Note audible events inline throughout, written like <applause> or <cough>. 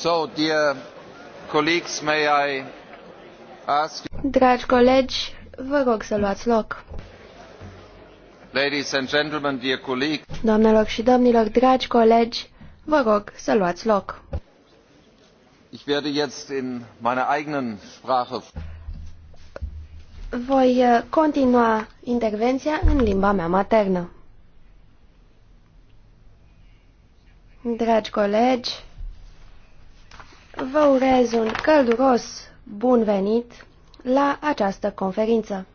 So, dear colleagues, may I ask... Dragi colegi, vă rog să luați loc. Ladies and gentlemen, dear colleagues. Doamnelor și domnilor, dragi colegi, vă rog să luați loc. Ich werde jetzt in meiner eigenen Sprache voi uh, continua intervenția în limba mea maternă. Dragi colegi, vă urez un călduros bun venit la această conferință.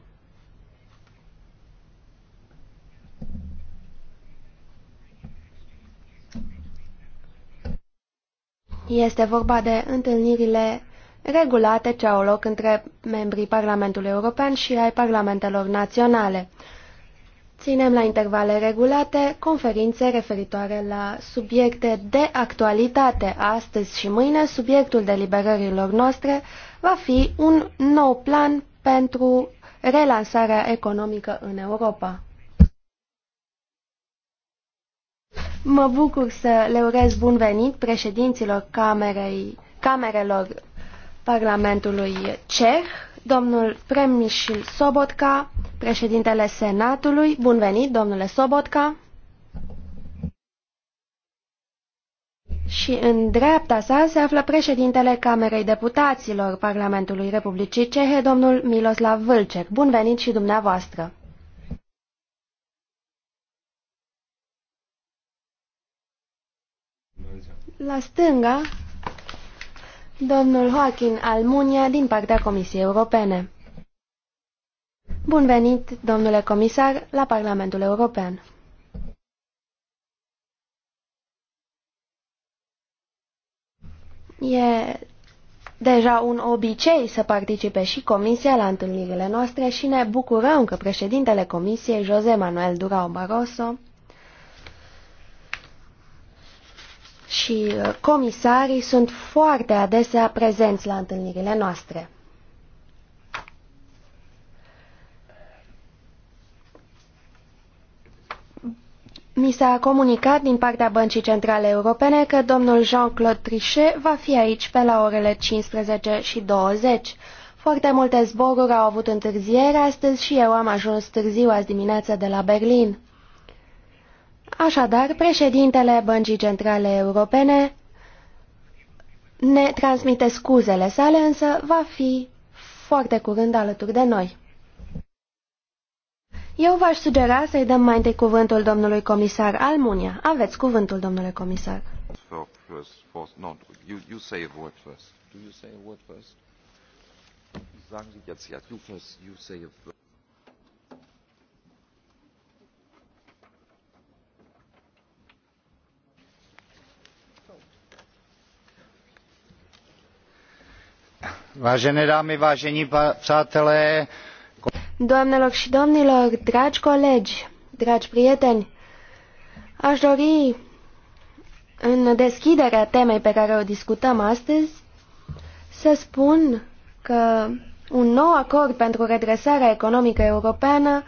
Este vorba de întâlnirile regulate ce au loc între membrii Parlamentului European și ai Parlamentelor Naționale. Ținem la intervale regulate conferințe referitoare la subiecte de actualitate. Astăzi și mâine, subiectul deliberărilor noastre va fi un nou plan pentru relansarea economică în Europa. Mă bucur să le urez bun venit președinților camerei, camerelor Parlamentului Ceh, domnul Premișil Sobotca, președintele Senatului. Bun venit, domnule Sobotca! Și în dreapta sa se află președintele Camerei Deputaților Parlamentului Republicii Cehe, domnul Miloslav Vâlcec. Bun venit și dumneavoastră! La stânga Domnul Joaquin Almunia, din partea Comisiei Europene. Bun venit, domnule comisar, la Parlamentul European. E deja un obicei să participe și Comisia la întâlnirile noastre și ne bucurăm că președintele Comisiei, José Manuel Durao Barroso, și uh, comisarii sunt foarte adesea prezenți la întâlnirile noastre. Mi s-a comunicat din partea Băncii Centrale Europene că domnul Jean-Claude Trichet va fi aici pe la orele 15 și 20. Foarte multe zboruri au avut întârziere astăzi și eu am ajuns târziu azi dimineață de la Berlin. Așadar, președintele Băncii Centrale Europene ne transmite scuzele sale, însă va fi foarte curând alături de noi. Eu v-aș sugera să-i dăm mai întâi cuvântul domnului comisar Almunia. Aveți cuvântul, domnule comisar. Vážené dámy, vážení přátelé. Doamnelor și domnilor, dragi colegi, dragi prieteni, aș dori în deschiderea temei pe care o discutăm astăzi să spun că un nou acord pentru redresarea economică europeană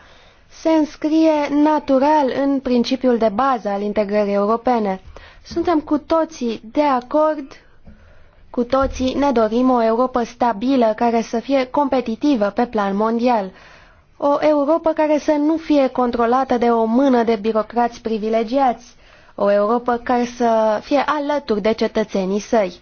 se înscrie natural în principiul de bază al integrării europene. Suntem cu toții de acord cu toții ne dorim o Europa stabilă care să fie competitivă pe plan mondial. O Europa care să nu fie controlată de o mână de birocrați privilegiați. O Europa care să fie alături de cetățenii săi.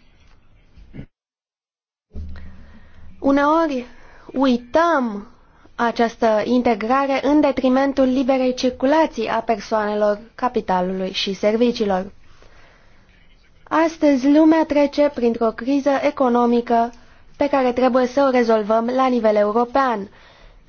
Uneori uităm această integrare în detrimentul liberei circulații a persoanelor, capitalului și serviciilor. Astăzi lumea trece printr-o criză economică pe care trebuie să o rezolvăm la nivel european.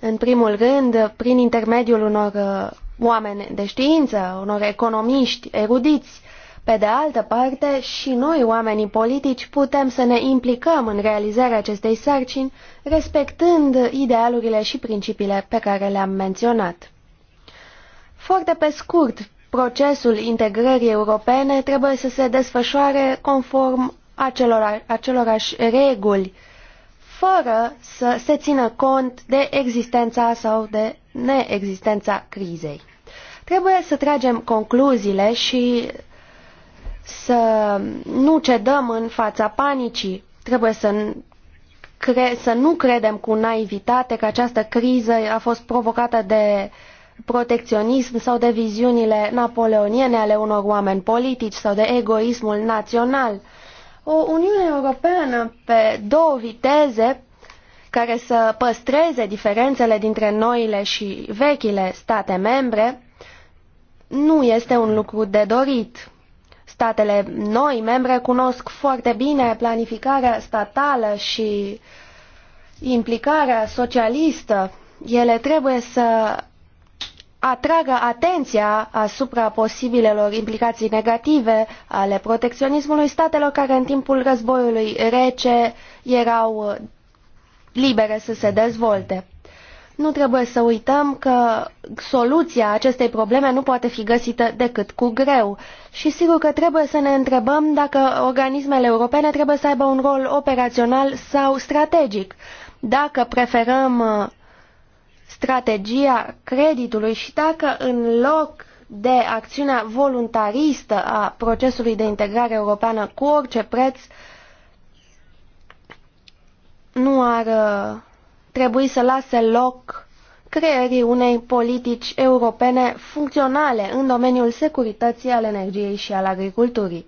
În primul rând, prin intermediul unor uh, oameni de știință, unor economiști erudiți. Pe de altă parte, și noi, oamenii politici, putem să ne implicăm în realizarea acestei sarcini, respectând idealurile și principiile pe care le-am menționat. Foarte pe scurt, procesul integrării europene trebuie să se desfășoare conform acelora, acelorași reguli, fără să se țină cont de existența sau de neexistența crizei. Trebuie să tragem concluziile și să nu cedăm în fața panicii. Trebuie să, cre să nu credem cu naivitate că această criză a fost provocată de uh, protecționism sau de viziunile napoleoniene ale unor oameni politici sau de egoismul național. O Uniune Europeană pe două viteze care să păstreze diferențele dintre noile și vechile state membre nu este un lucru de dorit. Statele noi membre cunosc foarte bine planificarea statală și implicarea socialistă. Ele trebuie să atragă atenția asupra posibilelor implicații negative ale protecționismului statelor care în timpul războiului rece erau libere să se dezvolte. Nu trebuie să uităm că soluția acestei probleme nu poate fi găsită decât cu greu și sigur că trebuie să ne întrebăm dacă organismele europene trebuie să aibă un rol operațional sau strategic. Dacă preferăm uh, strategia creditului și dacă în loc de acțiunea voluntaristă a procesului de integrare europeană cu orice preț nu ar uh, trebui să lase loc creării unei politici europene funcționale în domeniul securității, al energiei și al agriculturii.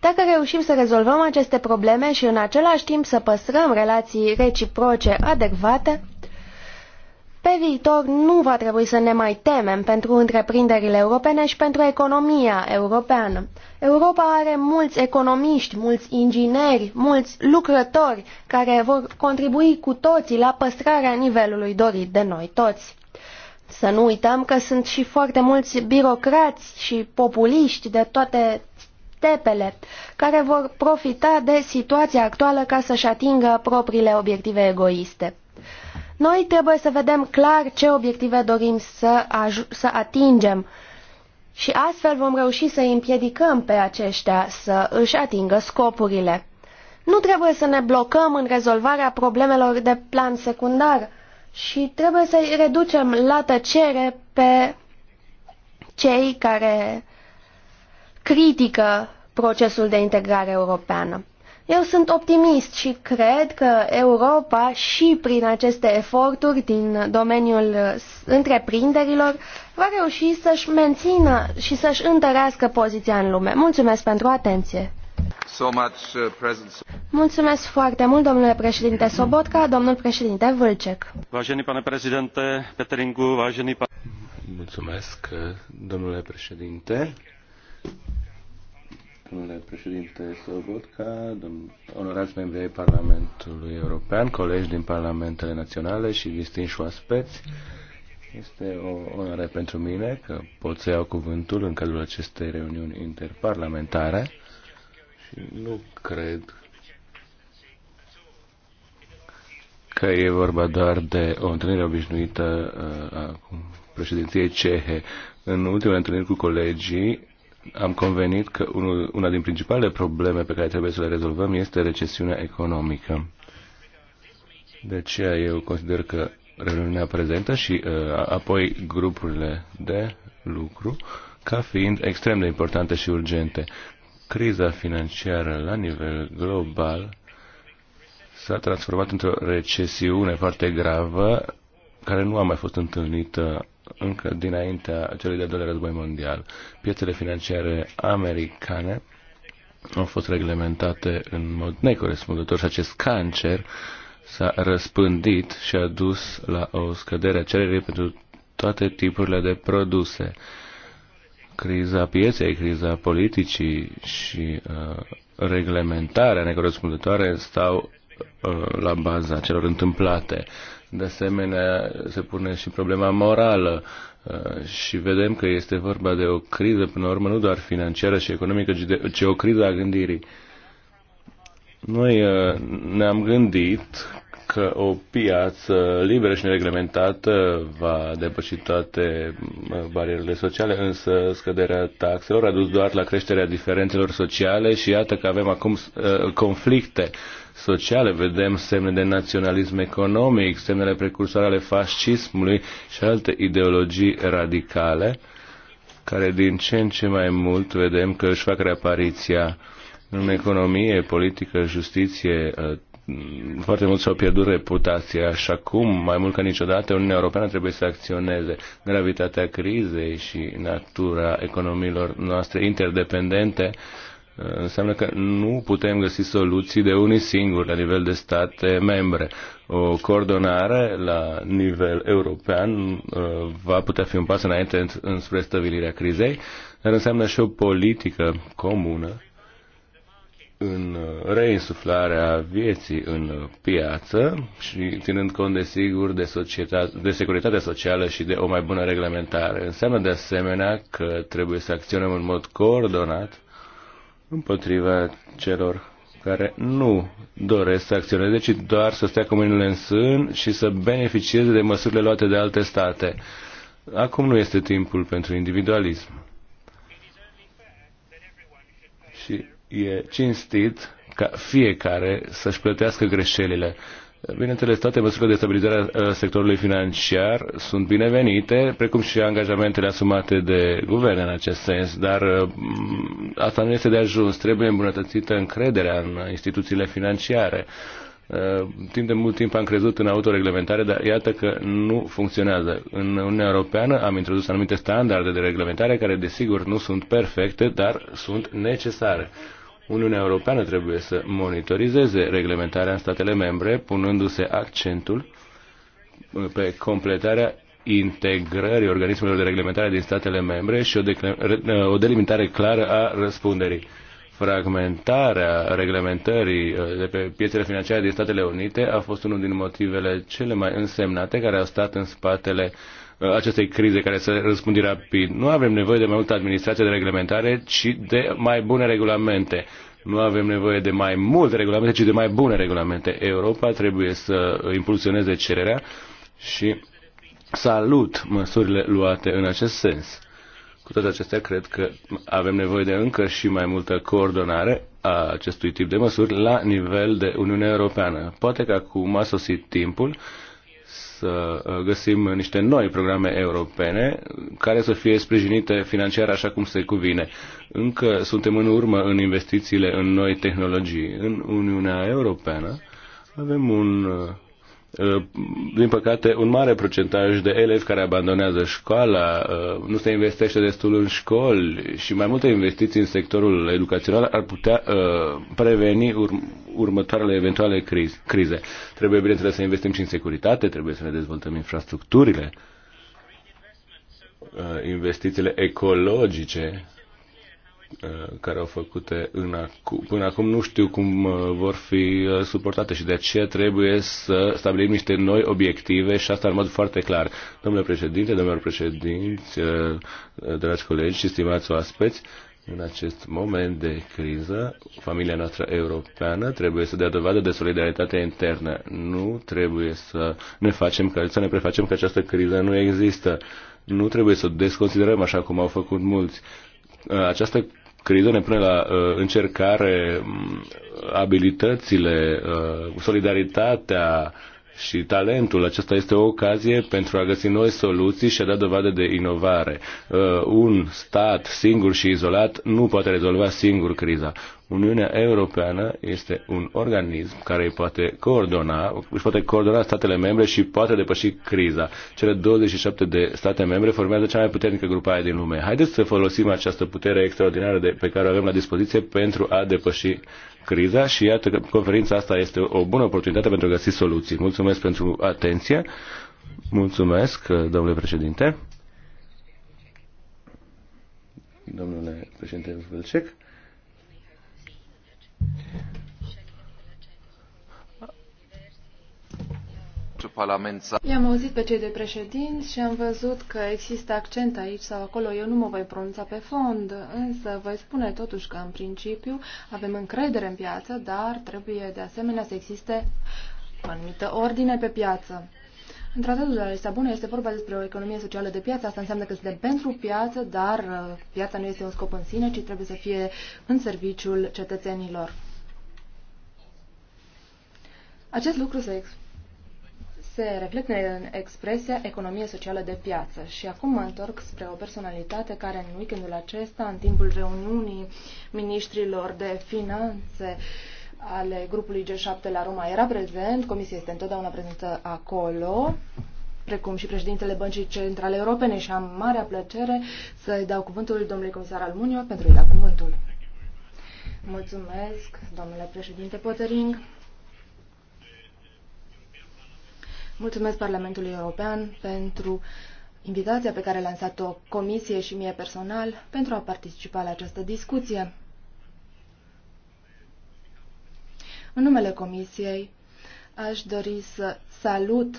Dacă reușim să rezolvăm aceste probleme și în același timp să păstrăm relații reciproce adecvate, pe viitor nu va trebui să ne mai temem pentru întreprinderile europene și pentru economia europeană. Europa are mulți economiști, mulți ingineri, mulți lucrători care vor contribui cu toții la păstrarea nivelului dorit de noi toți. Să nu uităm că sunt și foarte mulți birocrați și populiști de toate tepele care vor profita de situația actuală ca să-și atingă propriile obiective egoiste. Noi trebuie să vedem clar ce obiective dorim să, să atingem și astfel vom reuși să îi împiedicăm pe aceștia să își atingă scopurile. Nu trebuie să ne blocăm în rezolvarea problemelor de plan secundar și trebuie să-i reducem la tăcere pe cei care critică procesul de integrare europeană. Eu sunt optimist și cred că Europa și prin aceste eforturi din domeniul uh, întreprinderilor va reuși să-și mențină și să-și întărească poziția în lume. Mulțumesc pentru atenție! So much, uh, Mulțumesc foarte mult, domnule președinte Sobotka, domnul președinte Vâlcec. Vážený pane președinte Peteringu, vážený pane. Mulțumesc, domnule președinte domnule președinte Sobotka, onorați membri ai Parlamentului European, colegi din Parlamentele Naționale și distinși oaspeți, este o onoare pentru mine că pot să iau cuvântul în cadrul acestei reuniuni interparlamentare și nu cred că e vorba doar de o întâlnire obișnuită uh, a președinției cehe. În ultimele întâlniri cu colegii am convenit că una din principalele probleme pe care trebuie să le rezolvăm este recesiunea economică. De aceea eu consider că reuniunea prezentă și uh, apoi grupurile de lucru ca fiind extrem de importante și urgente. Criza financiară la nivel global s-a transformat într-o recesiune foarte gravă care nu a mai fost întâlnită încă dinaintea celui de-al doilea război mondial. Piețele financiare americane au fost reglementate în mod necorespunzător și acest cancer s-a răspândit și a dus la o scădere a cererii pentru toate tipurile de produse. Criza pieței, criza politicii și uh, reglementarea necorespunzătoare stau uh, la baza celor întâmplate. De asemenea, se pune și problema morală uh, și vedem că este vorba de o criză, până la urmă, nu doar financiară și economică, ci de o criză a gândirii. Noi uh, ne-am gândit că o piață liberă și nereglementată va depăși toate uh, barierele sociale, însă scăderea taxelor a dus doar la creșterea diferențelor sociale și iată că avem acum conflicte sociale, vedem semne de naționalism economic, semnele precursoare ale fascismului și alte ideologii radicale, care din ce în ce mai mult vedem că își fac reapariția în economie, politică, justiție, uh, foarte mult s-au pierdut reputația și acum, mai mult ca niciodată, Uniunea Europeană trebuie să acționeze. Gravitatea crizei și natura economiilor noastre interdependente înseamnă că nu putem găsi soluții de unii singuri la nivel de state membre. O coordonare la nivel european uh, va putea fi un pas înainte înspre stabilirea crizei, dar înseamnă și o politică comună în uh, reinsuflarea vieții în piață și ținând cont de sigur de, societate, de securitatea socială și de o mai bună reglementare. Înseamnă de asemenea că trebuie să acționăm în mod coordonat împotriva celor care nu doresc să acționeze, ci doar să stea cu mâinile în sân și să beneficieze de măsurile luate de alte state. Acum nu este timpul pentru individualism. Și e cinstit ca fiecare să-și plătească greșelile. Bineînțeles, toate măsurile de stabilizare a sectorului financiar sunt binevenite, precum și angajamentele asumate de guvern în acest sens, dar asta nu este de ajuns. Trebuie îmbunătățită încrederea în instituțiile financiare. Timp de mult timp am crezut în autoreglementare, dar iată că nu funcționează. În Uniunea Europeană am introdus anumite standarde de reglementare care, desigur, nu sunt perfecte, dar sunt necesare. Uniunea Europeană trebuie să monitorizeze reglementarea în statele membre, punându-se accentul pe completarea integrării organismelor de reglementare din statele membre și o, o delimitare clară a răspunderii. Fragmentarea reglementării uh, de pe piețele financiare din Statele Unite a fost unul din motivele cele mai însemnate care au stat în spatele uh, Uh, acestei crize care să răspundi rapid. Nu avem nevoie de mai multă administrație de reglementare, ci de mai bune regulamente. Nu avem nevoie de mai multe regulamente, ci de mai bune regulamente. Europa trebuie să impulsioneze cererea și salut măsurile luate în acest sens. Cu toate acestea, cred că avem nevoie de încă și mai multă coordonare a acestui tip de măsuri la nivel de Uniunea Europeană. Poate că acum a sosit timpul să uh, găsim niște noi programe europene care să fie sprijinite financiar așa cum se cuvine. Încă suntem în urmă în investițiile în noi tehnologii. În Uniunea Europeană avem un uh, Uh, din păcate, un mare procentaj de elevi care abandonează școala, uh, nu se investește destul în școli și mai multe investiții în sectorul educațional ar putea uh, preveni următoarele eventuale crize. Trebuie, bineînțeles, să investim și în securitate, trebuie să ne dezvoltăm infrastructurile, investițiile ecologice Uh, care au făcute în acu- până acum nu știu cum uh, vor fi uh, suportate și de aceea trebuie să stabilim niște noi obiective și asta în mod foarte clar. Domnule președinte, domnilor președinți, dragi colegi și stimați oaspeți, în acest moment de criză, familia noastră europeană trebuie să dea dovadă de solidaritate internă. Nu trebuie să ne facem că, să ne prefacem că această criză nu există. Nu trebuie să o desconsiderăm așa cum au făcut mulți. Această criză până la uh, încercare abilitățile, uh, solidaritatea, și talentul acesta este o ocazie pentru a găsi noi soluții și a da dovadă de inovare. Uh, un stat singur și izolat nu poate rezolva singur criza. Uniunea Europeană este un organism care îi poate coordona, își poate coordona statele membre și poate depăși criza. Cele 27 de state membre formează cea mai puternică grupare din lume. Haideți să folosim această putere extraordinară de, pe care o avem la dispoziție pentru a depăși criza și iată că conferința asta este o bună oportunitate pentru a găsi soluții. Mulțumesc pentru atenție. Mulțumesc, domnule președinte. Domnule președinte Vâlcec. I-am auzit pe cei de președinți și am văzut că există accent aici sau acolo. Eu nu mă voi pronunța pe fond, însă voi spune totuși că în principiu avem încredere în piață, dar trebuie de asemenea să existe o anumită ordine pe piață. În tratatul de la Lisabona este vorba despre o economie socială de piață. Asta înseamnă că suntem pentru piață, dar uh, piața nu este un scop în sine, ci trebuie să fie în serviciul cetățenilor. Acest lucru se se reflectă în expresia economie socială de piață. Și acum mă întorc spre o personalitate care în weekendul acesta, în timpul reuniunii ministrilor de finanțe ale grupului G7 la Roma, era prezent. Comisia este întotdeauna prezentă acolo precum și președintele Băncii Centrale Europene și am marea plăcere să-i dau cuvântul domnului comisar Almunio pentru a-i da cuvântul. Mulțumesc, domnule președinte Potering. Mulțumesc Parlamentului European pentru invitația pe care a lansat-o comisie și mie personal pentru a participa la această discuție. În numele comisiei aș dori să salut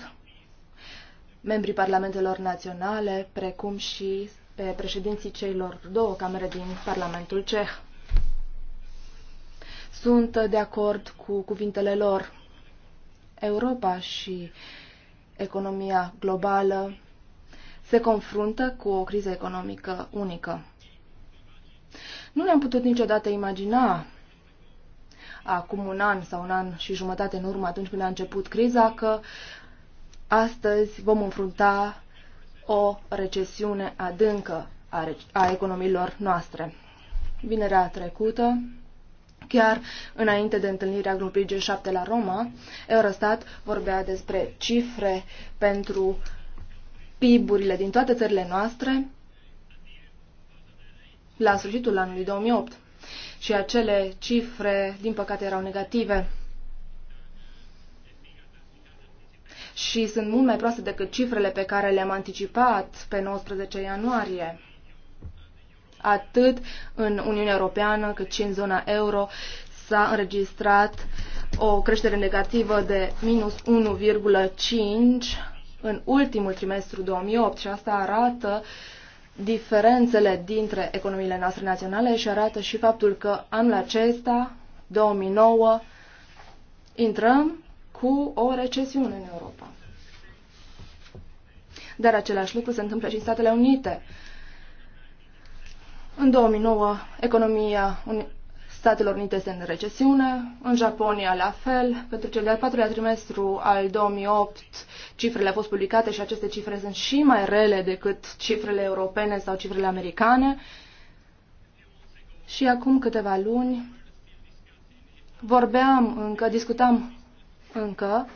membrii parlamentelor naționale, precum și pe președinții celor două camere din Parlamentul Ceh. Sunt de acord cu cuvintele lor. Europa și economia globală se confruntă cu o criză economică unică. Nu ne-am putut niciodată imagina acum un an sau un an și jumătate în urmă, atunci când a început criza, că astăzi vom înfrunta o recesiune adâncă a, economiilor noastre. Vinerea trecută, Chiar înainte de întâlnirea grupului G7 la Roma, Eurostat vorbea despre cifre pentru PIB-urile din toate țările noastre la sfârșitul anului 2008. Și acele cifre, din păcate, erau negative. Și sunt mult mai proaste decât cifrele pe care le-am anticipat pe 19 ianuarie atât în Uniunea Europeană cât și în zona euro s-a înregistrat o creștere negativă de minus 1,5 în ultimul trimestru 2008 și asta arată diferențele dintre economiile noastre naționale și arată și faptul că anul acesta, 2009, intrăm cu o recesiune în Europa. Dar același lucru se întâmplă și în Statele Unite în 2009, economia Statelor Unite este în recesiune, în Japonia la fel. Pentru cel de-al patrulea trimestru al 2008, cifrele au fost publicate și aceste cifre sunt și mai rele decât cifrele europene sau cifrele americane. Și acum câteva luni vorbeam încă, discutam încă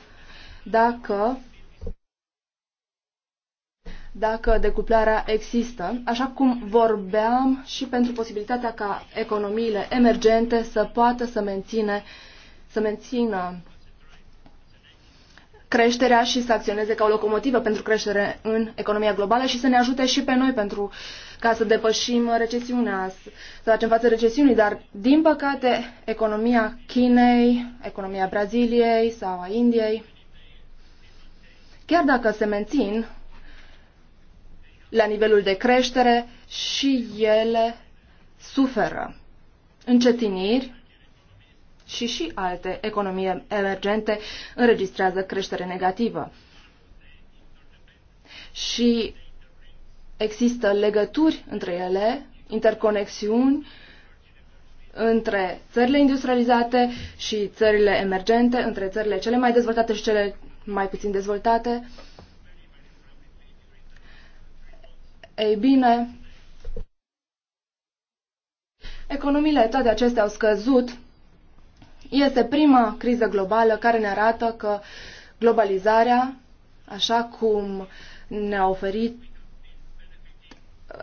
dacă dacă decuplarea există, așa cum vorbeam și pentru posibilitatea ca economiile emergente să poată să, menține, să mențină creșterea și să acționeze ca o locomotivă pentru creștere în economia globală și să ne ajute și pe noi pentru ca să depășim recesiunea, să facem față recesiunii, dar din păcate economia Chinei, economia Braziliei sau a Indiei, chiar dacă se mențin la nivelul de creștere și ele suferă încetiniri și și alte economii emergente înregistrează creștere negativă. Și există legături între ele, interconexiuni între țările industrializate și țările emergente, între țările cele mai dezvoltate și cele mai puțin dezvoltate. Uh, Ei bine, economiile toate acestea au scăzut. Este prima criză globală care ne arată că globalizarea, așa cum ne-a oferit,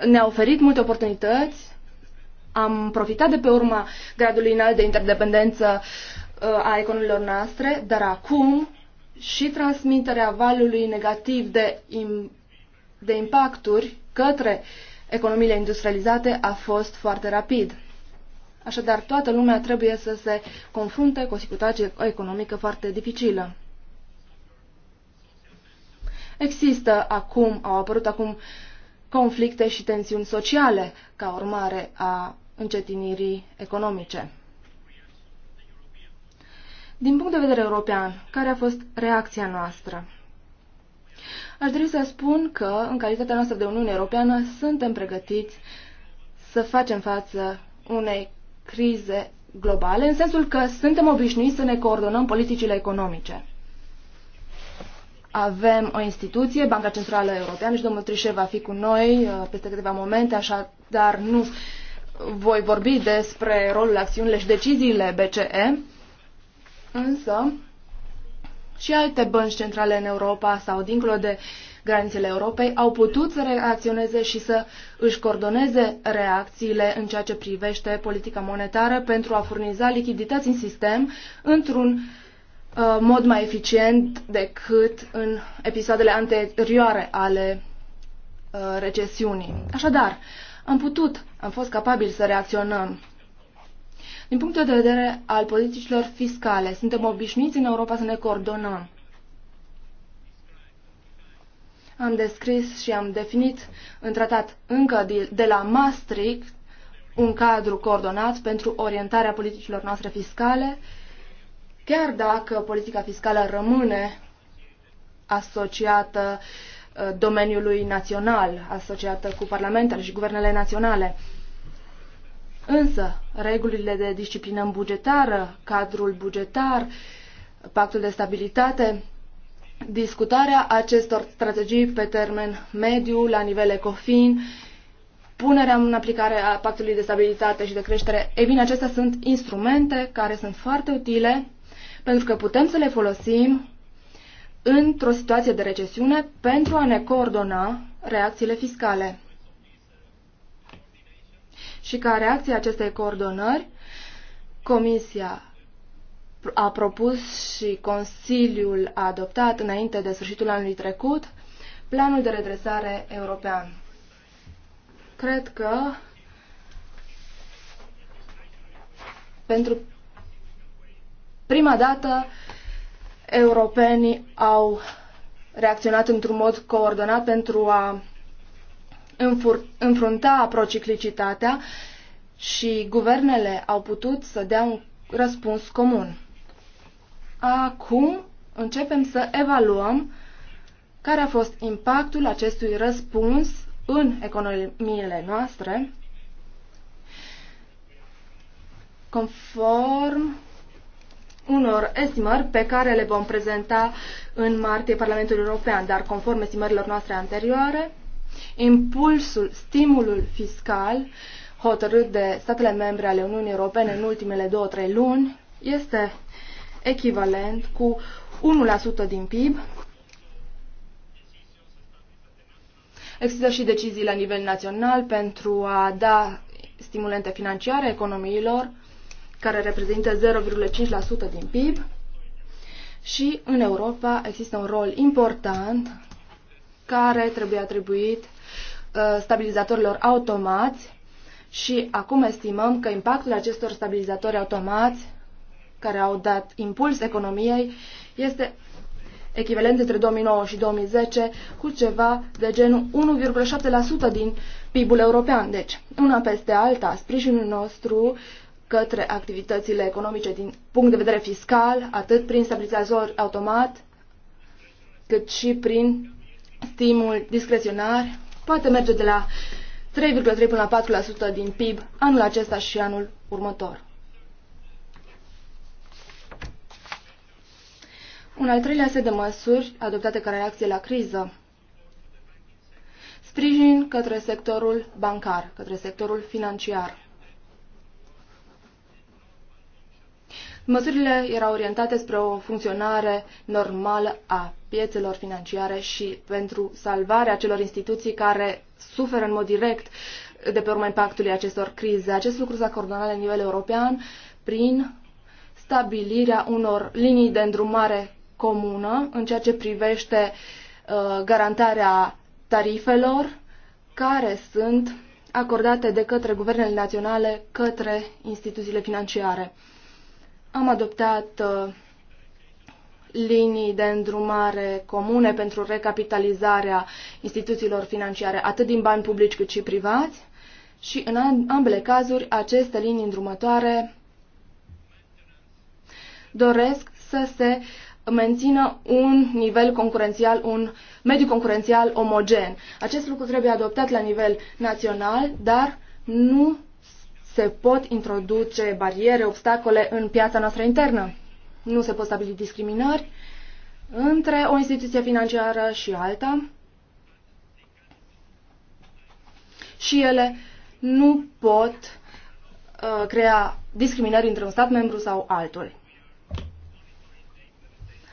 ne-a oferit multe oportunități, am profitat de pe urma gradului înalt de interdependență uh, a economiilor noastre, dar acum și transmiterea valului negativ de, de impacturi către economiile industrializate a fost foarte rapid. Așadar, toată lumea trebuie să se confrunte cu o situație economică foarte dificilă. Există acum, au apărut acum conflicte și tensiuni sociale ca urmare a încetinirii economice. Din punct de vedere european, care a fost reacția noastră? Aș dori să spun că, în calitatea noastră de Uniune Europeană, suntem pregătiți să facem față unei crize globale, în sensul că suntem obișnuiți să ne coordonăm politicile economice. Avem o instituție, Banca Centrală Europeană, și domnul Trișe va fi cu noi uh, peste câteva momente, așa, dar nu voi vorbi despre rolul, acțiunile și deciziile BCE, însă și alte bănci centrale în Europa sau dincolo de granițele Europei au putut să reacționeze și să își coordoneze reacțiile în ceea ce privește politica monetară pentru a furniza lichidități în sistem într-un uh, mod mai eficient decât în episoadele anterioare ale uh, recesiunii. Așadar, am putut, am fost capabili să reacționăm din punct de vedere al politicilor fiscale, suntem obișnuiți în Europa să ne coordonăm. Am descris și am definit în tratat încă de la Maastricht un cadru coordonat pentru orientarea politicilor noastre fiscale, chiar dacă politica fiscală rămâne asociată uh, domeniului național, asociată cu parlamentele și guvernele naționale. Însă, regulile de disciplină bugetară, cadrul bugetar, pactul de stabilitate, discutarea acestor strategii pe termen mediu la nivel ECOFIN, punerea în aplicare a pactului de stabilitate și de creștere, e bine, acestea sunt instrumente care sunt foarte utile pentru că putem să le folosim într-o situație de recesiune pentru a ne coordona reacțiile fiscale și ca reacție acestei coordonări, Comisia a propus și Consiliul a adoptat înainte de sfârșitul anului trecut planul de redresare european. Cred că pentru prima dată europenii au reacționat într-un mod coordonat pentru a înfrunta prociclicitatea și guvernele au putut să dea un răspuns comun. Acum începem să evaluăm care a fost impactul acestui răspuns în economiile noastre, conform unor estimări pe care le vom prezenta în martie Parlamentului European, dar conform estimărilor noastre anterioare, Impulsul, stimulul fiscal hotărât de statele membre ale Uniunii Europene în ultimele două-trei luni este echivalent cu 1% din PIB. Există și decizii la nivel național pentru a da stimulente financiare economiilor, care reprezintă 0,5% din PIB. Și în Europa există un rol important care trebuie atribuit uh, stabilizatorilor automați și acum estimăm că impactul acestor stabilizatori automați care au dat impuls economiei este echivalent între 2009 și 2010 cu ceva de genul 1,7% din PIB-ul european. Deci, una peste alta, sprijinul nostru către activitățile economice din punct de vedere fiscal, atât prin stabilizator automat, cât și prin stimul discreționar poate merge de la 3,3 până la 4% din PIB anul acesta și anul următor. Un al treilea set de măsuri adoptate ca reacție la criză. Sprijin către sectorul bancar, către sectorul financiar. Măsurile erau orientate spre o funcționare normală a piețelor financiare și pentru salvarea celor instituții care suferă în mod direct de pe urma impactului acestor crize. Acest lucru s-a coordonat la nivel european prin stabilirea unor linii de îndrumare comună în ceea ce privește uh, garantarea tarifelor care sunt acordate de către guvernele naționale către instituțiile financiare. Am adoptat uh, linii de îndrumare comune pentru recapitalizarea instituțiilor financiare, atât din bani publici cât și privați, și în ambele cazuri aceste linii îndrumătoare doresc să se mențină un nivel concurențial, un mediu concurențial omogen. Acest lucru trebuie adoptat la nivel național, dar nu se pot introduce bariere, obstacole în piața noastră internă. Nu se pot stabili discriminări între o instituție financiară și alta. Și ele nu pot uh, crea discriminări între un stat membru sau altul.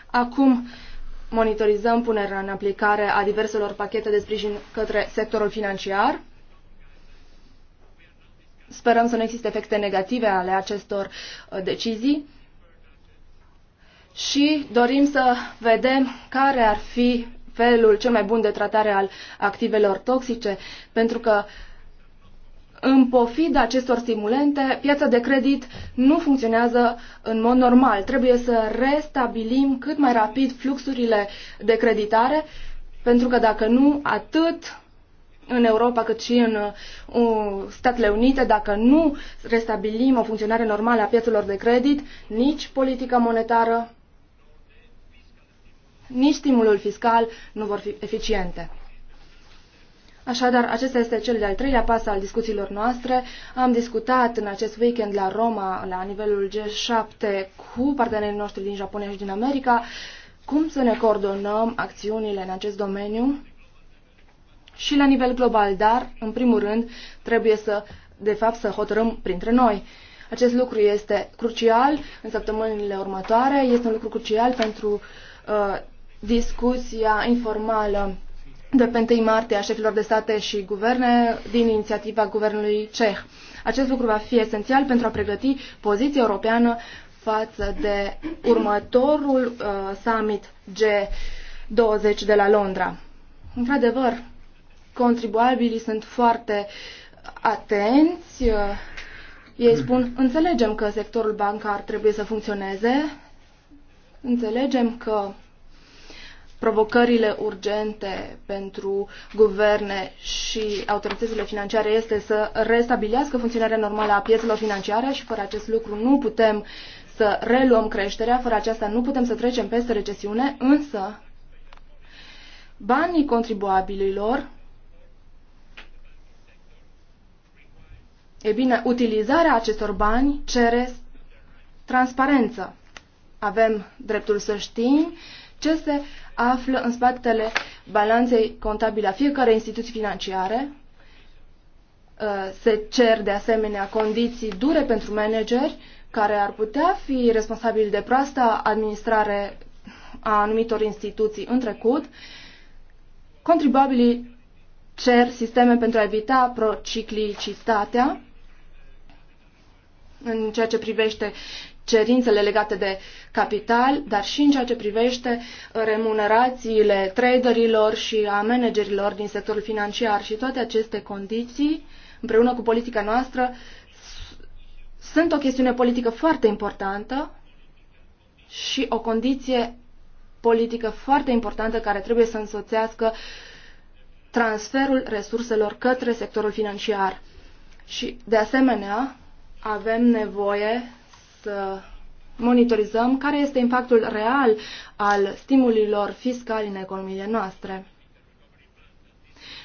Acum monitorizăm punerea în aplicare a diverselor pachete de sprijin către sectorul financiar Sperăm să nu existe efecte negative ale acestor uh, decizii și dorim să vedem care ar fi felul cel mai bun de tratare al activelor toxice, pentru că în pofida acestor stimulente, piața de credit nu funcționează în mod normal. Trebuie să restabilim cât mai rapid fluxurile de creditare, pentru că dacă nu, atât în Europa cât și în uh, Statele Unite, dacă nu restabilim o funcționare normală a piețelor de credit, nici politica monetară, nici stimulul fiscal nu vor fi eficiente. Așadar, acesta este cel de-al treilea pas al discuțiilor noastre. Am discutat în acest weekend la Roma, la nivelul G7, cu partenerii noștri din Japonia și din America, cum să ne coordonăm acțiunile în acest domeniu și la nivel global, dar, în primul rând, trebuie să, de fapt, să hotărâm printre noi. Acest lucru este crucial în săptămânile următoare, este un lucru crucial pentru uh, discuția informală de pe 1 martie a șefilor de state și guverne din inițiativa guvernului ceh. Acest lucru va fi esențial pentru a pregăti poziția europeană față de următorul uh, summit G20 de la Londra. Într-adevăr, contribuabilii sunt foarte atenți. Ei spun, înțelegem că sectorul bancar trebuie să funcționeze, înțelegem că provocările urgente pentru guverne și autoritățile financiare este să restabilească funcționarea normală a piețelor financiare și fără acest lucru nu putem să reluăm creșterea, fără aceasta nu putem să trecem peste recesiune, însă banii contribuabililor E bine, utilizarea acestor bani cere transparență. Avem dreptul să știm ce se află în spatele balanței contabile a fiecare instituții financiare. Uh, se cer de asemenea condiții dure pentru manageri care ar putea fi responsabili de proasta administrare a anumitor instituții în trecut. Contribuabilii cer sisteme pentru a evita prociclicitatea în ceea ce privește cerințele legate de capital, dar și în ceea ce privește remunerațiile traderilor și a managerilor din sectorul financiar și toate aceste condiții, împreună cu politica noastră, sunt o chestiune politică foarte importantă și o condiție politică foarte importantă care trebuie să însoțească transferul resurselor către sectorul financiar. Și, de asemenea, avem nevoie să monitorizăm care este impactul real al stimulilor fiscali în economiile noastre.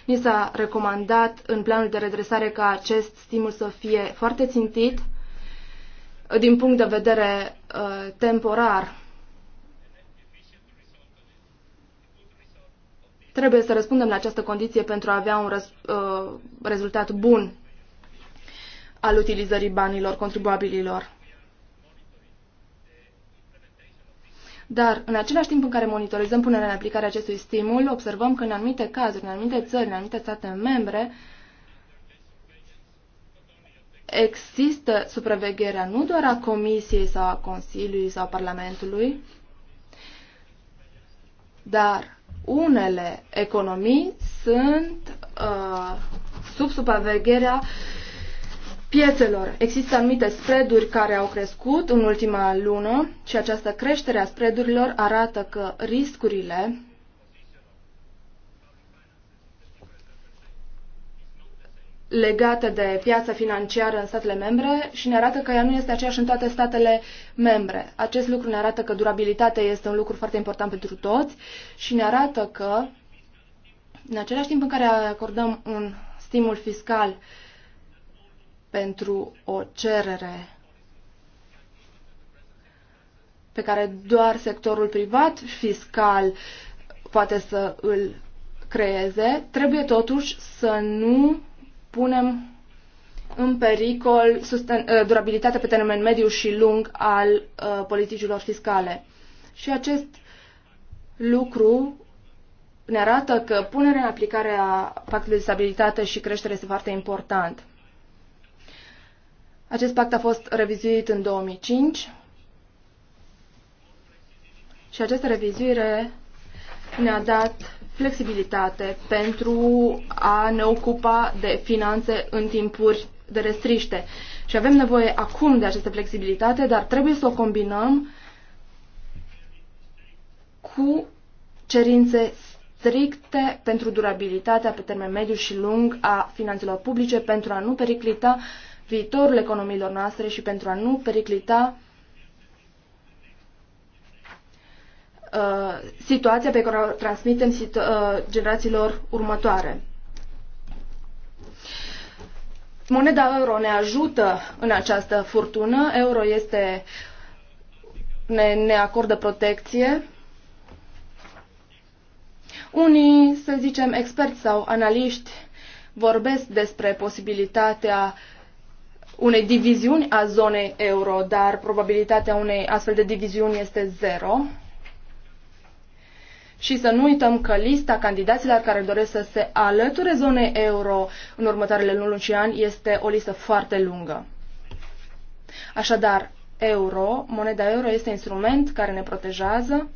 Ni s-a recomandat în planul de redresare ca acest stimul să fie foarte țintit din punct de vedere uh, temporar. Trebuie să răspundem la această condiție pentru a avea un uh, rezultat bun al utilizării banilor contribuabililor. Dar, în același timp în care monitorizăm punerea în aplicare acestui stimul, observăm că în anumite cazuri, în anumite țări, în anumite state membre, există supravegherea nu doar a Comisiei sau a Consiliului sau a Parlamentului, dar unele economii sunt uh, sub supravegherea uh, piețelor. Există anumite spreaduri care au crescut în ultima lună și această creștere a spreadurilor arată că riscurile legate de piața financiară în statele membre și ne arată că ea nu este aceeași în toate statele membre. Acest lucru ne arată că durabilitatea este un lucru foarte important pentru toți și ne arată că, în același timp în care acordăm un stimul fiscal uh, pentru o cerere pe care doar sectorul privat fiscal poate să îl creeze, trebuie totuși să nu punem în pericol ă, durabilitatea pe termen mediu și lung al uh, politicilor fiscale. Și acest lucru ne arată că punerea în aplicare a pactului de stabilitate și creștere este foarte important. Acest pact a fost revizuit în 2005 și această revizuire ne-a dat flexibilitate pentru a ne ocupa de finanțe în timpuri de restriște. Și avem nevoie acum de această flexibilitate, dar trebuie să o combinăm cu cerințe stricte pentru durabilitatea pe termen mediu și lung a finanțelor publice pentru a nu periclita uh, viitorul economiilor noastre și pentru a nu periclita uh, situația pe care o transmitem uh, generațiilor următoare. Moneda euro ne ajută în această furtună. Euro este ne, ne acordă protecție. Unii, să zicem, experți sau analiști vorbesc despre posibilitatea uh, unei diviziuni a zonei euro, dar probabilitatea unei astfel de diviziuni este zero. Și să nu uităm că lista candidaților care doresc să se alăture zonei euro în următoarele luni și ani este o listă foarte lungă. Așadar, euro, moneda euro este instrument care ne protejează,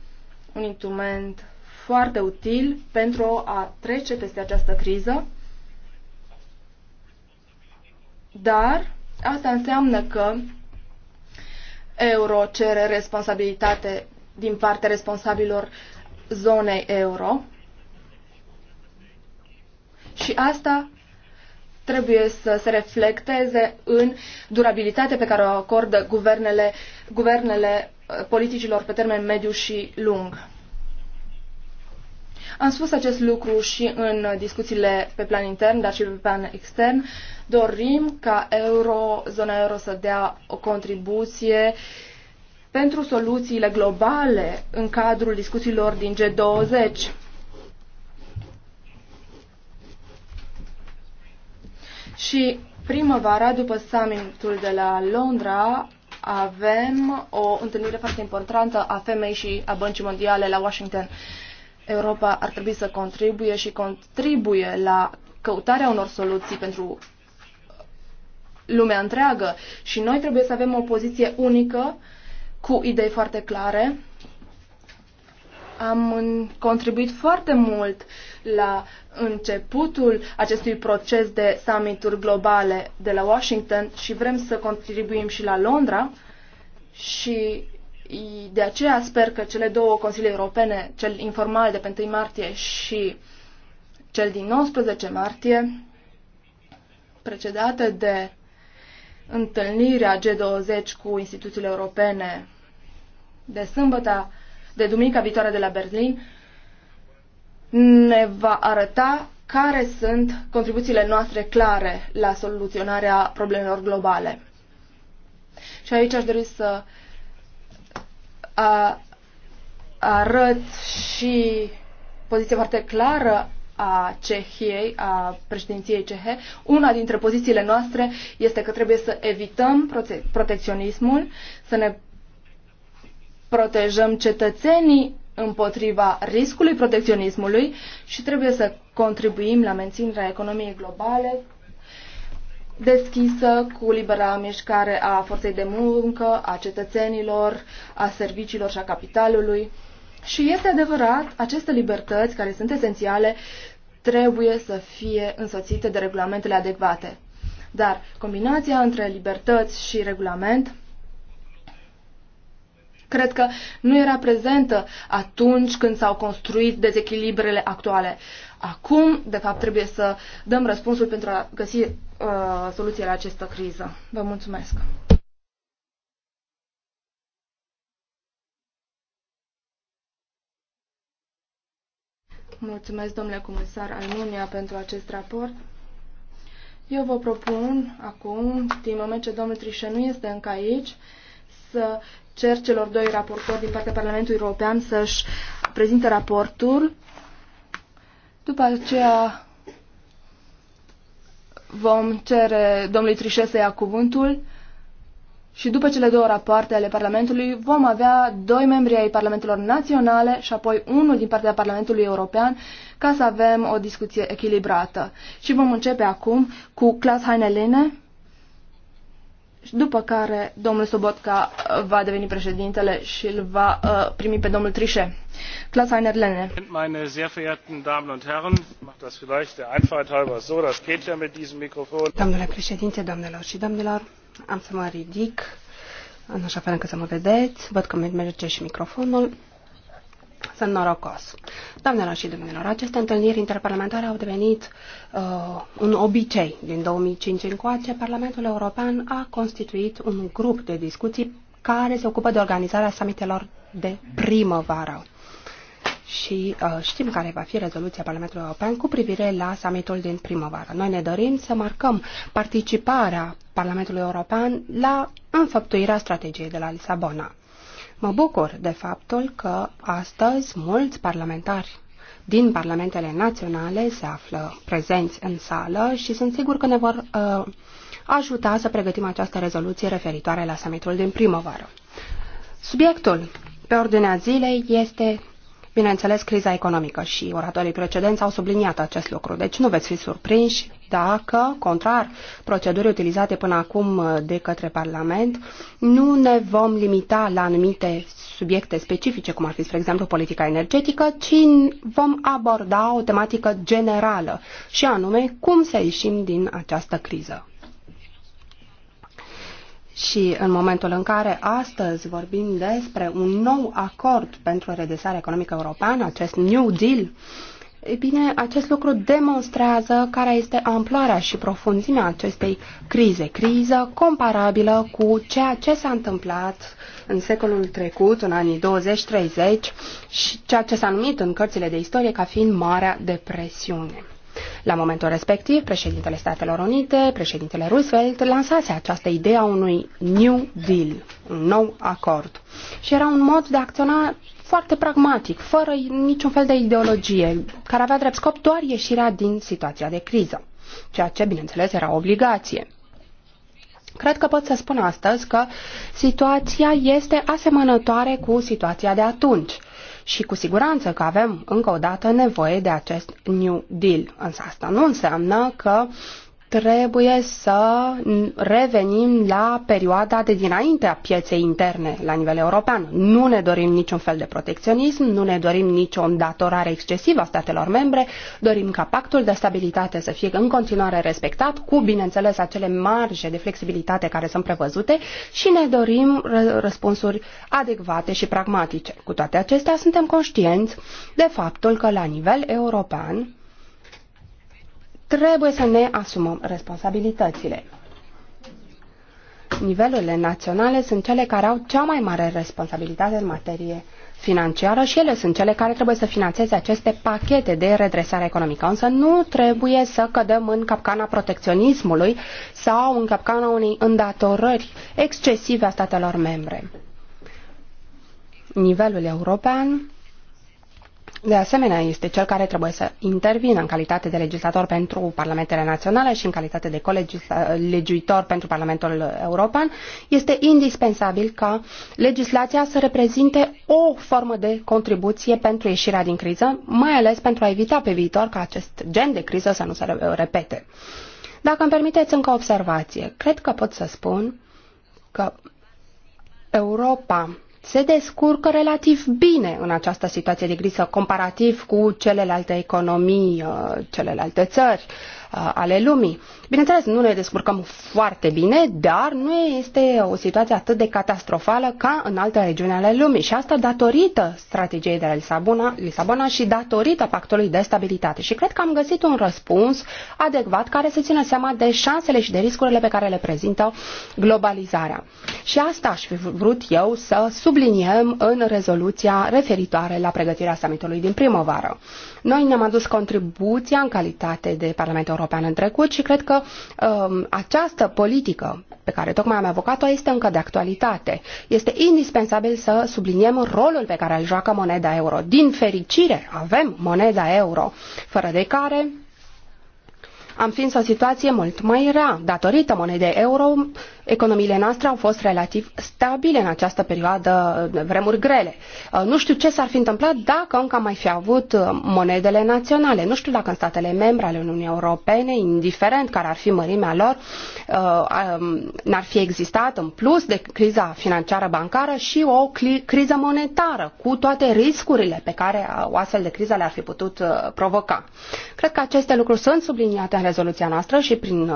un instrument foarte util pentru a trece peste această criză, dar Asta înseamnă că euro cere responsabilitate din partea responsabilor zonei euro și asta trebuie să se reflecteze în durabilitatea pe care o acordă guvernele, guvernele uh, politicilor pe termen mediu și lung. Am spus acest lucru și în discuțiile pe plan intern, dar și pe plan extern. Dorim ca euro, zona euro să dea o contribuție pentru soluțiile globale în cadrul discuțiilor din G20. Și primăvara, după summitul de la Londra, avem o întâlnire foarte importantă a femei și a Băncii Mondiale la Washington. Uh, Europa ar trebui să contribuie și contribuie la căutarea unor soluții pentru lumea întreagă și noi trebuie să avem o poziție unică cu idei foarte clare. Am contribuit foarte mult la începutul acestui proces de summituri globale de la Washington și vrem să contribuim și la Londra și de aceea sper că cele două Consilii Europene, cel informal de pe 1 martie și cel din 19 martie, precedate de întâlnirea G20 cu instituțiile europene de sâmbătă, de duminica viitoare de la Berlin, ne va arăta care sunt contribuțiile noastre clare la soluționarea problemelor globale. Și aici aș dori să arăt și poziție foarte clară a Cehiei, a președinției cehe. Una dintre pozițiile noastre este că trebuie să evităm prote- protecționismul, să ne protejăm cetățenii împotriva riscului protecționismului și trebuie să contribuim la menținerea economiei globale deschisă cu libera mișcare a forței de muncă, a cetățenilor, a serviciilor și a capitalului. Și este adevărat, aceste libertăți, care sunt esențiale, trebuie să fie însoțite de regulamentele adecvate. Dar combinația între libertăți și regulament cred că nu era prezentă atunci când s-au construit dezechilibrele actuale. Acum, de fapt, trebuie să dăm răspunsul pentru a găsi Uh, soluție la această criză. Vă mulțumesc! Mulțumesc, domnule comisar Almunia, pentru acest raport. Eu vă propun acum, din moment ce domnul Trișe nu este încă aici, să cer celor doi raportori din partea Parlamentului European să-și prezinte raportul. După aceea vom cere domnului Trișe să ia cuvântul și după cele două rapoarte ale Parlamentului vom avea doi membri ai Parlamentelor Naționale și apoi unul din partea Parlamentului European ca să avem o discuție echilibrată. Și vom începe acum cu Klaus Heinelene, după care domnul Sobotka uh, va deveni președintele și îl va uh, primi pe domnul Trișe. Klaus Heiner Lenne. Meine sehr verehrten Damen und Herren, macht das vielleicht der Einfalt halber so, das geht ja mit diesem Mikrofon. Domnule președinte, domnilor și domnilor, am să mă ridic în așa fel încât să mă vedeți. Văd că merge și microfonul sunt norocos. Doamnelor și domnilor, aceste întâlniri interparlamentare au devenit uh, un obicei. Din 2005 încoace, Parlamentul European a constituit un grup de discuții care se ocupă de organizarea summitelor de primăvară. Și uh, știm care va fi rezoluția Parlamentului European cu privire la summitul din primăvară. Noi ne dorim să marcăm participarea Parlamentului European la înfăptuirea strategiei de la Lisabona. Mă bucur de faptul că astăzi mulți parlamentari din parlamentele naționale se află prezenți în sală și sunt sigur că ne vor uh, ajuta să pregătim această rezoluție referitoare la summitul din primăvară. Subiectul pe ordinea zilei este Bineînțeles, criza economică și oratorii precedenți au subliniat acest lucru, deci nu veți fi surprinși dacă, contrar procedurii utilizate până acum de către Parlament, nu ne vom limita la anumite subiecte specifice, cum ar fi, spre exemplu, politica energetică, ci vom aborda o tematică generală, și anume cum să ieșim din această criză. Și în momentul în care astăzi vorbim despre un nou acord pentru redresarea economică europeană, acest New Deal, e bine, acest lucru demonstrează care este amploarea și profunzimea acestei crize. Criză comparabilă cu ceea ce s-a întâmplat în secolul trecut, în anii 20-30, și ceea ce s-a numit în cărțile de istorie ca fiind Marea Depresiune. La momentul respectiv, președintele Statelor Unite, președintele Roosevelt, lansase această idee a unui New Deal, un nou acord. Și era un mod de a acționa foarte pragmatic, fără niciun fel de ideologie, care avea drept scop doar ieșirea din situația de criză, ceea ce, bineînțeles, era o obligație. Cred că pot să spun astăzi că situația este asemănătoare cu situația de atunci – și cu siguranță că avem încă o dată nevoie de acest New Deal. Însă asta nu înseamnă că trebuie să revenim la perioada de dinainte a pieței interne la nivel european. Nu ne dorim niciun fel de protecționism, nu ne dorim nicio îndatorare excesivă a statelor membre, dorim ca pactul de stabilitate să fie în continuare respectat, cu, bineînțeles, acele marje de flexibilitate care sunt prevăzute și ne dorim răspunsuri adecvate și pragmatice. Cu toate acestea, suntem conștienți de faptul că la nivel european Trebuie să ne asumăm responsabilitățile. Nivelurile naționale sunt cele care au cea mai mare responsabilitate în materie financiară și ele sunt cele care trebuie să financeze aceste pachete de redresare economică. Însă nu trebuie să cădem în capcana protecționismului sau în capcana unei îndatorări excesive a statelor membre. Nivelul european de asemenea, este cel care trebuie să intervină în calitate de legislator pentru parlamentele naționale și în calitate de colegiuitor pentru Parlamentul European. Este indispensabil ca legislația să reprezinte o formă de contribuție pentru ieșirea din criză, mai ales pentru a evita pe viitor ca acest gen de criză să nu se repete. Dacă îmi permiteți încă o observație, cred că pot să spun că Europa se descurcă relativ bine în această situație de criză comparativ cu celelalte economii, uh, celelalte țări uh, ale lumii. Bineînțeles, nu ne descurcăm foarte bine, dar nu este o situație atât de catastrofală ca în alte regiuni ale lumii și asta datorită strategiei de la Lisabona, Lisabona și datorită pactului de stabilitate. Și cred că am găsit un răspuns adecvat care să țină seama de șansele și de riscurile pe care le prezintă globalizarea. Și asta aș fi vrut eu să subliniem în rezoluția referitoare la pregătirea summitului din primăvară. Noi ne-am adus contribuția în calitate de Parlament European în trecut și cred că um, această politică pe care tocmai am evocat-o este încă de actualitate. Este indispensabil să subliniem rolul pe care îl joacă moneda euro. Din fericire avem moneda euro, fără de care am fi în o situație mult mai rea. Datorită monedei euro, economiile noastre au fost relativ stabile în această perioadă de vremuri grele. Uh, nu știu ce s-ar fi întâmplat dacă încă mai fi avut uh, monedele naționale. Nu știu dacă în statele membre ale Uniunii Europene, indiferent care ar fi mărimea lor, uh, um, n-ar fi existat în plus de criza financiară bancară și o criză monetară cu toate riscurile pe care o astfel de criză le-ar fi putut provoca. Cred că aceste lucruri sunt subliniate în rezoluția noastră și prin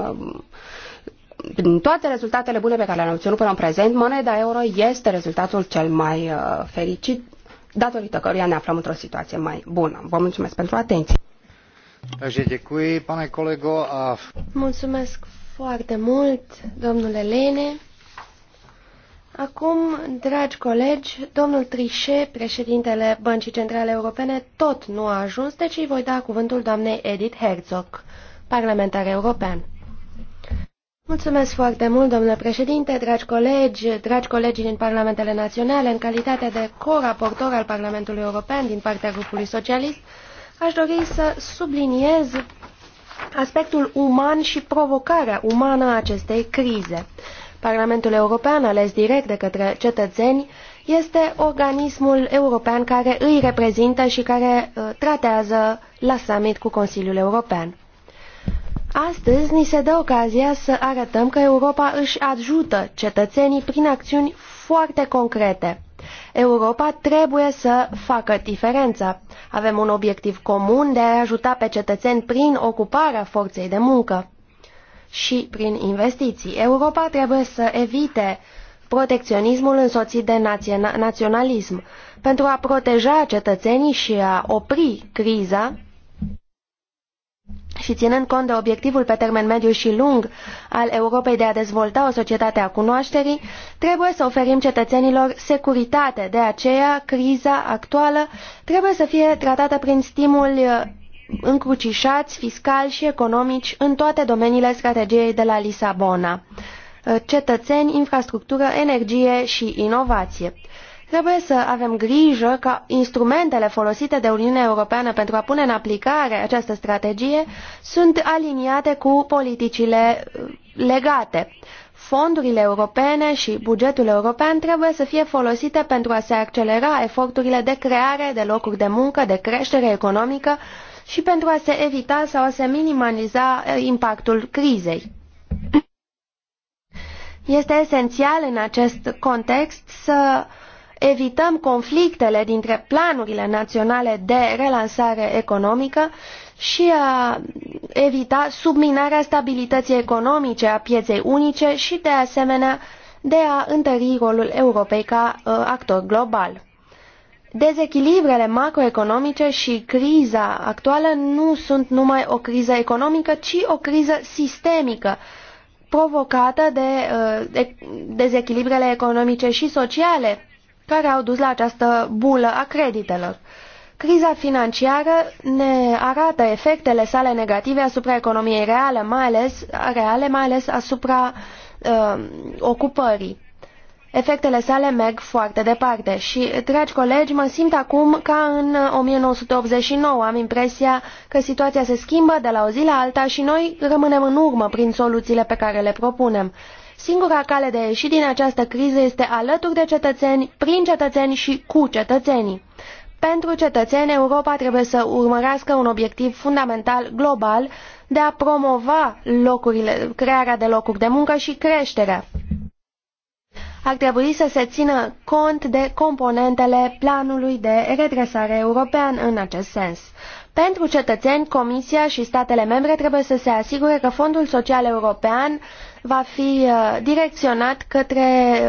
din toate rezultatele bune pe care le-am obținut până în prezent, moneda euro este rezultatul cel mai uh, fericit, datorită căruia ne aflăm într-o situație mai bună. Vă mulțumesc pentru atenție. Mulțumesc foarte mult, domnule Lene. Acum, dragi colegi, domnul Trichet, președintele Băncii Centrale Europene, tot nu a ajuns, deci îi voi da cuvântul doamnei Edith Herzog, parlamentar european. Mulțumesc foarte mult, domnule președinte, dragi colegi, dragi colegi din Parlamentele Naționale, în calitate de co-raportor al Parlamentului European din partea grupului socialist, aș dori să subliniez aspectul uman și provocarea umană a acestei crize. Parlamentul European, ales direct de către cetățeni, este organismul european care îi reprezintă și care uh, tratează la summit cu Consiliul European. Astăzi ni se dă ocazia să arătăm că Europa își ajută cetățenii prin acțiuni foarte concrete. Europa trebuie să facă diferența. Avem un obiectiv comun de a ajuta pe cetățeni prin ocuparea forței de muncă și prin investiții. Europa trebuie să evite protecționismul însoțit de naționalism. Pentru a proteja cetățenii și a opri criza, și ținând cont de obiectivul pe termen mediu și lung al Europei de a dezvolta o societate a cunoașterii, trebuie să oferim cetățenilor securitate. De aceea, criza actuală trebuie să fie tratată prin stimuli uh, încrucișați, fiscali și economici în toate domeniile strategiei de la Lisabona. Uh, cetățeni, infrastructură, energie și inovație. Trebuie să avem grijă ca instrumentele folosite de Uniunea Europeană pentru a pune în aplicare această strategie sunt aliniate cu politicile uh, legate. Fondurile europene și bugetul european trebuie să fie folosite pentru a se accelera eforturile de creare de locuri de muncă, de creștere economică și pentru a se evita sau a se minimaliza uh, impactul crizei. Este esențial în acest context să evităm conflictele dintre planurile naționale de relansare economică și a evita subminarea stabilității economice a pieței unice și, de asemenea, de a întări rolul Europei ca ă, actor global. Dezechilibrele macroeconomice și criza actuală nu sunt numai o criză economică, ci o criză sistemică provocată de ă, dezechilibrele economice și sociale care au dus la această bulă a creditelor. Criza financiară ne arată efectele sale negative asupra economiei reale, mai ales, reale, mai ales asupra uh, ocupării. Efectele sale merg foarte departe și, dragi colegi, mă simt acum ca în 1989. Am impresia că situația se schimbă de la o zi la alta și noi rămânem în urmă prin soluțiile pe care le propunem. Singura cale de a ieși din această criză este alături de cetățeni, prin cetățeni și cu cetățenii. Pentru cetățeni, Europa trebuie să urmărească un obiectiv fundamental global de a promova locurile, crearea de locuri de muncă și creșterea. Ar trebui să se țină cont de componentele planului de redresare european în acest sens. Pentru cetățeni, Comisia și statele membre trebuie să se asigure că Fondul Social European va fi uh, direcționat către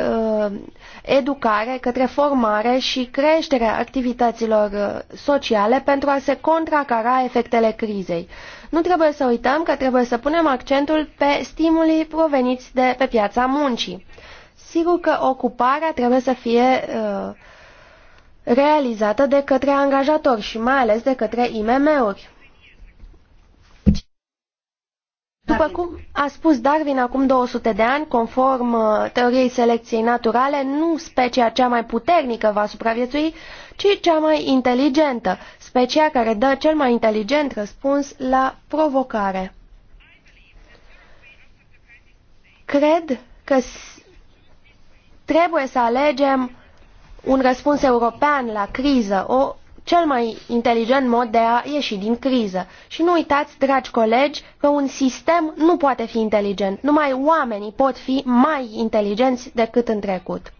uh, educare, către formare și creșterea activităților uh, sociale pentru a se contracara efectele crizei. Nu trebuie să uităm că trebuie să punem accentul pe stimulii proveniți de pe piața muncii. Sigur că ocuparea trebuie să fie uh, realizată de către angajatori și mai ales de către IMM-uri. După cum a spus Darwin acum 200 de ani, conform uh, teoriei selecției naturale, nu specia cea mai puternică va supraviețui, ci cea mai inteligentă, specia care dă cel mai inteligent răspuns la provocare. Cred că trebuie să alegem un răspuns european la criză, o cel mai inteligent mod de a ieși din criză. Și nu uitați, dragi colegi, că un sistem nu poate fi inteligent. Numai oamenii pot fi mai inteligenți decât în trecut.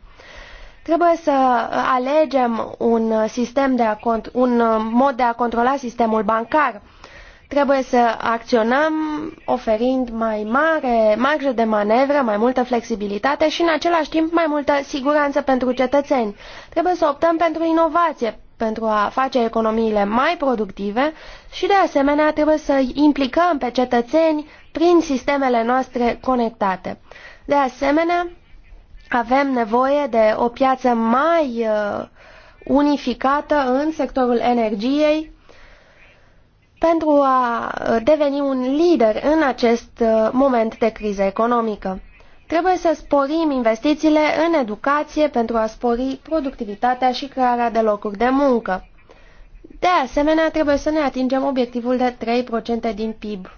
Trebuie să alegem un, sistem de a, un mod de a controla sistemul bancar. Trebuie să acționăm oferind mai mare marjă de manevră, mai multă flexibilitate și în același timp mai multă siguranță pentru cetățeni. Trebuie să optăm pentru inovație, pentru a face economiile mai productive și, de asemenea, trebuie să implicăm pe cetățeni prin sistemele noastre conectate. De asemenea, avem nevoie de o piață mai uh, unificată în sectorul energiei pentru a uh, deveni un lider în acest uh, moment de criză economică. Trebuie să sporim investițiile în educație pentru a spori productivitatea și crearea de locuri de muncă. De asemenea, trebuie să ne atingem obiectivul de 3% din PIB.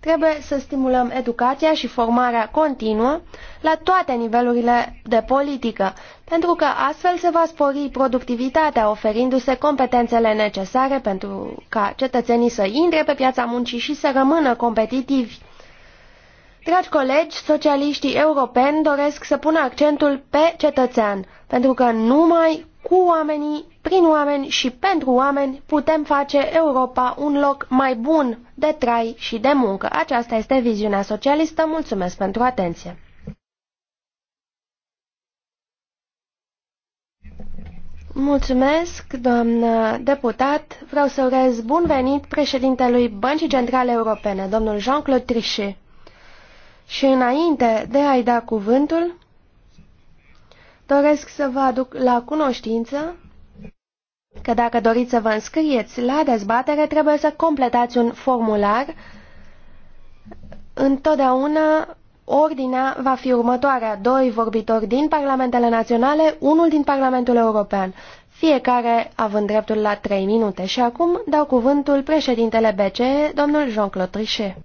Trebuie să stimulăm educația și formarea continuă la toate nivelurile de politică, pentru că astfel se va spori productivitatea, oferindu-se competențele necesare pentru ca cetățenii să intre pe piața muncii și să rămână competitivi Dragi colegi, socialiștii europeni doresc să pună accentul pe cetățean, pentru că numai cu oamenii, prin oameni și pentru oameni putem face Europa un loc mai bun de trai și de muncă. Aceasta este viziunea socialistă. Mulțumesc pentru atenție. Mulțumesc, doamnă deputat. Vreau să urez bun venit președintelui Băncii Centrale Europene, domnul Jean-Claude Trichet. Și înainte de a-i da cuvântul, doresc să vă aduc la cunoștință că dacă doriți să vă înscrieți la dezbatere, trebuie să completați un formular. Întotdeauna ordinea va fi următoarea. Doi vorbitori din Parlamentele Naționale, unul din Parlamentul European, fiecare având dreptul la trei minute. Și acum dau cuvântul președintele BCE, domnul Jean-Claude Trichet.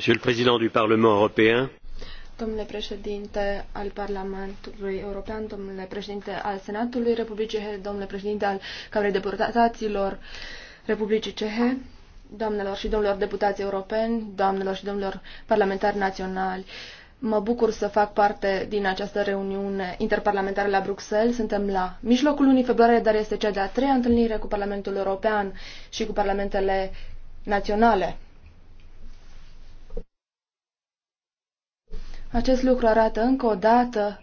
Monsieur le Président du Parlement européen. Domnule președinte al Parlamentului European, domnule președinte al Senatului Republicii Cehe, domnule președinte al Camerei Deputaților Republicii Cehe, doamnelor și domnilor deputați europeni, doamnelor și domnilor parlamentari naționali. Mă bucur să fac parte din această reuniune interparlamentară la Bruxelles. Suntem la mijlocul lunii februarie, dar este cea de-a treia întâlnire cu Parlamentul European și cu parlamentele naționale Acest lucru arată încă o dată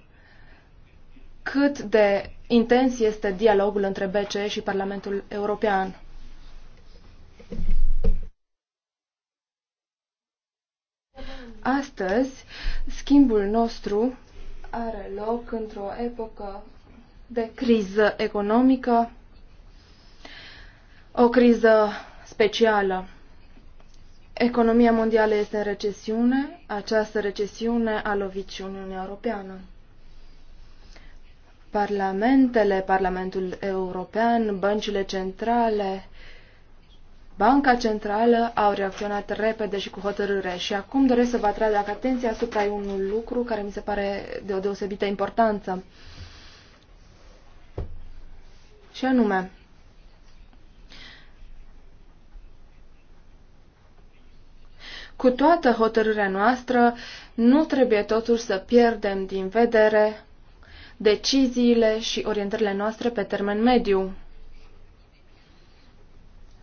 cât de intens este dialogul între BCE și Parlamentul European. Astăzi, schimbul nostru are loc într-o epocă de criză economică, o criză specială. Economia mondială este în recesiune. Această recesiune a lovit și Uniunea Europeană. Parlamentele, Parlamentul European, băncile centrale, Banca Centrală au reacționat repede și cu hotărâre și acum doresc să vă atrag atenția asupra unui lucru care mi se pare de o deosebită importanță. Și anume, Cu toată hotărârea noastră, nu trebuie totuși să pierdem din vedere deciziile și orientările noastre pe termen mediu.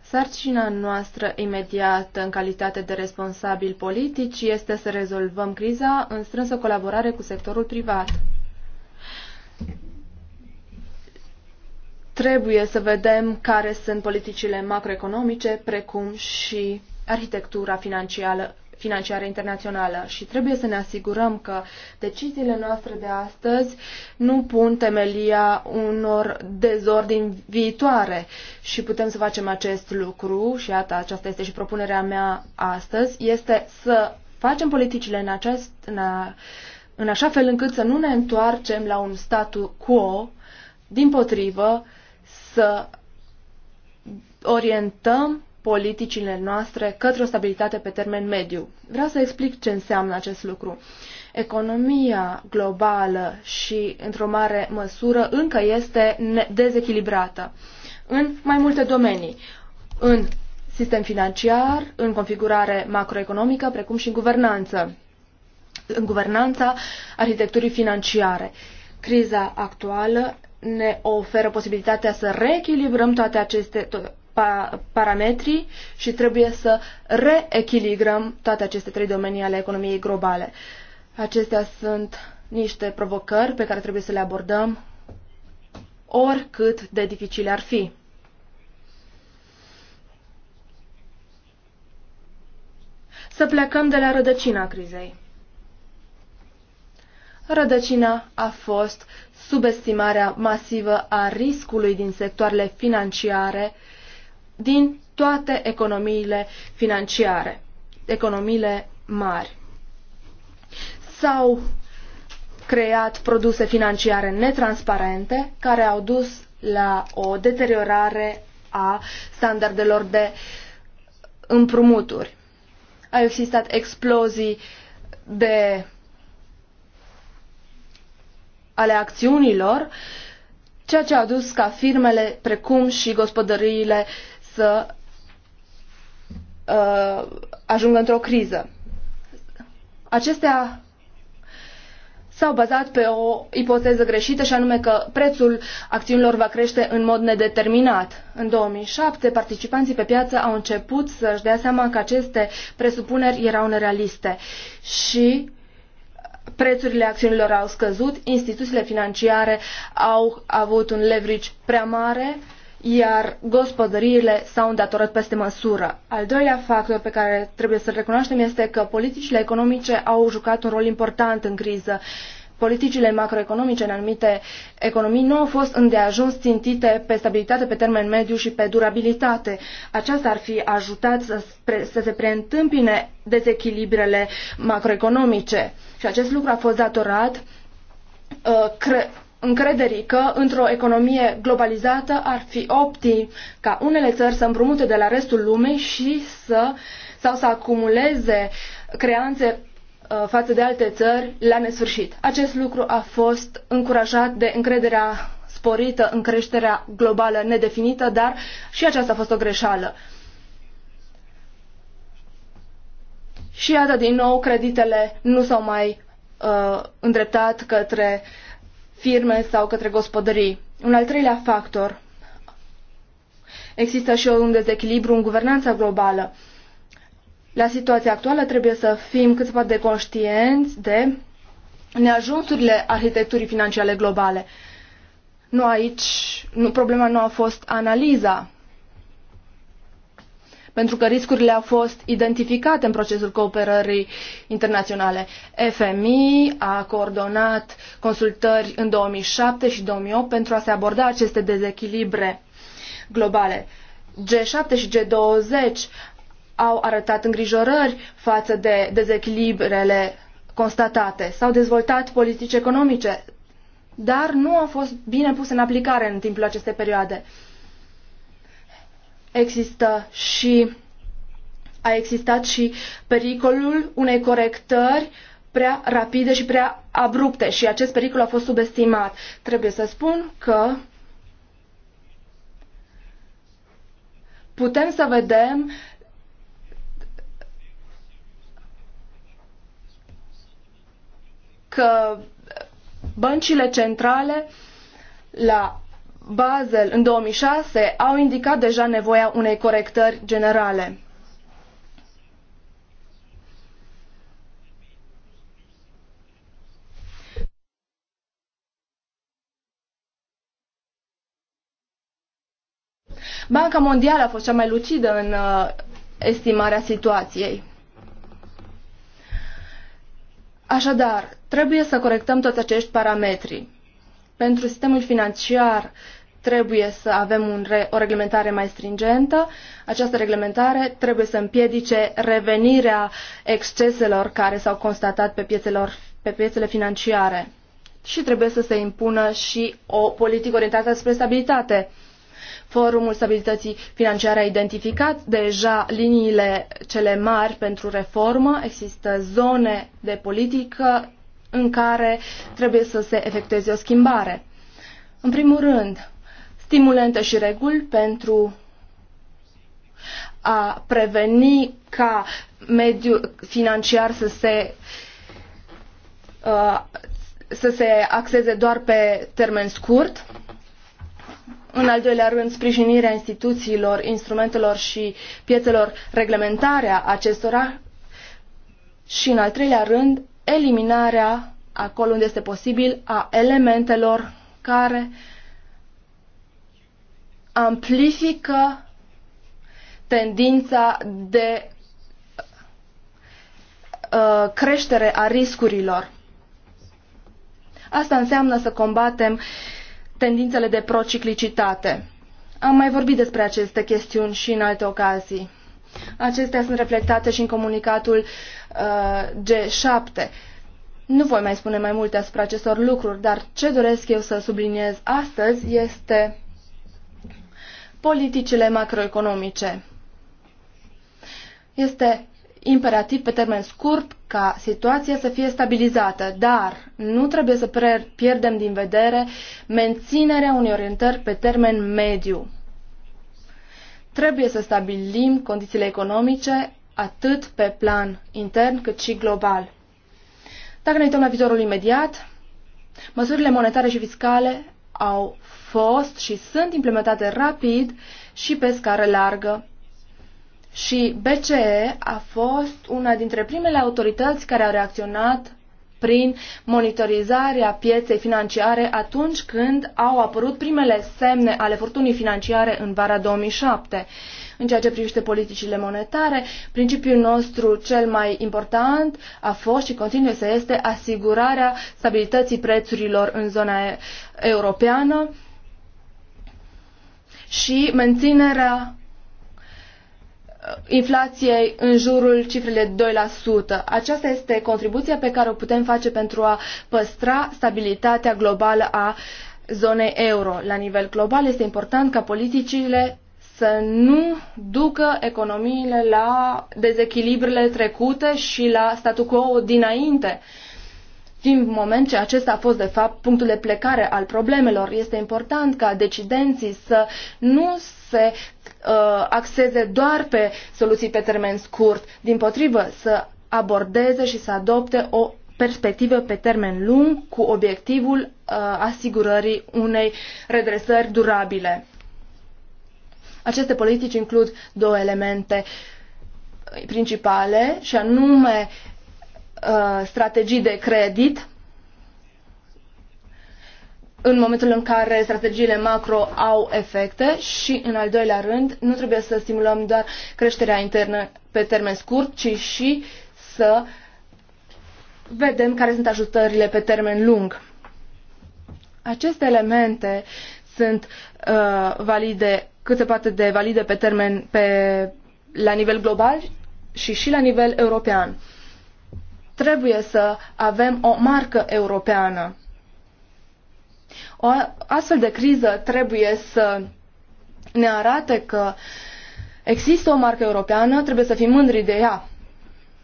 Sarcina noastră imediată în calitate de responsabil politici este să rezolvăm criza în strânsă colaborare cu sectorul privat. Trebuie să vedem care sunt politicile macroeconomice, precum și arhitectura financiară, financiară internațională și trebuie să ne asigurăm că deciziile noastre de astăzi nu pun temelia unor dezordini viitoare și putem să facem acest lucru și iată, aceasta este și propunerea mea astăzi, este să facem politicile în, acest, în, a, în așa fel încât să nu ne întoarcem la un statu quo, din potrivă, să orientăm politicile noastre către o stabilitate pe termen mediu. Vreau să explic ce înseamnă acest lucru. Economia globală și, într-o mare măsură, încă este dezechilibrată în mai multe domenii. În sistem financiar, în configurare macroeconomică, precum și în guvernanță. În guvernanța arhitecturii financiare. Criza actuală ne oferă posibilitatea să reechilibrăm toate aceste, to- parametri și trebuie să reechilibrăm toate aceste trei domenii ale economiei globale. Acestea sunt niște provocări pe care trebuie să le abordăm oricât de dificile ar fi. Să plecăm de la rădăcina crizei. Rădăcina a fost subestimarea masivă a riscului din sectoarele financiare din toate economiile financiare, economiile mari. S-au creat produse financiare netransparente care au dus la o deteriorare a standardelor de împrumuturi. Au existat explozii de ale acțiunilor, ceea ce a dus ca firmele precum și gospodăriile uh, să uh, ajungă într-o criză. Acestea s-au bazat pe o ipoteză greșită și anume că prețul acțiunilor va crește în mod nedeterminat. În 2007, participanții pe piață au început să-și dea seama că aceste presupuneri erau nerealiste și prețurile acțiunilor au scăzut, instituțiile financiare au avut un leverage prea mare iar gospodăriile s-au îndatorat peste măsură. Al doilea factor pe care trebuie să-l recunoaștem este că politicile economice au jucat un rol important în criză. Politicile macroeconomice în anumite economii nu au fost îndeajuns țintite pe stabilitate pe termen mediu și pe durabilitate. Aceasta ar fi ajutat să, să se preîntâmpine dezechilibrele macroeconomice. Și acest lucru a fost datorat uh, încrederii că într-o economie globalizată ar fi optim ca unele țări să împrumute de la restul lumii și să sau să acumuleze creanțe uh, față de alte țări la nesfârșit. Acest lucru a fost încurajat de încrederea sporită în creșterea globală nedefinită, dar și aceasta a fost o greșeală. Și iată, din nou, creditele nu s-au mai uh, îndreptat către uh, firme sau către gospodării. Un al treilea factor. Există și un dezechilibru în guvernanța globală. La situația actuală trebuie să fim cât se poate de conștienți de neajunsurile arhitecturii financiare globale. Nu aici, nu, problema nu a fost analiza pentru că riscurile au fost identificate în procesul cooperării internaționale. FMI a coordonat consultări în 2007 și 2008 pentru a se aborda aceste dezechilibre globale. G7 și G20 au arătat îngrijorări față de dezechilibrele constatate. S-au dezvoltat politici economice, dar nu au fost bine puse în aplicare în timpul acestei perioade există și a existat și pericolul unei corectări prea rapide și prea abrupte și acest pericol a fost subestimat. Trebuie să spun că putem să vedem că băncile centrale la Basel în 2006 au indicat deja nevoia unei corectări generale. Banca Mondială a fost cea mai lucidă în uh, estimarea situației. Așadar, trebuie să corectăm toți acești parametri. Pentru sistemul financiar trebuie să avem un re, o reglementare mai stringentă. Această reglementare trebuie să împiedice revenirea exceselor care s-au constatat pe, piețelor, pe piețele financiare. Și trebuie să se impună și o politică orientată spre stabilitate. Forumul Stabilității Financiare a identificat deja liniile cele mari pentru reformă, există zone de politică în care trebuie să se efectueze o schimbare. În primul rând, stimulente și reguli pentru a preveni ca mediul financiar să se uh, să se axeze doar pe termen scurt. În al doilea rând, sprijinirea instituțiilor, instrumentelor și piețelor, reglementarea acestora. Și în al treilea rând, eliminarea, acolo unde este posibil, a elementelor care amplifică tendința de uh, creștere a riscurilor. Asta înseamnă să combatem tendințele de prociclicitate. Am mai vorbit despre aceste chestiuni și în alte ocazii. Acestea sunt reflectate și în comunicatul Uh, G7. Nu voi mai spune mai multe asupra acestor lucruri, dar ce doresc eu să subliniez astăzi este politicile macroeconomice. Este imperativ pe termen scurt ca situația să fie stabilizată, dar nu trebuie să pierdem din vedere menținerea unei orientări pe termen mediu. Trebuie să stabilim condițiile economice atât pe plan intern cât și global. Dacă ne uităm la vizorul imediat, măsurile monetare și fiscale au fost și sunt implementate rapid și pe scară largă. Și BCE a fost una dintre primele autorități care au reacționat prin monitorizarea pieței financiare atunci când au apărut primele semne ale furtunii financiare în vara 2007. În ceea ce privește politicile monetare, principiul nostru cel mai important a fost și continuă să este asigurarea stabilității prețurilor în zona europeană și menținerea uh, inflației în jurul cifrele 2%. Aceasta este contribuția pe care o putem face pentru a păstra stabilitatea globală a zonei euro. La nivel global este important ca politicile să nu ducă economiile la dezechilibrele trecute și la statu quo dinainte. Din moment ce acesta a fost, de fapt, punctul de plecare al problemelor, este important ca decidenții să nu se uh, axeze doar pe soluții pe termen scurt, din potrivă să abordeze și să adopte o perspectivă pe termen lung cu obiectivul uh, asigurării unei redresări durabile. Aceste politici includ două elemente principale și anume uh, strategii de credit în momentul în care strategiile macro au efecte și, în al doilea rând, nu trebuie să stimulăm doar creșterea internă pe termen scurt, ci și să vedem care sunt ajustările pe termen lung. Aceste elemente sunt uh, valide cât se poate de valide pe termen pe, la nivel global și și la nivel european. Trebuie să avem o marcă europeană. O astfel de criză trebuie să ne arate că există o marcă europeană, trebuie să fim mândri de ea.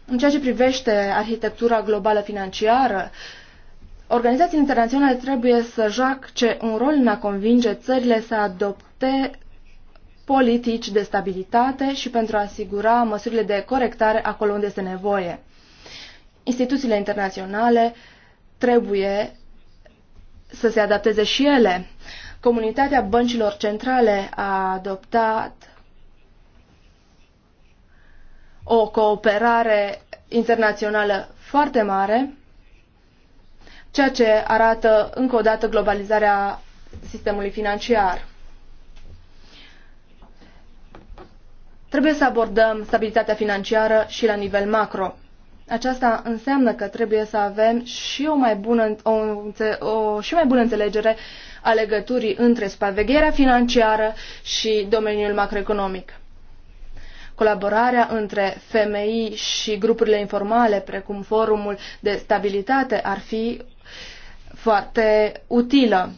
În ceea ce privește arhitectura globală financiară, organizațiile internaționale trebuie să joace un rol în a convinge țările să adopte politici de stabilitate și pentru a asigura măsurile de corectare acolo unde este nevoie. Instituțiile internaționale trebuie să se adapteze și ele. Comunitatea băncilor centrale a adoptat o cooperare internațională foarte mare, ceea ce arată încă o dată globalizarea sistemului financiar. Trebuie să abordăm stabilitatea financiară și la nivel macro. Aceasta înseamnă că trebuie să avem și o mai bună, o, o, și mai bună înțelegere a legăturii între supravegherea financiară și domeniul macroeconomic. Colaborarea între FMI și grupurile informale, precum Forumul de Stabilitate, ar fi foarte utilă.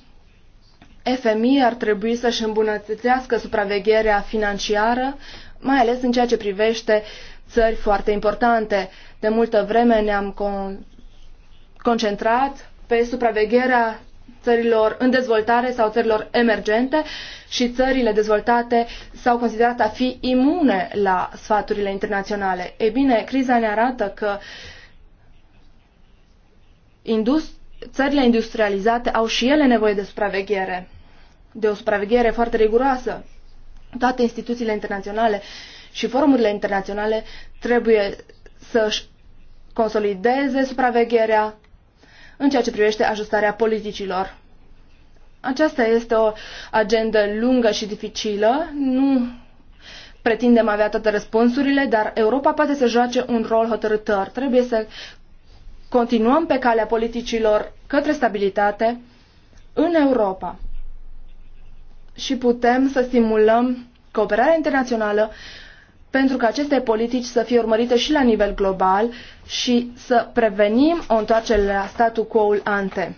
FMI ar trebui să-și îmbunătățească supravegherea financiară mai ales în ceea ce privește țări foarte importante. De multă vreme ne-am con- concentrat pe supravegherea țărilor în dezvoltare sau țărilor emergente și țările dezvoltate s-au considerat a fi imune la sfaturile internaționale. Ei bine, criza ne arată că industri- țările industrializate au și ele nevoie de supraveghere, de o supraveghere foarte riguroasă toate instituțiile internaționale și forumurile internaționale trebuie să-și consolideze supravegherea în ceea ce privește ajustarea politicilor. Aceasta este o agendă lungă și dificilă. Nu pretindem avea toate răspunsurile, dar Europa poate să joace un rol hotărător. Trebuie să continuăm pe calea politicilor către stabilitate în Europa și putem să stimulăm cooperarea internațională pentru ca aceste politici să fie urmărite și la nivel global și să prevenim o întoarcere la statul quo ante.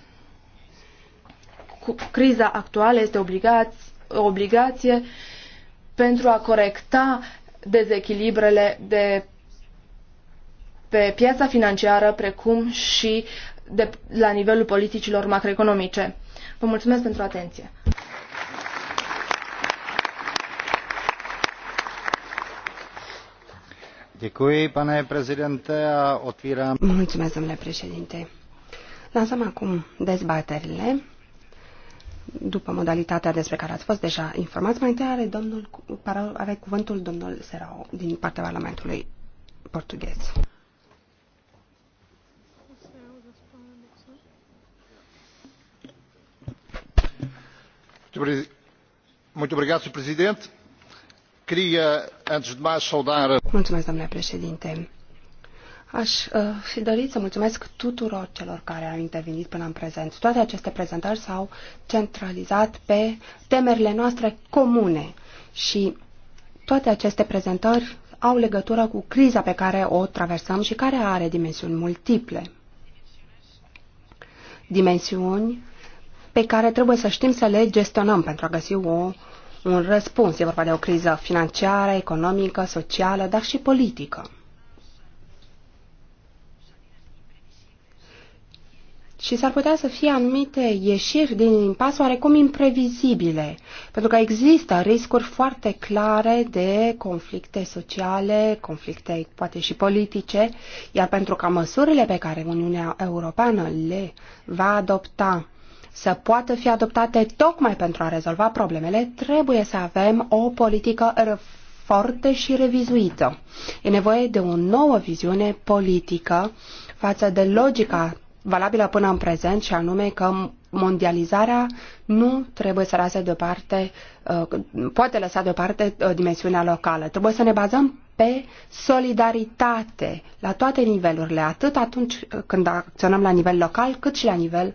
criza actuală este obligați, o obligație pentru a corecta dezechilibrele de pe piața financiară, precum și de, la nivelul politicilor macroeconomice. Vă mulțumesc pentru atenție! Mulțumesc, domnule președinte. Lansăm acum dezbaterile după modalitatea despre care ați fost deja informați. Mai întâi are, domnul, are cuvântul domnul Serau din partea Parlamentului portughez. Muito obrigado, Sr. Presidente. Mulțumesc, domnule președinte. Aș uh, fi dorit să mulțumesc tuturor celor care au intervenit până în prezent. Toate aceste prezentări s-au centralizat pe temerile noastre comune și toate aceste prezentări au legătură cu criza pe care o traversăm și care are dimensiuni multiple. Dimensiuni pe care trebuie să știm să le gestionăm pentru a găsi o un răspuns. E vorba de o criză financiară, economică, socială, dar și politică. și s-ar putea să fie anumite ieșiri din impas oarecum imprevizibile, pentru că există riscuri foarte clare de conflicte sociale, conflicte poate și politice, iar pentru ca măsurile pe care Uniunea Europeană le va adopta să poată fi adoptate tocmai pentru a rezolva problemele, trebuie să avem o politică foarte și revizuită. E nevoie de o nouă viziune politică față de logica valabilă până în prezent și anume că mondializarea nu trebuie să lase deoparte, uh, poate lăsa deoparte uh, dimensiunea locală. Trebuie să ne bazăm pe solidaritate la toate nivelurile, atât atunci uh, când acționăm la nivel local, cât și la nivel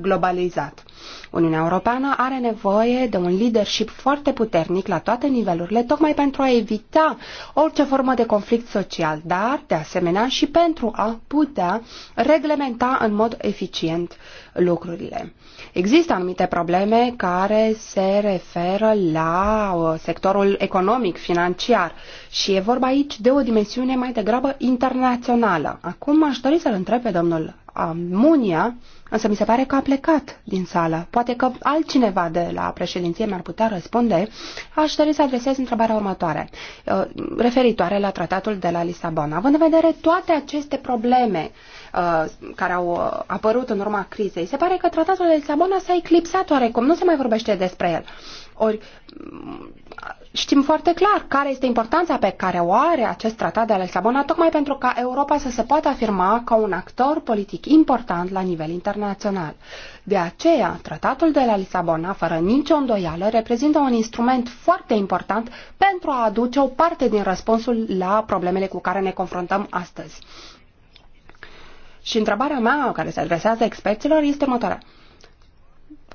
globalizat. Uniunea Europeană are nevoie de un leadership foarte puternic la toate nivelurile, tocmai pentru a evita orice formă de conflict social, dar, de asemenea, și pentru a putea reglementa în mod eficient lucrurile. Există anumite probleme probleme care se referă la uh, sectorul economic, financiar și e vorba aici de o dimensiune mai degrabă internațională. Acum aș dori să-l întreb pe domnul Munia, însă mi se pare că a plecat din sală. Poate că altcineva de la președinție mi-ar putea răspunde. Aș dori să adresez întrebarea următoare, uh, referitoare la tratatul de la Lisabona. Având în vedere toate aceste probleme uh, care au uh, apărut în urma crizei, se pare că tratatul de Lisabona s-a eclipsat oarecum, nu se mai vorbește despre el. Ori Știm foarte clar care este importanța pe care o are acest tratat de la Lisabona, tocmai pentru ca Europa să se poată afirma ca un actor politic important la nivel internațional. De aceea, tratatul de la Lisabona, fără nicio îndoială, reprezintă un instrument foarte important pentru a aduce o parte din răspunsul la problemele cu care ne confruntăm astăzi. Și întrebarea mea, care se adresează experților, este următoarea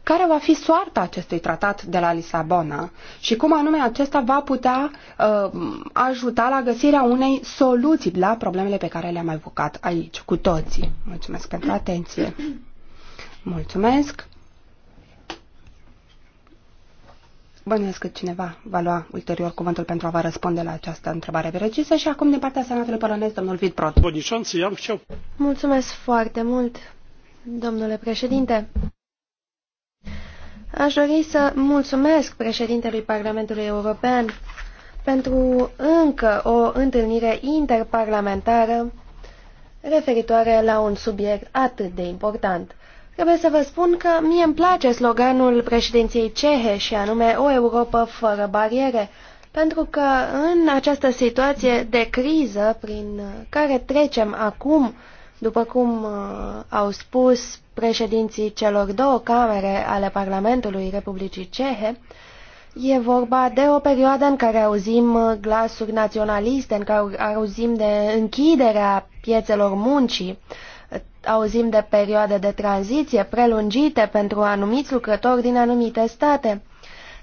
care va fi soarta acestui tratat de la Lisabona și cum anume acesta va putea uh, ajuta la găsirea unei soluții la problemele pe care le-am evocat aici cu toții. Mulțumesc pentru atenție. Mulțumesc. Bănuiesc că cineva va lua ulterior cuvântul pentru a vă răspunde la această întrebare precisă și acum din partea Senatului Polonez, domnul Vidprot. Mulțumesc foarte mult, domnule președinte. Aș dori să mulțumesc președintelui Parlamentului European pentru încă o întâlnire interparlamentară referitoare la un subiect atât de important. Trebuie să vă spun că mie îmi place sloganul președinției cehe și anume o Europa fără bariere, pentru că în această situație de criză prin care trecem acum, după cum uh, au spus președinții celor două camere ale Parlamentului Republicii Cehe, e vorba de o perioadă în care auzim glasuri naționaliste, în care auzim de închiderea piețelor muncii, auzim de perioade de tranziție prelungite pentru anumiți lucrători din anumite state.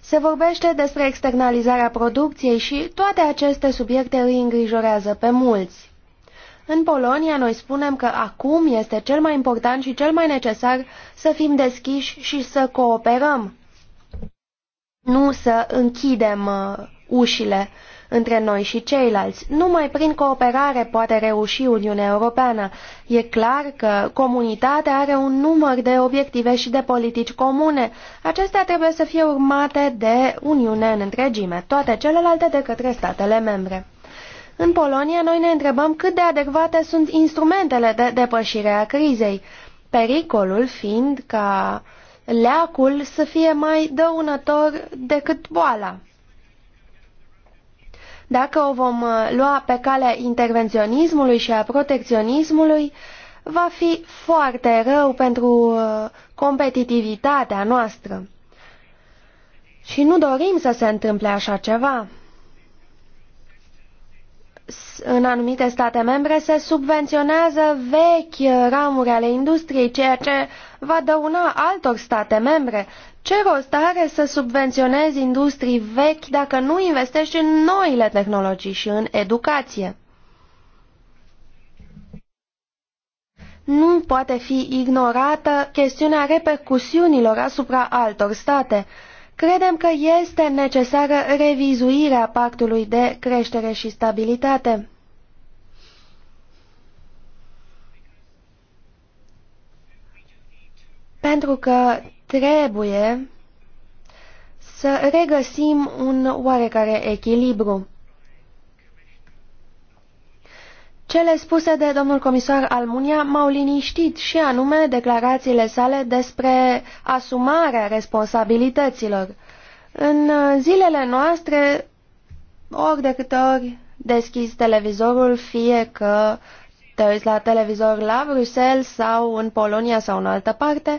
Se vorbește despre externalizarea producției și toate aceste subiecte îi îngrijorează pe mulți. În Polonia noi spunem că acum este cel mai important și cel mai necesar să fim deschiși și să cooperăm, nu să închidem uh, ușile între noi și ceilalți. Numai prin cooperare poate reuși Uniunea Europeană. E clar că comunitatea are un număr de obiective și de politici comune. Acestea trebuie să fie urmate de Uniune în întregime, toate celelalte de către statele membre. În Polonia, noi ne întrebăm cât de adecvate sunt instrumentele de depășire a crizei, pericolul fiind ca leacul să fie mai dăunător decât boala. Dacă o vom uh, lua pe calea intervenționismului și a protecționismului, va fi foarte rău pentru uh, competitivitatea noastră. Și nu dorim să se întâmple așa ceva în anumite state membre se subvenționează vechi ramuri ale industriei, ceea ce va dăuna altor state membre. Ce rost are să subvenționezi industrii vechi dacă nu investești în noile tehnologii și în educație? Nu poate fi ignorată chestiunea repercusiunilor asupra altor state. Credem că este necesară revizuirea pactului de creștere și stabilitate. Pentru că trebuie să regăsim un oarecare echilibru. Cele spuse de domnul comisar Almunia m-au liniștit și anume declarațiile sale despre asumarea responsabilităților. În zilele noastre, ori de câte ori deschizi televizorul, fie că te uiți la televizor la Bruxelles sau în Polonia sau în altă parte,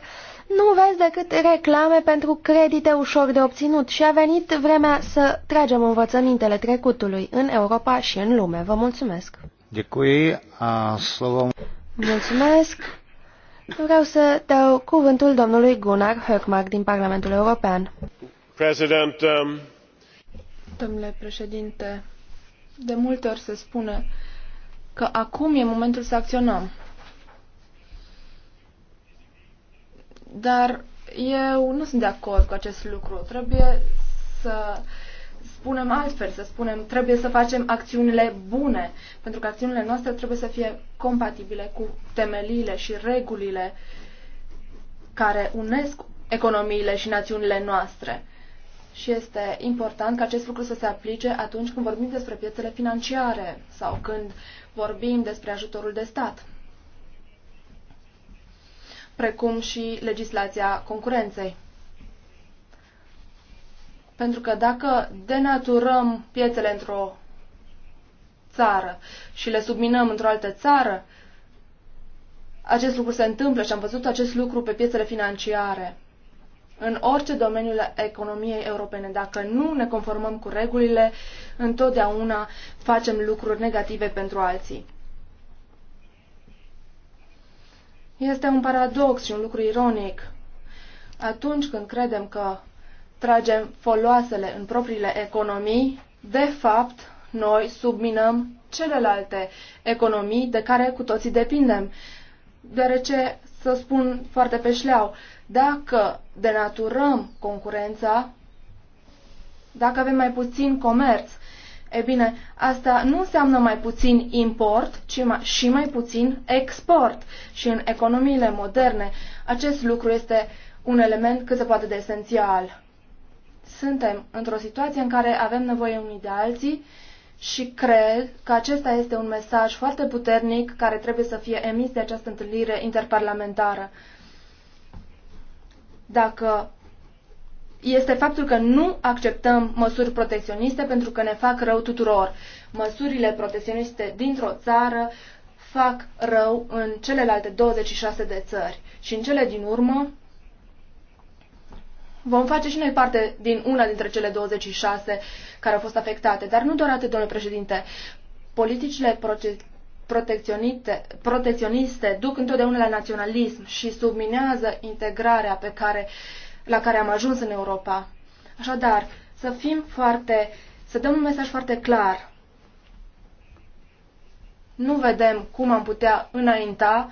nu vezi decât reclame pentru credite ușor de obținut și a venit vremea să tragem învățămintele trecutului în Europa și în lume. Vă mulțumesc! Děkuji a slovo... Mulțumesc. Vreau să dau cuvântul domnului Gunnar Hökmark din Parlamentul European. President, um... Domnule președinte, de multe ori se spune că acum e momentul să acționăm. Dar eu nu sunt de acord cu acest lucru. Trebuie să spunem altfel, să spunem trebuie să facem acțiunile bune, pentru că acțiunile noastre trebuie să fie compatibile cu temeliile și regulile care unesc economiile și națiunile noastre. Și este important ca acest lucru să se aplice atunci când vorbim despre piețele financiare sau când vorbim despre ajutorul de stat, precum și legislația concurenței. Pentru că dacă denaturăm piețele într-o țară și le subminăm într-o altă țară, acest lucru se întâmplă și am văzut acest lucru pe piețele financiare. În orice domeniu al economiei europene, dacă nu ne conformăm cu regulile, întotdeauna facem lucruri negative pentru alții. Este un paradox și un lucru ironic. Atunci când credem că tragem foloasele în propriile economii, de fapt, noi subminăm celelalte economii de care cu toții depindem. Deoarece, să spun foarte pe șleau, dacă denaturăm concurența, dacă avem mai puțin comerț, e bine, asta nu înseamnă mai puțin import, ci mai, și mai puțin export. Și în economiile moderne acest lucru este un element cât se poate de esențial. Suntem într-o situație în care avem nevoie unii de alții și cred că acesta este un mesaj foarte puternic care trebuie să fie emis de această întâlnire interparlamentară. Dacă este faptul că nu acceptăm măsuri protecționiste pentru că ne fac rău tuturor. Măsurile protecționiste dintr-o țară fac rău în celelalte 26 de țări și în cele din urmă Vom face și noi parte din una dintre cele 26 care au fost afectate, dar nu doar atât, domnule președinte. Politicile protecționiste duc întotdeauna la naționalism și subminează integrarea pe care, la care am ajuns în Europa. Așadar, să fim foarte, să dăm un mesaj foarte clar. Nu vedem cum am putea înainta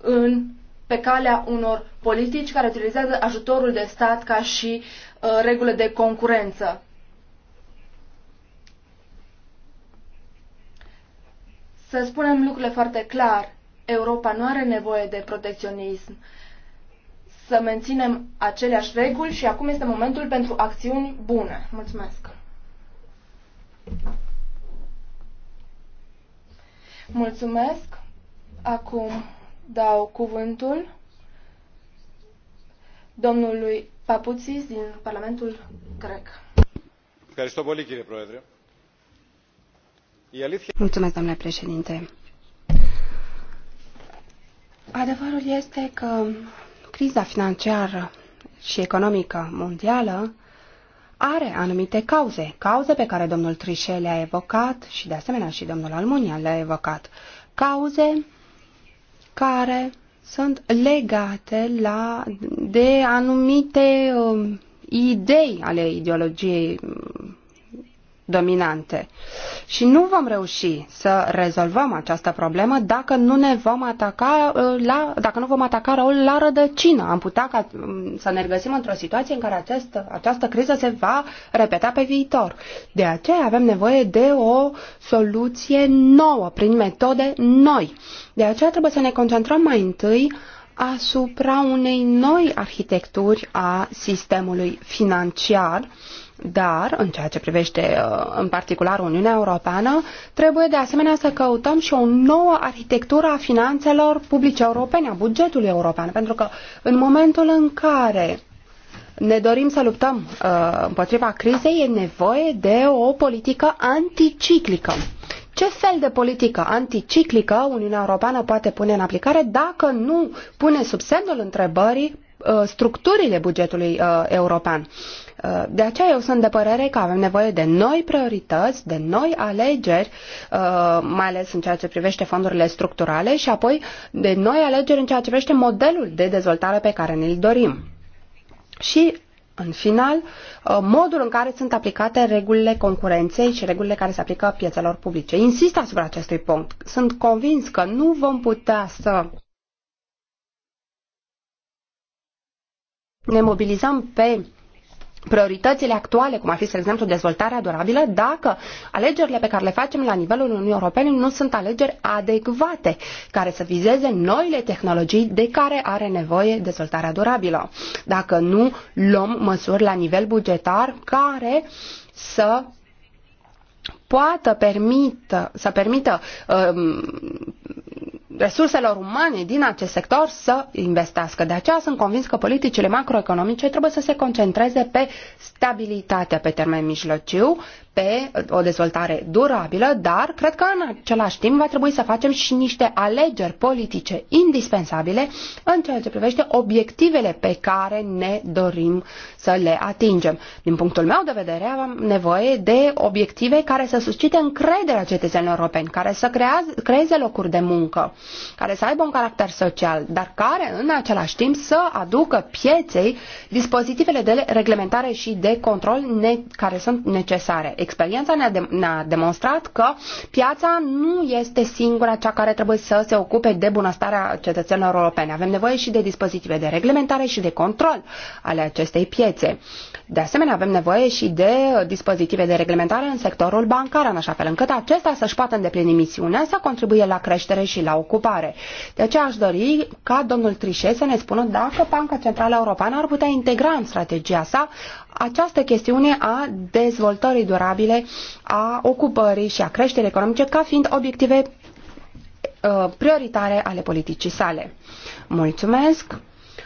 în pe calea unor politici care utilizează ajutorul de stat ca și uh, regulă de concurență. Să spunem lucrurile foarte clar, Europa nu are nevoie de protecționism. Să menținem aceleași reguli și acum este momentul pentru acțiuni bune. Mulțumesc! Mulțumesc! Acum dau cuvântul domnului Papuțis din Parlamentul grec. Mulțumesc, domnule președinte. Adevărul este că criza financiară și economică mondială are anumite cauze, cauze pe care domnul Trișel le-a evocat și de asemenea și domnul Almunia le-a evocat, cauze care sunt legate la, de anumite um, idei ale ideologiei um, dominante. Și nu vom reuși să rezolvăm această problemă dacă nu ne vom ataca uh, la, dacă nu vom ataca rolul la rădăcină. Am putea ca, um, să ne regăsim într-o situație în care acest, această criză se va repeta pe viitor. De aceea avem nevoie de o soluție nouă, prin metode noi. De aceea trebuie să ne concentrăm mai întâi asupra unei noi arhitecturi a sistemului financiar, dar, în ceea ce privește uh, în particular Uniunea Europeană, trebuie de asemenea să căutăm și o nouă arhitectură a finanțelor publice europene, a bugetului european, pentru că în momentul în care ne dorim să luptăm uh, împotriva crizei, e nevoie de o politică anticiclică. Ce fel de politică anticiclică Uniunea Europeană poate pune în aplicare dacă nu pune sub semnul întrebării uh, structurile bugetului uh, european. Uh, de aceea eu sunt de părere că avem nevoie de noi priorități, de noi alegeri, uh, mai ales în ceea ce privește fondurile structurale și apoi de noi alegeri în ceea ce privește modelul de dezvoltare pe care ne-l dorim. Și în final, uh, modul în care sunt aplicate regulile concurenței și regulile care se aplică piețelor publice. Insist asupra acestui punct. Sunt convins că nu vom putea să ne mobilizăm pe prioritățile actuale, cum ar fi, spre exemplu, dezvoltarea durabilă, dacă alegerile pe care le facem la nivelul Uniunii Europene nu sunt alegeri adecvate, care să vizeze noile tehnologii de care are nevoie dezvoltarea durabilă. Dacă nu luăm măsuri la nivel bugetar care să poată permită, să permită um, resurselor umane din acest sector să investească. De aceea sunt convins că politicile macroeconomice trebuie să se concentreze pe stabilitatea pe termen mijlociu, pe o dezvoltare durabilă, dar cred că în același timp va trebui să facem și niște alegeri politice indispensabile în ceea ce privește obiectivele pe care ne dorim să le atingem. Din punctul meu de vedere, avem nevoie de obiective care să suscite încrederea cetățenilor europeni, care să creeze locuri de muncă, care să aibă un caracter social, dar care în același timp să aducă pieței dispozitivele de reglementare și de control ne, care sunt necesare experiența ne-a, de- ne demonstrat că piața nu este singura cea care trebuie să se ocupe de bunăstarea cetățenilor europene. Avem nevoie și de dispozitive de reglementare și de control ale acestei piețe. De asemenea, avem nevoie și de dispozitive de reglementare în sectorul bancar, în așa fel încât acesta să-și poată îndeplini misiunea, să contribuie la creștere și la ocupare. De aceea aș dori ca domnul Trișe să ne spună dacă Banca Centrală Europeană ar putea integra în strategia sa această chestiune a dezvoltării durabile, a ocupării și a creșterii economice ca fiind obiective uh, prioritare ale politicii sale. Mulțumesc!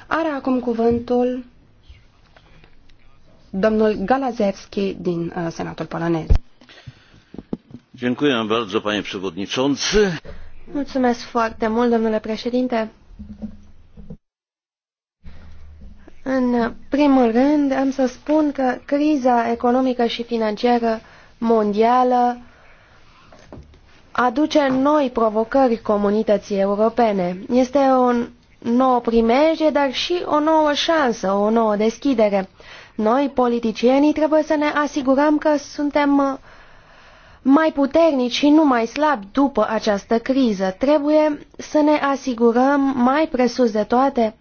Are acum cuvântul domnul Galazewski din uh, Senatul polonez. Mulțumesc foarte mult, domnule președinte. În primul rând, am să spun că criza economică și financiară mondială aduce noi provocări comunității europene. Este o nouă primejde, dar și o nouă șansă, o nouă deschidere. Noi, politicienii, trebuie să ne asigurăm că suntem mai puternici și nu mai slabi după această criză. Trebuie să ne asigurăm mai presus de toate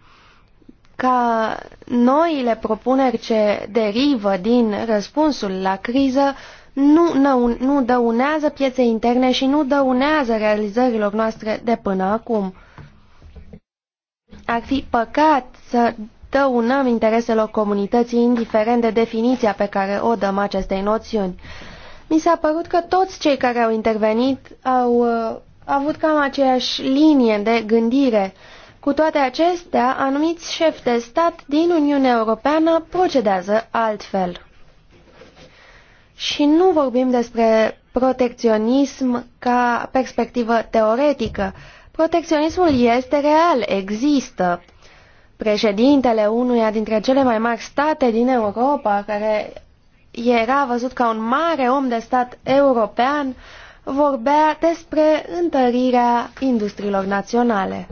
ca noile propuneri ce derivă din răspunsul la criză nu, nu, nu dăunează pieței interne și nu dăunează realizărilor noastre de până acum. Ar fi păcat să dăunăm intereselor comunității indiferent de definiția pe care o dăm acestei noțiuni. Mi s-a părut că toți cei care au intervenit au uh, avut cam aceeași linie de gândire uh, cu toate acestea, anumiți șefi de stat din Uniunea Europeană procedează altfel. Și nu vorbim despre protecționism ca perspectivă teoretică. Protecționismul este real, există. Președintele unuia dintre cele mai mari state din Europa, care era văzut ca un mare om de stat european, vorbea despre întărirea industriilor naționale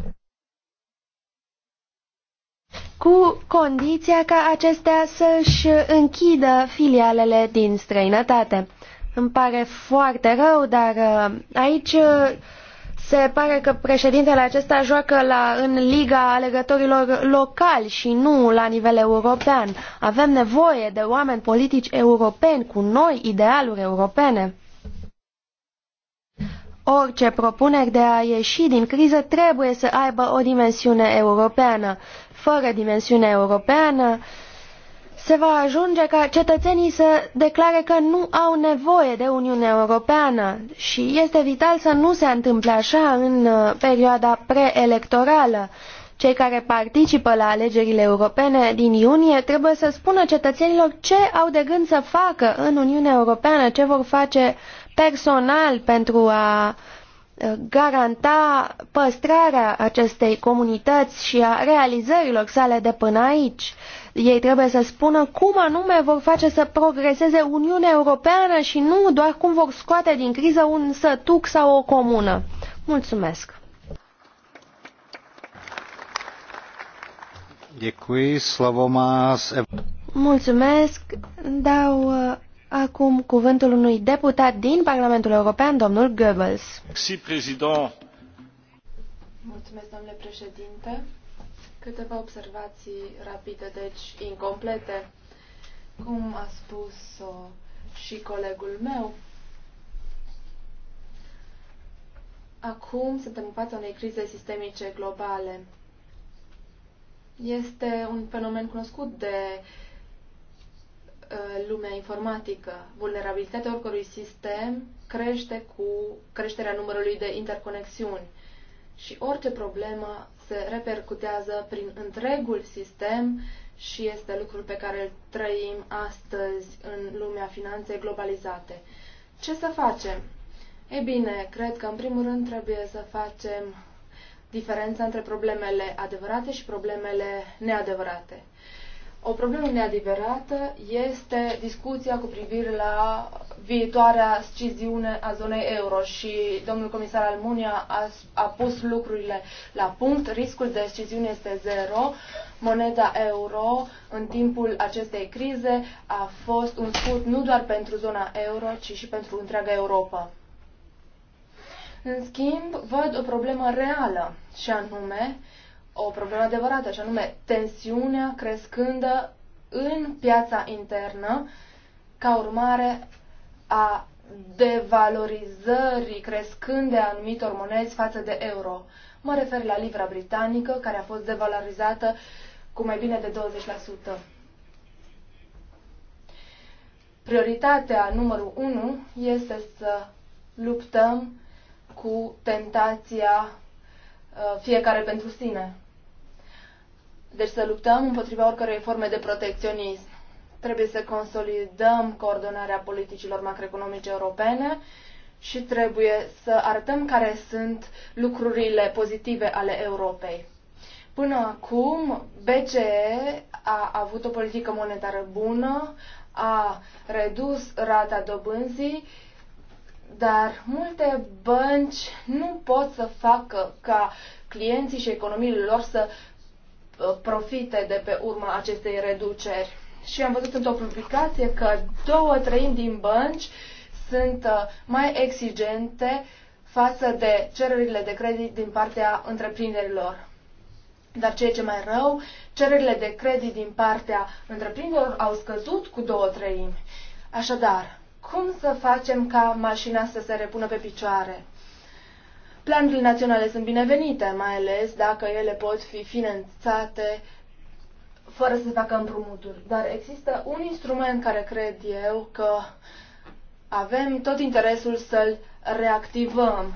cu condiția ca acestea să-și închidă filialele din străinătate. Îmi pare foarte rău, dar uh, aici uh, se pare că președintele acesta joacă la, în liga alegătorilor locali și nu la nivel european. Avem nevoie de oameni politici europeni cu noi idealuri europene. Orice propuneri de a ieși din criză trebuie să aibă o dimensiune europeană fără dimensiune europeană, se va ajunge ca cetățenii să declare că nu au nevoie de Uniunea Europeană și este vital să nu se întâmple așa în uh, perioada preelectorală. Cei care participă la alegerile europene din iunie trebuie să spună cetățenilor ce au de gând să facă în Uniunea Europeană, ce vor face personal pentru a garanta păstrarea acestei comunități și a realizărilor sale de până aici. Ei trebuie să spună cum anume vor face să progreseze Uniunea Europeană și nu doar cum vor scoate din criză un sătuc sau o comună. Mulțumesc! Mulțumesc! Dau uh, Acum cuvântul unui deputat din Parlamentul European, domnul Goebbels. Mulțumesc, domnule președinte. Câteva observații rapide, deci incomplete, cum a spus și colegul meu. Acum suntem în fața unei crize sistemice globale. Este un fenomen cunoscut de uh, Uh, lumea informatică. Vulnerabilitatea oricărui sistem crește cu creșterea numărului de interconexiuni și orice problemă se repercutează prin întregul sistem și este lucrul pe care îl trăim astăzi în lumea finanței globalizate. Ce să facem? Ei bine, cred că în primul rând trebuie să facem diferența între problemele adevărate și problemele neadevărate. O problemă neadevărată este discuția cu privire la viitoarea sciziune a zonei euro și domnul comisar Almunia a, a pus lucrurile la punct. Riscul de sciziune este zero. Moneda euro în timpul acestei crize a fost un scut nu doar pentru zona euro, ci și pentru întreaga Europa. În schimb, văd o problemă reală și anume o problemă adevărată, așa nume tensiunea crescândă în piața internă ca urmare a devalorizării crescânde a anumitor monezi față de euro. Mă refer la livra britanică, care a fost devalorizată cu mai bine de 20%. Prioritatea numărul 1 este să luptăm cu tentația uh, fiecare pentru sine. Deci să luptăm împotriva oricărei forme de protecționism. Trebuie să consolidăm coordonarea politicilor macroeconomice europene și trebuie să arătăm care sunt lucrurile pozitive ale Europei. Până acum, BCE a avut o politică monetară bună, a redus rata dobânzii, dar multe bănci nu pot să facă ca clienții și economiile lor să Uh, profite de pe urma acestei reduceri. Și am văzut într-o publicație că două treimi din bănci sunt uh, mai exigente față de cererile de credit din partea întreprinderilor. Dar ceea ce mai rău, cererile de credit din partea întreprinderilor au scăzut cu două treimi. Așadar, cum să facem ca mașina să se repună pe picioare? Planurile naționale sunt binevenite, mai ales dacă ele pot fi finanțate fără să se facă împrumuturi. Dar există un instrument care cred eu că avem tot interesul să-l reactivăm.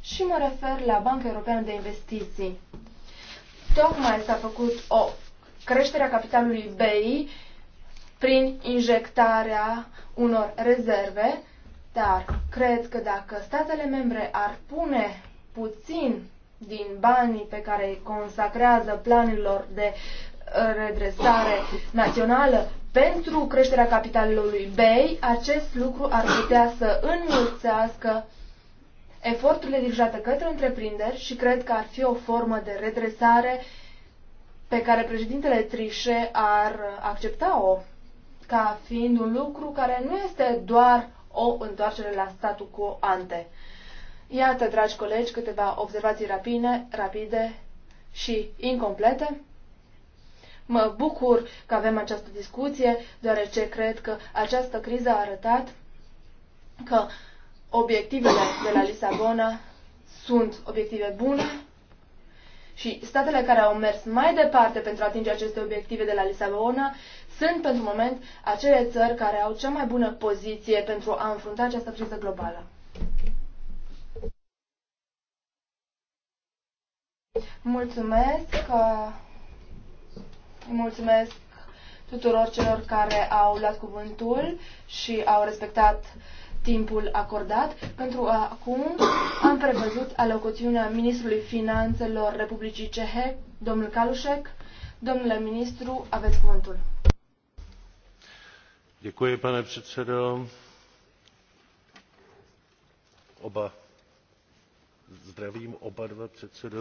Și mă refer la Banca Europeană de Investiții. Tocmai s-a făcut o creștere a capitalului BEI prin injectarea unor rezerve dar cred că dacă statele membre ar pune puțin din banii pe care îi consacrează planurilor de uh, redresare națională pentru creșterea capitalului BEI, acest lucru ar putea să înmulțească eforturile dirijate către întreprinderi și cred că ar fi o formă de redresare pe care președintele Trișe ar accepta-o ca fiind un lucru care nu este doar o întoarcere la statu quo ante. Iată, dragi colegi, câteva observații rapine, rapide și incomplete. Mă bucur că avem această discuție, deoarece cred că această criză a arătat că obiectivele de la Lisabona sunt obiective bune și statele care au mers mai departe pentru a atinge aceste obiective de la Lisabona sunt pentru moment acele țări care au cea mai bună poziție pentru a înfrunta această criză globală. Mulțumesc că mulțumesc tuturor celor care au luat cuvântul și au respectat timpul acordat. Pentru acum am prevăzut alocuțiunea Ministrului Finanțelor Republicii Cehe, domnul Kalușek. Domnule ministru, aveți cuvântul pane předsedo. Zdravím oba dva předsedy.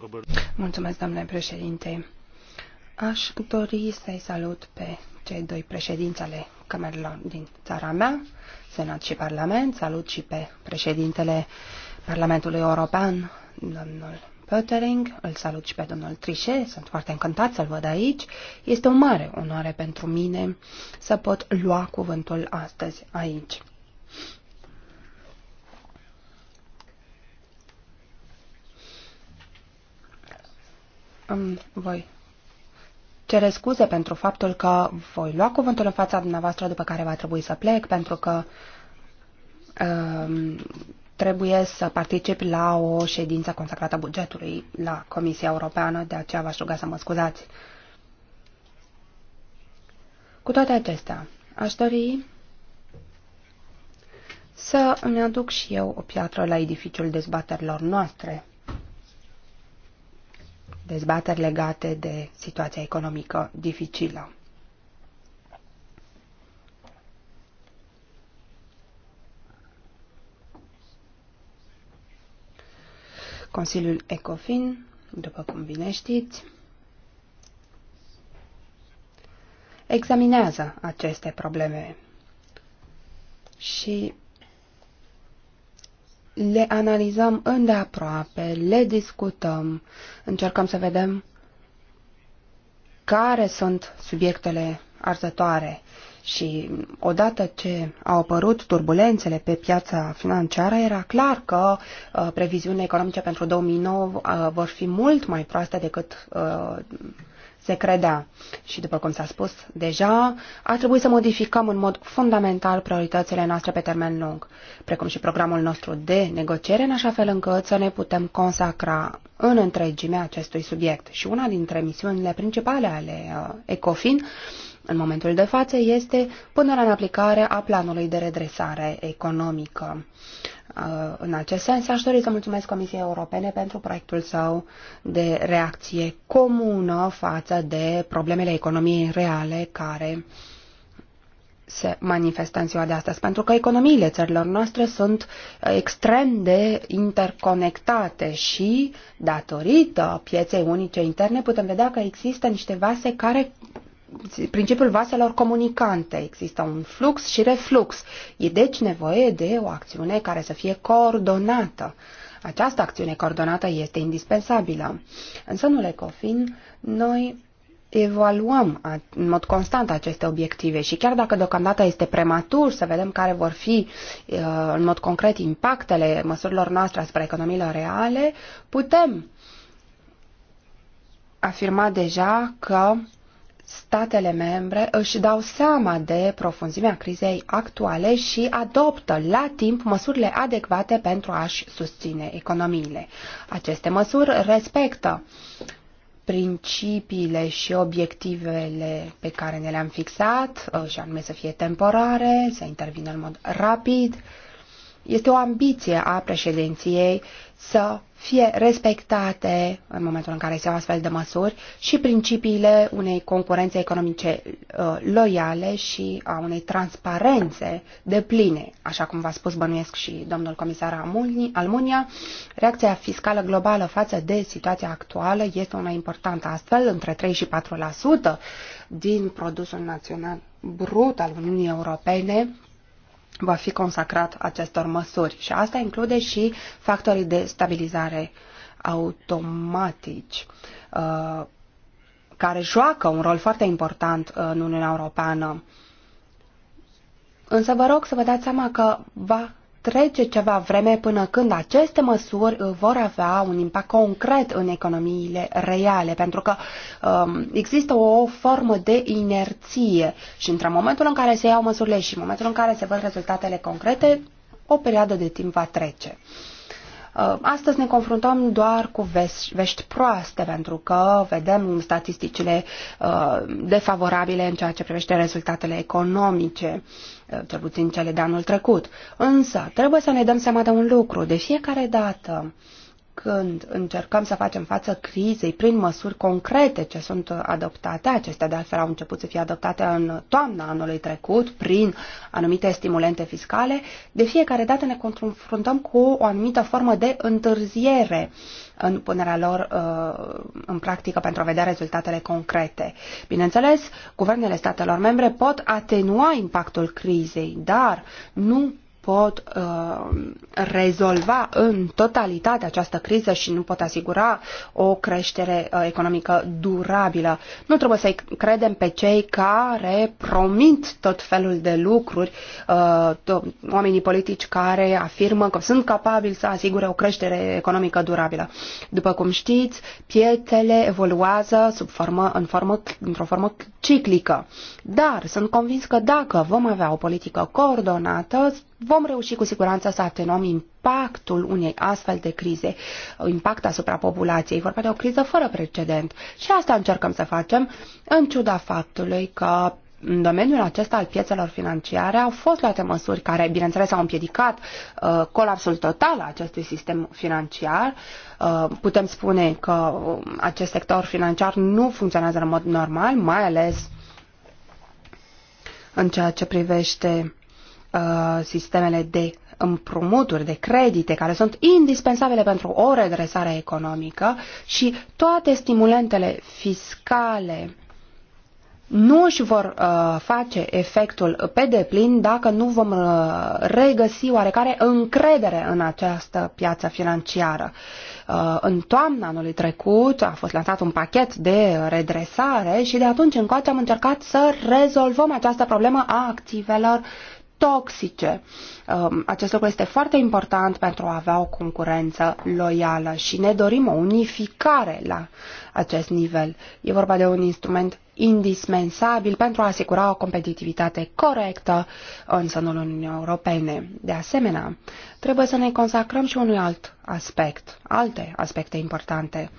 Oba... Aș dori să-i salut pe cei doi președinți ale camerelor din țara mea, Senat și Parlament. Salut și pe președintele Parlamentului European, domnul Pöttering, îl salut și pe domnul Trișe, sunt foarte încântat să-l văd aici. Este o mare onoare pentru mine să pot lua cuvântul astăzi aici. Um, voi cere scuze pentru faptul că voi lua cuvântul în fața dumneavoastră după care va trebui să plec, pentru că um, trebuie să particip la o ședință consacrată bugetului la Comisia Europeană, de aceea v-aș ruga să mă scuzați. Cu toate acestea, aș dori să îmi aduc și eu o piatră la edificiul dezbaterilor noastre. Dezbateri legate de situația economică dificilă. Consiliul ECOFIN, după cum bine știți, examinează aceste probleme și le analizăm îndeaproape, le discutăm, încercăm să vedem care sunt subiectele arzătoare și odată ce au apărut turbulențele pe piața financiară, era clar că uh, previziunile economice pentru 2009 uh, vor fi mult mai proaste decât uh, se credea. Și după cum s-a spus deja, ar trebui să modificăm în mod fundamental prioritățile noastre pe termen lung, precum și programul nostru de negociere, în așa fel încât să ne putem consacra în întregime acestui subiect. Și una dintre misiunile principale ale uh, ECOFIN în momentul de față este punerea în aplicare a planului de redresare economică. Uh, în acest sens, aș dori să mulțumesc Comisiei Europene pentru proiectul său de reacție comună față de problemele economiei reale care se manifestă în ziua de astăzi, pentru că economiile țărilor noastre sunt extrem de interconectate și, datorită pieței unice interne, putem vedea că există niște vase care principiul vaselor comunicante. Există un flux și reflux. E deci nevoie de o acțiune care să fie coordonată. Această acțiune coordonată este indispensabilă. În sânul ECOFIN, noi evaluăm în mod constant aceste obiective și chiar dacă deocamdată este prematur să vedem care vor fi în mod concret impactele măsurilor noastre asupra economiilor reale, putem afirma deja că statele membre își dau seama de profunzimea crizei actuale și adoptă la timp măsurile adecvate pentru a-și susține economiile. Aceste măsuri respectă principiile și obiectivele pe care ne le-am fixat, uh, și anume să fie temporare, să intervină în mod rapid. Este o ambiție a președinției să fie respectate în momentul în care se iau astfel de măsuri și principiile unei concurențe economice uh, loiale și a unei transparențe de pline. Așa cum v-a spus bănuiesc și domnul comisar Almunia, reacția fiscală globală față de situația actuală este una importantă astfel, între 3 și 4% din produsul național brut al Uniunii Europene va fi consacrat acestor măsuri și asta include și factorii de stabilizare automatici uh, care joacă un rol foarte important uh, în Uniunea Europeană. Însă vă rog să vă dați seama că va trece ceva vreme până când aceste măsuri uh, vor avea un impact concret în economiile reale, pentru că um, există o formă de inerție și între momentul în care se iau măsurile și momentul în care se văd rezultatele concrete, o perioadă de timp va trece. Uh, astăzi ne confruntăm doar cu vești, proaste, pentru că vedem statisticile uh, defavorabile în ceea ce privește rezultatele economice. Eh, cel puțin cele de anul trecut. Însă, trebuie să ne dăm seama de un lucru. De fiecare dată când încercăm să facem față crizei prin măsuri concrete ce sunt adoptate, acestea de altfel au început să fie adoptate în toamna anului trecut prin anumite stimulente fiscale, de fiecare dată ne confruntăm cu o anumită formă de întârziere în punerea lor uh, în practică pentru a vedea rezultatele concrete. Bineînțeles, guvernele statelor membre pot atenua impactul crizei, dar nu pot uh, rezolva în totalitate această criză și nu pot asigura o creștere uh, economică durabilă. Nu trebuie să-i credem pe cei care promit tot felul de lucruri, uh, oamenii politici care afirmă că sunt capabili să asigure o creștere economică durabilă. După cum știți, piețele evoluează sub formă, în formă, într-o formă ciclică. Dar sunt convins că dacă vom avea o politică coordonată, vom reuși cu siguranță să atenuăm impactul unei astfel de crize, impact asupra populației. Vorba de o criză fără precedent și asta încercăm să facem în ciuda faptului că în domeniul acesta al piețelor financiare au fost luate măsuri care, bineînțeles, au împiedicat uh, colapsul total al acestui sistem financiar. Uh, putem spune că uh, acest sector financiar nu funcționează în mod normal, mai ales în ceea ce privește uh, sistemele de împrumuturi, de credite, care sunt indispensabile pentru o redresare economică și toate stimulentele fiscale nu își vor uh, face efectul pe deplin dacă nu vom uh, regăsi oarecare încredere în această piață financiară. Uh, în toamna anului trecut a fost lansat un pachet de redresare și de atunci încoace am încercat să rezolvăm această problemă a activelor toxice. Um, acest lucru este foarte important pentru a avea o concurență loială și ne dorim o unificare la acest nivel. E vorba de un instrument indispensabil pentru a asigura o competitivitate corectă în sânul Uniunii Europene. De asemenea, trebuie să ne consacrăm și unui alt aspect, alte aspecte importante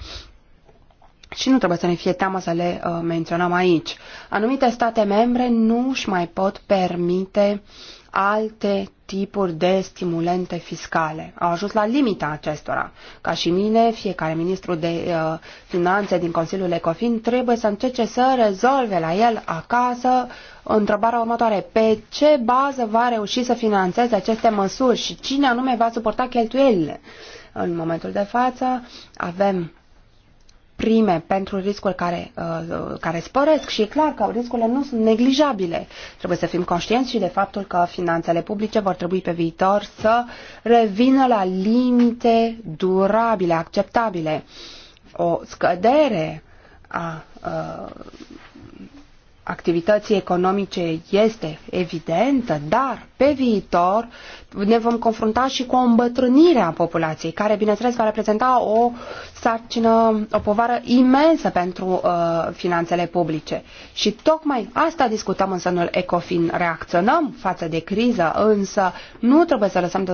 și nu trebuie să ne fie teamă să le uh, menționăm aici. Anumite state membre nu își mai pot permite alte tipuri de stimulente fiscale. Au ajuns la limita acestora. Ca și mine, fiecare ministru de uh, finanțe din Consiliul Ecofin trebuie să încerce să rezolve la el acasă întrebarea următoare. Pe ce bază va reuși să financeze aceste măsuri și cine anume va suporta cheltuielile? În momentul de față avem prime pentru riscuri care, uh, care sporesc și e clar că riscurile nu sunt neglijabile. Trebuie să fim conștienți și de faptul că finanțele publice vor trebui pe viitor să revină la limite durabile, acceptabile. O scădere a uh, activității economice este evidentă, dar pe viitor ne vom confrunta și cu o îmbătrânire a populației, care, bineînțeles, va reprezenta o sarcină, o povară imensă pentru uh, finanțele publice. Și tocmai asta discutăm în sânul ECOFIN. Reacționăm față de criză, însă nu trebuie să lăsăm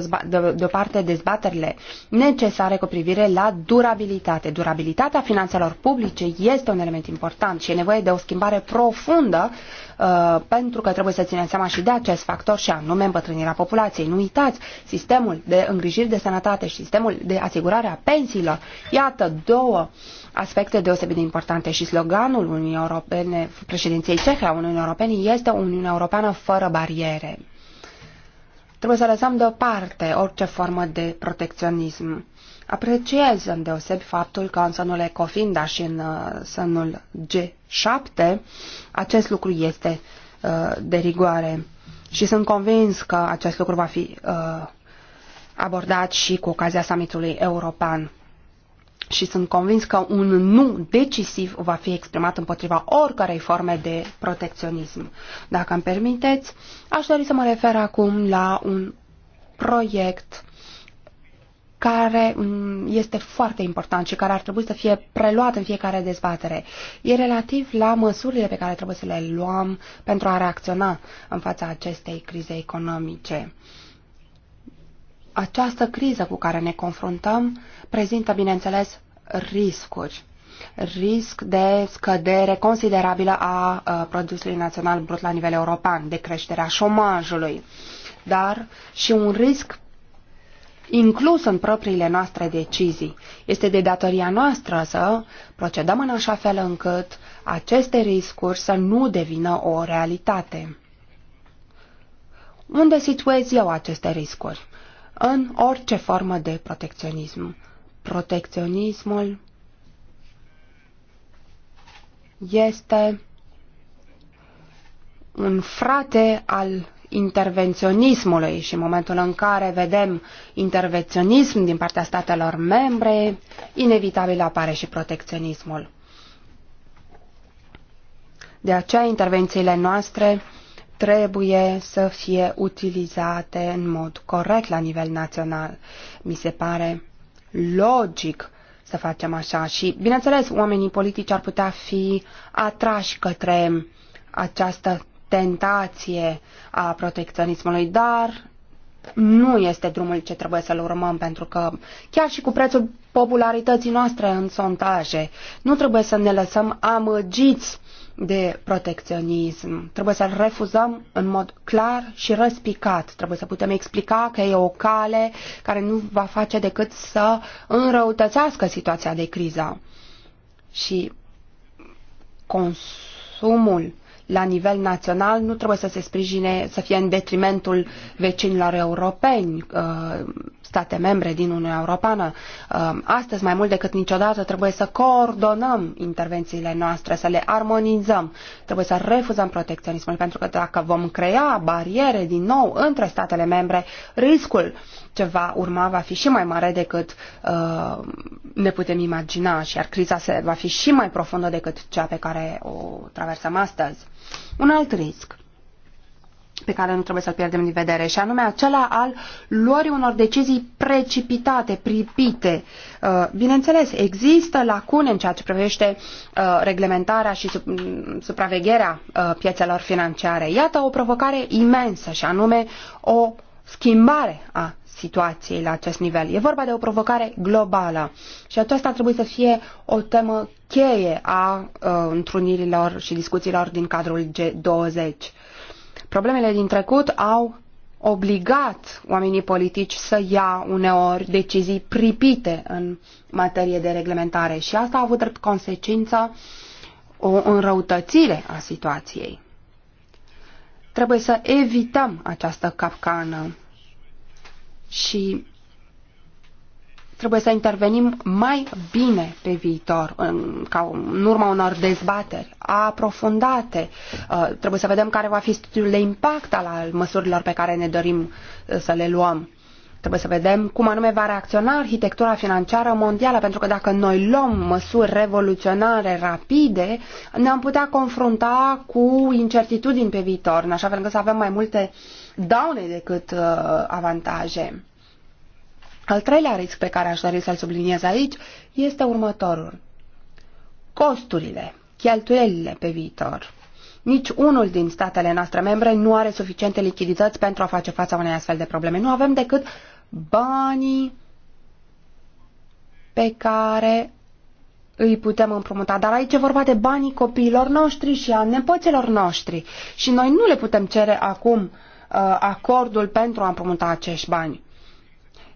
deoparte dezbaterile necesare cu privire la durabilitate. Durabilitatea finanțelor publice este un element important și e nevoie de o schimbare profundă Uh, pentru că trebuie să ținem seama și de acest factor și anume îmbătrânirea populației. Nu uitați, sistemul de îngrijiri de sănătate și sistemul de asigurare a pensiilor, iată două aspecte deosebit de importante și sloganul Uniunii Europene, președinției cehe a Uniunii Europene este Uniunea Europeană fără bariere. Trebuie să lăsăm deoparte orice formă de protecționism. Apreciez îndeosebi faptul că în sânul ECOFIN, dar și în uh, sânul G20, 7, acest lucru este uh, de rigoare. Și sunt convins că acest lucru va fi uh, abordat și cu ocazia summitului european. Și sunt convins că un nu decisiv va fi exprimat împotriva oricărei forme de protecționism. Dacă îmi permiteți, aș dori să mă refer acum la un proiect care mm, este foarte important și care ar trebui să fie preluat în fiecare dezbatere. E relativ la măsurile pe care trebuie să le luăm pentru a reacționa în fața acestei crize economice. Această criză cu care ne confruntăm prezintă, bineînțeles, riscuri risc de scădere considerabilă a, a produsului național brut la nivel european, de creșterea șomajului, dar și un risc inclus în propriile noastre decizii. Este de datoria noastră să procedăm în așa fel încât aceste riscuri să nu devină o realitate. Unde situez eu aceste riscuri? În orice formă de protecționism. Protecționismul este un frate al intervenționismului și în momentul în care vedem intervenționism din partea statelor membre, inevitabil apare și protecționismul. De aceea intervențiile noastre trebuie să fie utilizate în mod corect la nivel național. Mi se pare logic să facem așa și, bineînțeles, oamenii politici ar putea fi atrași către această tentație a protecționismului, dar nu este drumul ce trebuie să-l urmăm, pentru că chiar și cu prețul popularității noastre în sondaje, nu trebuie să ne lăsăm amăgiți de protecționism. Trebuie să-l refuzăm în mod clar și răspicat. Trebuie să putem explica că e o cale care nu va face decât să înrăutățească situația de criză. Și consumul la nivel național nu trebuie să se sprijine, să fie în detrimentul vecinilor europeni, uh, state membre din Uniunea Europeană. Uh, astăzi, mai mult decât niciodată, trebuie să coordonăm intervențiile noastre, să le armonizăm. Trebuie să refuzăm protecționismul, pentru că dacă vom crea bariere din nou între statele membre, riscul ce va urma va fi și mai mare decât uh, ne putem imagina și iar criza se, va fi și mai profundă decât cea pe care o traversăm astăzi. Un alt risc pe care nu trebuie să-l pierdem din vedere, și anume acela al luării unor decizii precipitate, pripite. Uh, bineînțeles, există lacune în ceea ce privește uh, reglementarea și supravegherea uh, piețelor financiare. Iată o provocare imensă, și anume o schimbare a situației la acest nivel. E vorba de o provocare globală și aceasta trebuie să fie o temă cheie a uh, întrunirilor și discuțiilor din cadrul G20. Problemele din trecut au obligat oamenii politici să ia uneori decizii pripite în materie de reglementare și asta a avut drept consecință o înrăutățire a situației. Trebuie să evităm această capcană și trebuie să intervenim mai bine pe viitor, în, ca în urma unor dezbateri aprofundate. Uh, trebuie să vedem care va fi studiul de impact al măsurilor pe care ne dorim uh, să le luăm. Trebuie să vedem cum anume va reacționa arhitectura financiară mondială, pentru că dacă noi luăm măsuri revoluționare rapide, ne-am putea confrunta cu incertitudini pe viitor, în așa fel încât să avem mai multe uh, daune decât uh, avantaje. Al treilea risc pe care aș dori să-l subliniez aici este următorul. Costurile, cheltuielile pe viitor. Nici unul din statele noastre membre nu are suficiente lichidități pentru a face fața unei astfel de probleme. Nu avem decât banii pe care îi putem împrumuta. Dar aici e vorba de banii copiilor noștri și a nepoților noștri. Și noi nu le putem cere acum uh, Uh, acordul pentru a împrumuta acești bani.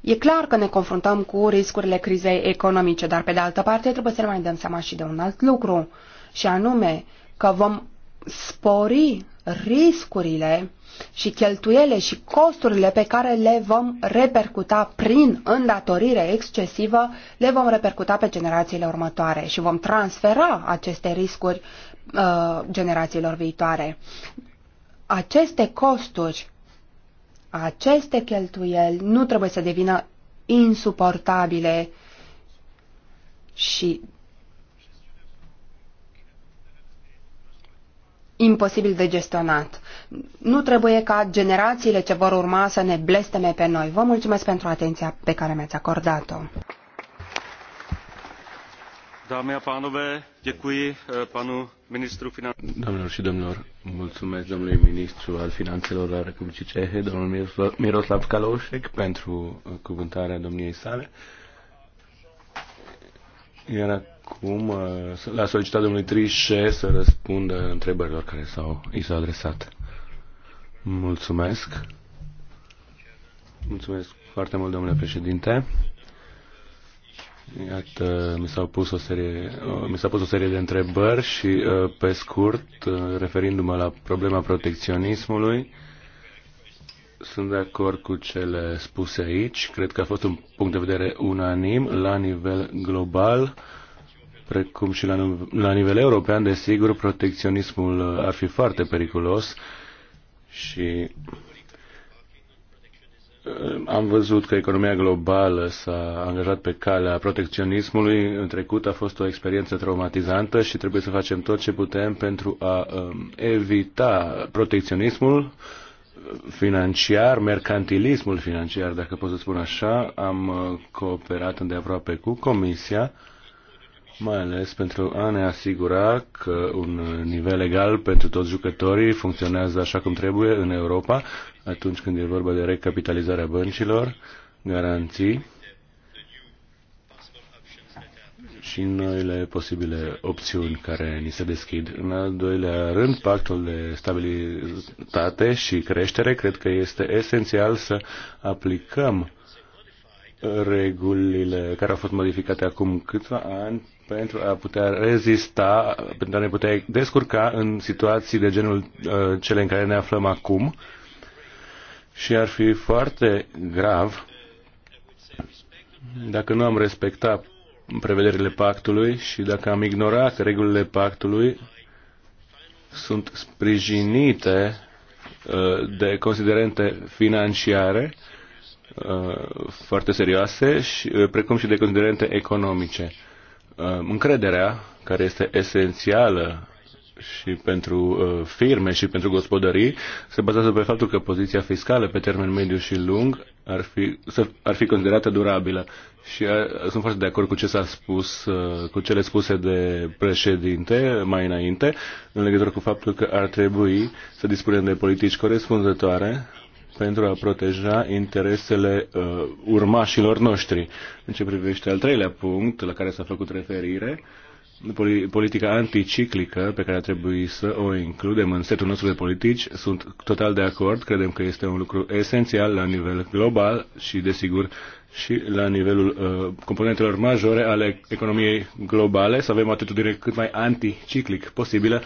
E clar că ne confruntăm cu riscurile crizei economice, dar pe de altă parte trebuie să ne mai dăm seama și de un alt lucru, și anume că vom spori riscurile și cheltuiele și costurile pe care le vom repercuta prin îndatorire excesivă, le vom repercuta pe generațiile următoare și vom transfera aceste riscuri uh, generațiilor viitoare aceste costuri, aceste cheltuieli nu trebuie să devină insuportabile și imposibil de gestionat. Nu trebuie ca generațiile ce vor urma să ne blesteme pe noi. Vă mulțumesc pentru atenția pe care mi-ați acordat-o. Eh, doamnelor ministru finanțelor. și domnilor, mulțumesc domnului ministru al finanțelor al Republicii Cehe, domnul Miroslav Kaloșek, pentru eh, cuvântarea domniei sale. Iar acum eh, l-a solicitat domnului Trișe să răspundă întrebărilor care s-au, i s-au adresat. Mulțumesc. Mulțumesc foarte mult, domnule președinte. Iată, mi s-a pus o serie, uh, mi s-a pus o serie de întrebări și, uh, pe scurt, uh, referindu-mă la problema protecționismului, sunt de acord cu cele spuse aici. Cred că a fost un punct de vedere unanim la nivel global, precum și la, la nivel european, desigur, protecționismul ar fi foarte periculos și am văzut că economia globală s-a angajat pe calea protecționismului. În trecut a fost o experiență traumatizantă și trebuie să facem tot ce putem pentru a um, evita protecționismul financiar, mercantilismul financiar, dacă pot să spun așa. Am uh, cooperat îndeaproape cu Comisia mai ales pentru a ne asigura că un nivel legal pentru toți jucătorii funcționează așa cum trebuie în Europa atunci când e vorba de recapitalizarea băncilor, garanții și noile posibile opțiuni care ni se deschid. În al doilea rând, pactul de stabilitate și creștere, cred că este esențial să aplicăm regulile care au fost modificate acum câțiva ani pentru a putea rezista, pentru a ne putea descurca în situații de genul uh, cele în care ne aflăm acum și ar fi foarte grav dacă nu am respectat prevederile pactului și dacă am ignorat regulile pactului sunt sprijinite uh, de considerente financiare uh, foarte serioase, și, uh, precum și de considerente economice. Încrederea, care este esențială și pentru uh, firme și pentru gospodării se bazează pe faptul că poziția fiscală pe termen mediu și lung ar fi, ar fi considerată durabilă. Și a, uh, sunt foarte de acord cu ce s-a spus, uh, cu cele spuse de președinte mai înainte, în legătură cu faptul că ar trebui să dispunem de politici corespunzătoare pentru a proteja interesele uh, urmașilor noștri. În ce privește al treilea punct la care s-a făcut referire, uh, politica anticiclică pe care ar trebui să o includem în setul nostru de politici. Sunt total de acord, credem că este un lucru esențial la nivel global și, desigur, și la nivelul uh, componentelor majore ale economiei globale, să avem o atitudine cât mai anticiclic posibilă.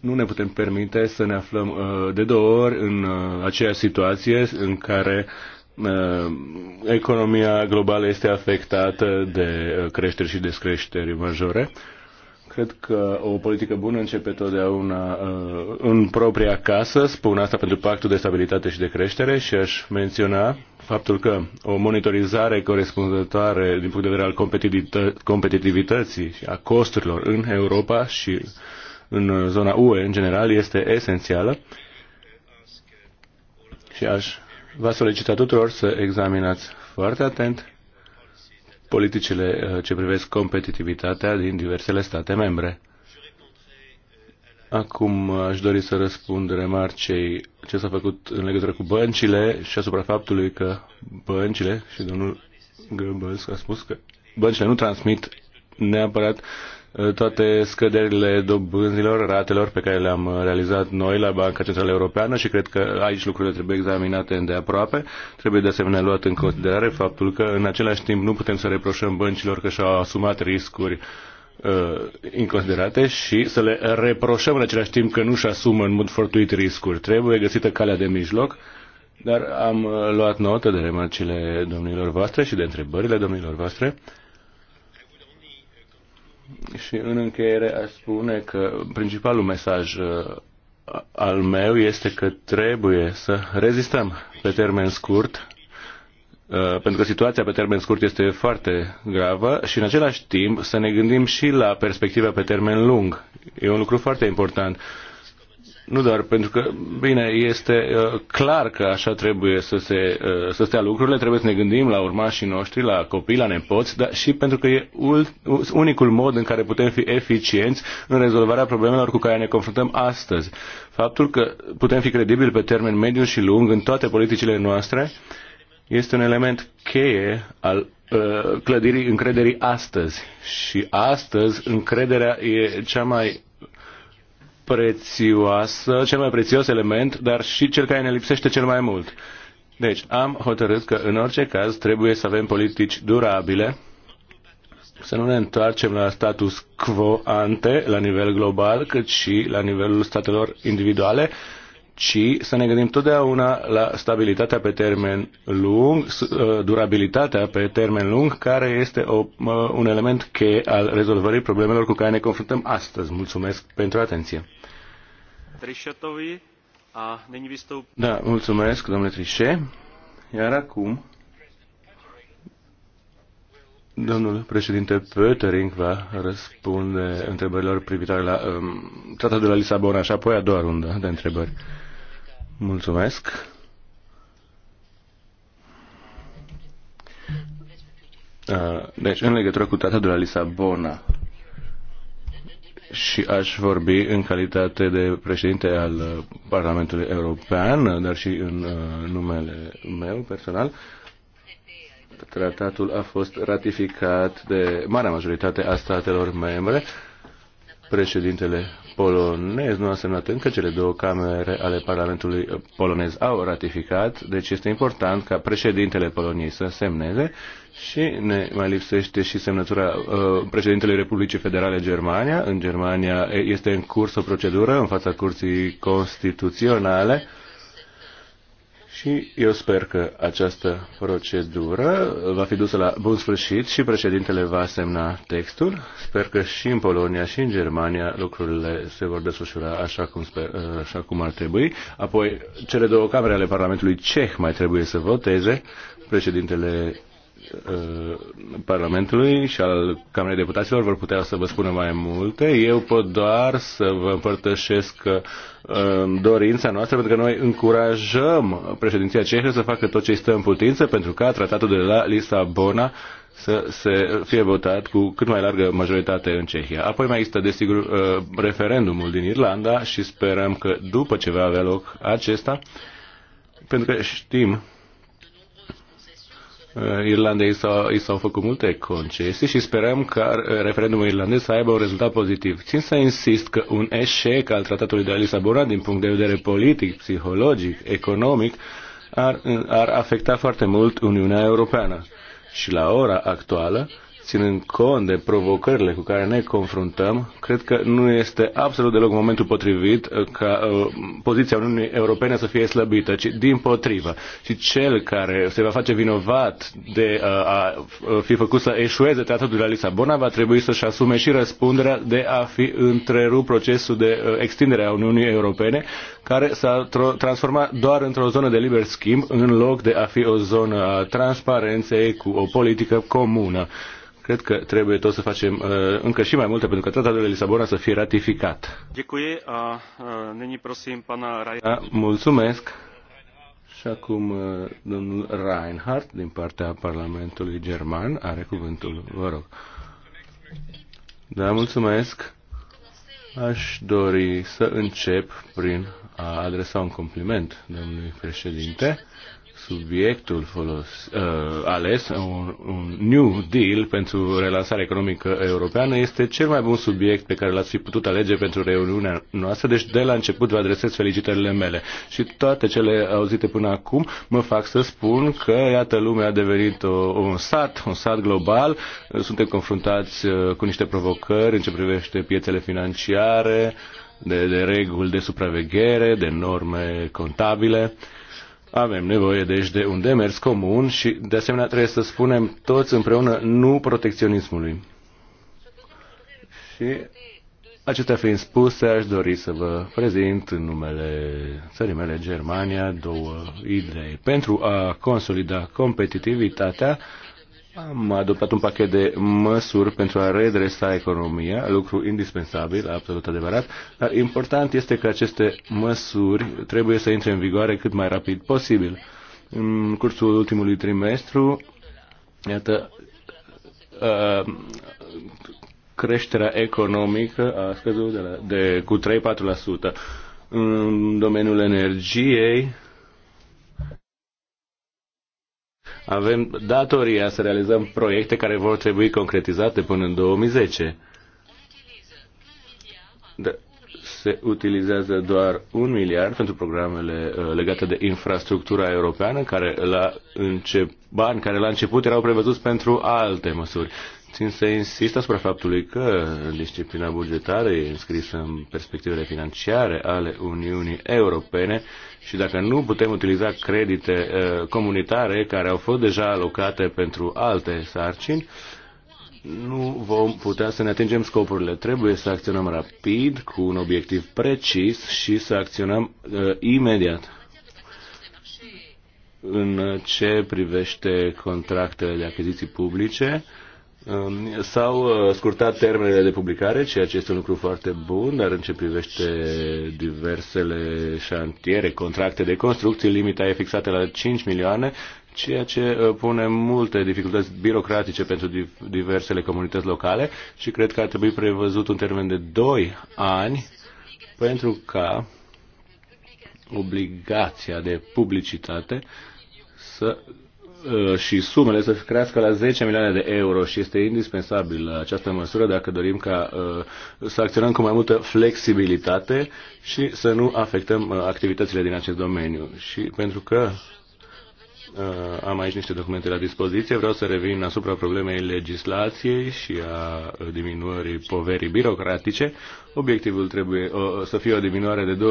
Nu ne putem permite să ne aflăm uh, de două ori în uh, aceeași situație în care uh, economia globală este afectată de uh, creșteri și descreșteri majore Cred că o politică bună începe totdeauna uh, în propria casă, spun asta pentru pactul de stabilitate și de creștere și aș menționa faptul că o monitorizare corespunzătoare din punct de vedere al competitivității și a costurilor în Europa și în zona UE în general este esențială și aș vă solicita tuturor să examinați foarte atent politicile uh, ce privesc competitivitatea din diversele state membre. Acum aș dori să răspund remarcei ce s-a făcut în legătură cu băncile și asupra faptului că băncile, și domnul Grăbălsc a spus că băncile nu transmit neapărat toate scăderile dobânzilor, ratelor pe care le-am realizat noi la Banca Centrală Europeană și cred că aici lucrurile trebuie examinate îndeaproape. Trebuie de asemenea luat în considerare faptul că în același timp nu putem să reproșăm băncilor că și-au asumat riscuri uh, inconsiderate și să le reproșăm în același timp că nu și asumă în mod fortuit riscuri. Trebuie găsită calea de mijloc, dar am uh, luat notă de remarcile domnilor voastre și de întrebările domnilor voastre. Și în încheiere aș spune că principalul mesaj uh, al meu este că trebuie să rezistăm pe termen scurt, uh, pentru că situația pe termen scurt este foarte gravă și în același timp să ne gândim și la perspectiva pe termen lung. E un lucru foarte important nu doar pentru că, bine, este uh, clar că așa trebuie să, se, uh, să stea lucrurile, trebuie să ne gândim la urmașii noștri, la copii, la nepoți, dar și pentru că e unicul mod în care putem fi eficienți în rezolvarea problemelor cu care ne confruntăm astăzi. Faptul că putem fi credibili pe termen mediu și lung în toate politicile noastre este un element cheie al uh, clădirii încrederii astăzi. Și astăzi încrederea e cea mai prețioasă, cel mai prețios element, dar și cel care ne lipsește cel mai mult. Deci, am hotărât că în orice caz trebuie să avem politici durabile, să nu ne întoarcem la status quo ante la nivel global, cât și la nivelul statelor individuale, ci să ne gândim totdeauna la stabilitatea pe termen lung, uh, durabilitatea pe termen lung, care este o, uh, un element cheie al rezolvării problemelor cu care ne confruntăm astăzi. Mulțumesc pentru atenție. Trișetovi. A nyní Da, mulțumesc, domnule Trișe. Iar acum, domnul președinte Pöttering va răspunde întrebărilor privitoare la um, tratatul de la Lisabona și apoi a doua rundă de întrebări. Mulțumesc. Deci, în legătură cu tratatul de la Lisabona, și aș vorbi în calitate de președinte al uh, Parlamentului European, uh, dar și în uh, numele meu personal. Tratatul a fost ratificat de marea majoritate a statelor membre. Președintele polonez nu a semnat încă, cele două camere ale Parlamentului polonez au ratificat, deci este important ca președintele Poloniei să semneze și ne mai lipsește și semnătura uh, președintele Republicii Federale Germania. În Germania este în curs o procedură în fața Curții Constituționale uh, și eu sper că această procedură va fi dusă la bun sfârșit și președintele va semna textul. Sper că și în Polonia și în Germania lucrurile se vor desfășura așa cum, sper, așa cum ar trebui. Apoi, cele două camere ale Parlamentului Ceh mai trebuie să voteze. Președintele Uh, Parlamentului și al Camerei Deputaților vor putea să vă spună mai multe. Eu pot doar să vă împărtășesc uh, dorința noastră, pentru că noi încurajăm președinția cehă să facă tot ce stă în putință pentru ca tratatul de la Lisabona să se fie votat cu cât mai largă majoritate în Cehia. Apoi mai există, desigur, uh, referendumul din Irlanda și sperăm că după ce va avea loc acesta, pentru că știm Uh, Irlandei i s-au făcut multe concesii și sperăm că uh, referendumul irlandez să aibă un rezultat pozitiv. Țin să insist că un eșec al tratatului de la Lisabona din punct de vedere politic, psihologic, economic, ar, ar afecta foarte mult Uniunea Europeană. Și la ora actuală, ținând cont de provocările cu care ne confruntăm, cred că nu este absolut deloc momentul potrivit uh, ca uh, poziția Uniunii Europene să fie slăbită, ci din potrivă. Și cel care se va face vinovat de uh, a fi făcut să eșueze tratatul de la Lisabona va trebui să-și asume și răspunderea de a fi întrerupt procesul de extindere a Uniunii Europene, care s-a transformat doar într-o zonă de liber schimb, în loc de a fi o zonă a transparenței cu o politică comună. Cred că trebuie tot să facem uh, încă și mai multe pentru că tratatul de Lisabona să fie ratificat. Uh, mulțumesc. Și acum uh, domnul Reinhardt din partea Parlamentului German are cuvântul. Vă rog. Da, mulțumesc. Aș dori să încep prin a adresa un compliment domnului președinte subiectul folos, uh, ales, un, un New Deal pentru relansarea economică europeană, este cel mai bun subiect pe care l-ați fi putut alege pentru reuniunea noastră, deci de la început vă adresez felicitările mele. Și toate cele auzite până acum mă fac să spun că, iată, lumea a devenit o, un sat, un sat global, suntem confruntați uh, cu niște provocări în ce privește piețele financiare, de, de reguli de supraveghere, de norme contabile. Uh, avem nevoie deci de un demers comun și de asemenea trebuie să spunem toți împreună nu protecționismului. Și Acestea fiind spuse, aș dori să vă prezint în numele țării mele, Germania, două idei. Pentru a consolida competitivitatea, am adoptat un pachet de măsuri pentru a redresa economia, lucru indispensabil, absolut adevărat, dar important este că aceste măsuri trebuie să intre în vigoare cât mai rapid posibil. În cursul ultimului trimestru, iată, uh, creșterea economică a scăzut de, la, de cu 3-4%. În domeniul energiei, Avem datoria să realizăm proiecte care vor trebui concretizate până în 2010. Da, se utilizează doar un miliard pentru programele uh, legate de infrastructura europeană, care la încep, bani care la început erau prevăzuți pentru alte măsuri țin să insist asupra faptului că disciplina bugetară e înscrisă în perspectivele financiare ale Uniunii Europene și dacă nu putem utiliza credite uh, comunitare care au fost deja alocate pentru alte sarcini, nu vom putea să ne atingem scopurile. Trebuie să acționăm rapid, cu un obiectiv precis și să acționăm uh, imediat. În ce privește contractele de achiziții publice, uh, Um, s-au uh, scurtat termenele de publicare, ceea ce este un lucru foarte bun, dar în ce privește diversele șantiere, contracte de construcții, limita e fixată la 5 milioane, ceea ce uh, pune multe dificultăți birocratice pentru diversele comunități locale și cred că ar trebui prevăzut un termen de 2 ani pentru ca obligația de publicitate să Uh, și sumele să crească la 10 milioane de euro și este indispensabil această măsură dacă dorim ca uh, să acționăm cu mai multă flexibilitate și să nu afectăm uh, activitățile din acest domeniu. Și pentru că Uh, am aici niște documente la dispoziție. Vreau să revin asupra problemei legislației și a diminuării poverii birocratice. Obiectivul trebuie să fie o diminuare de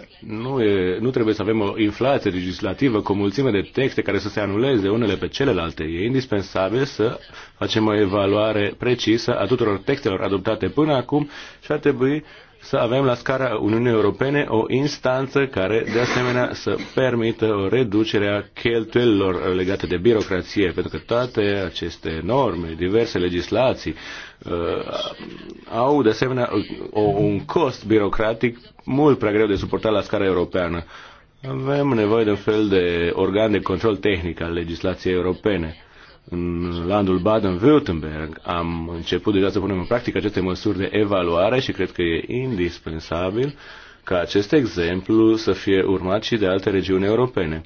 25%. Nu, e, nu trebuie să avem o inflație legislativă cu o mulțime de texte care să se anuleze unele pe celelalte. E indispensabil să facem o evaluare precisă a tuturor textelor adoptate până acum și ar trebui să avem la scara Uniunii Europene o instanță care, de asemenea, să permită o reducere a cheltuielilor legate de birocrație, pentru că toate aceste norme, diverse legislații, uh, au, de asemenea, o, un cost birocratic mult prea greu de suportat la scara europeană. Avem nevoie de un fel de organ de control tehnic al legislației europene în landul Baden-Württemberg am început deja să punem în practică aceste măsuri de evaluare și cred că e indispensabil ca acest exemplu să fie urmat și de alte regiuni europene.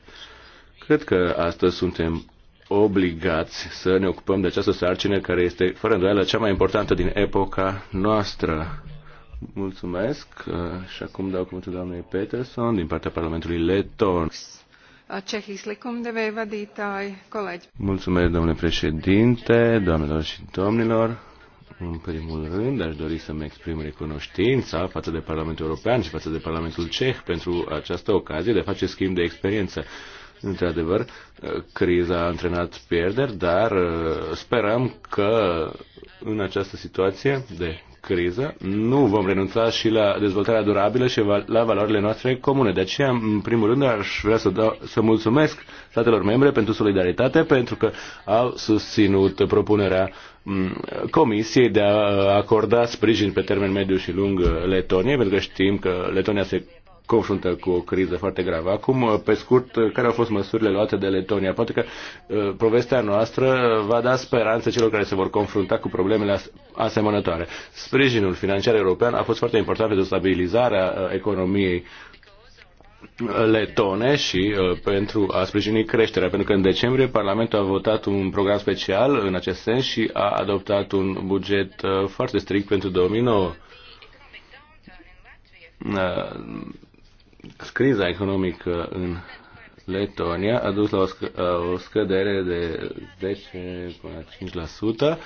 Cred că astăzi suntem obligați să ne ocupăm de această sarcină care este, fără îndoială, cea mai importantă din epoca noastră. Mulțumesc uh, și acum dau cuvântul doamnei Peterson din partea Parlamentului Leton. Mulțumesc, domnule președinte, doamnelor și domnilor. În primul rând, aș dori să-mi exprim recunoștința față de Parlamentul European și față de Parlamentul Ceh pentru această ocazie de a face schimb de experiență. Într-adevăr, criza a antrenat pierderi, dar uh, sperăm că în această situație de criză, nu vom renunța și la dezvoltarea durabilă și la valorile noastre comune. De aceea, în primul rând, aș vrea să, da, să mulțumesc statelor membre pentru solidaritate, pentru că au susținut propunerea mm, Comisiei de a acorda sprijin pe termen mediu și lung Letoniei, pentru că știm că Letonia se confruntă uh, cu o criză foarte gravă. Acum, uh, pe scurt, uh, care au fost măsurile luate de Letonia? Poate că uh, povestea noastră va da speranță celor care se vor confrunta cu problemele as asemănătoare. Sprijinul financiar european a fost foarte important pentru stabilizarea uh, economiei letone și uh, pentru a sprijini creșterea, pentru că în decembrie Parlamentul a votat un program special în acest sens și a adoptat un buget uh, foarte strict pentru 2009 criza economică în Letonia a dus la o, sc- o scădere de 10 până 5%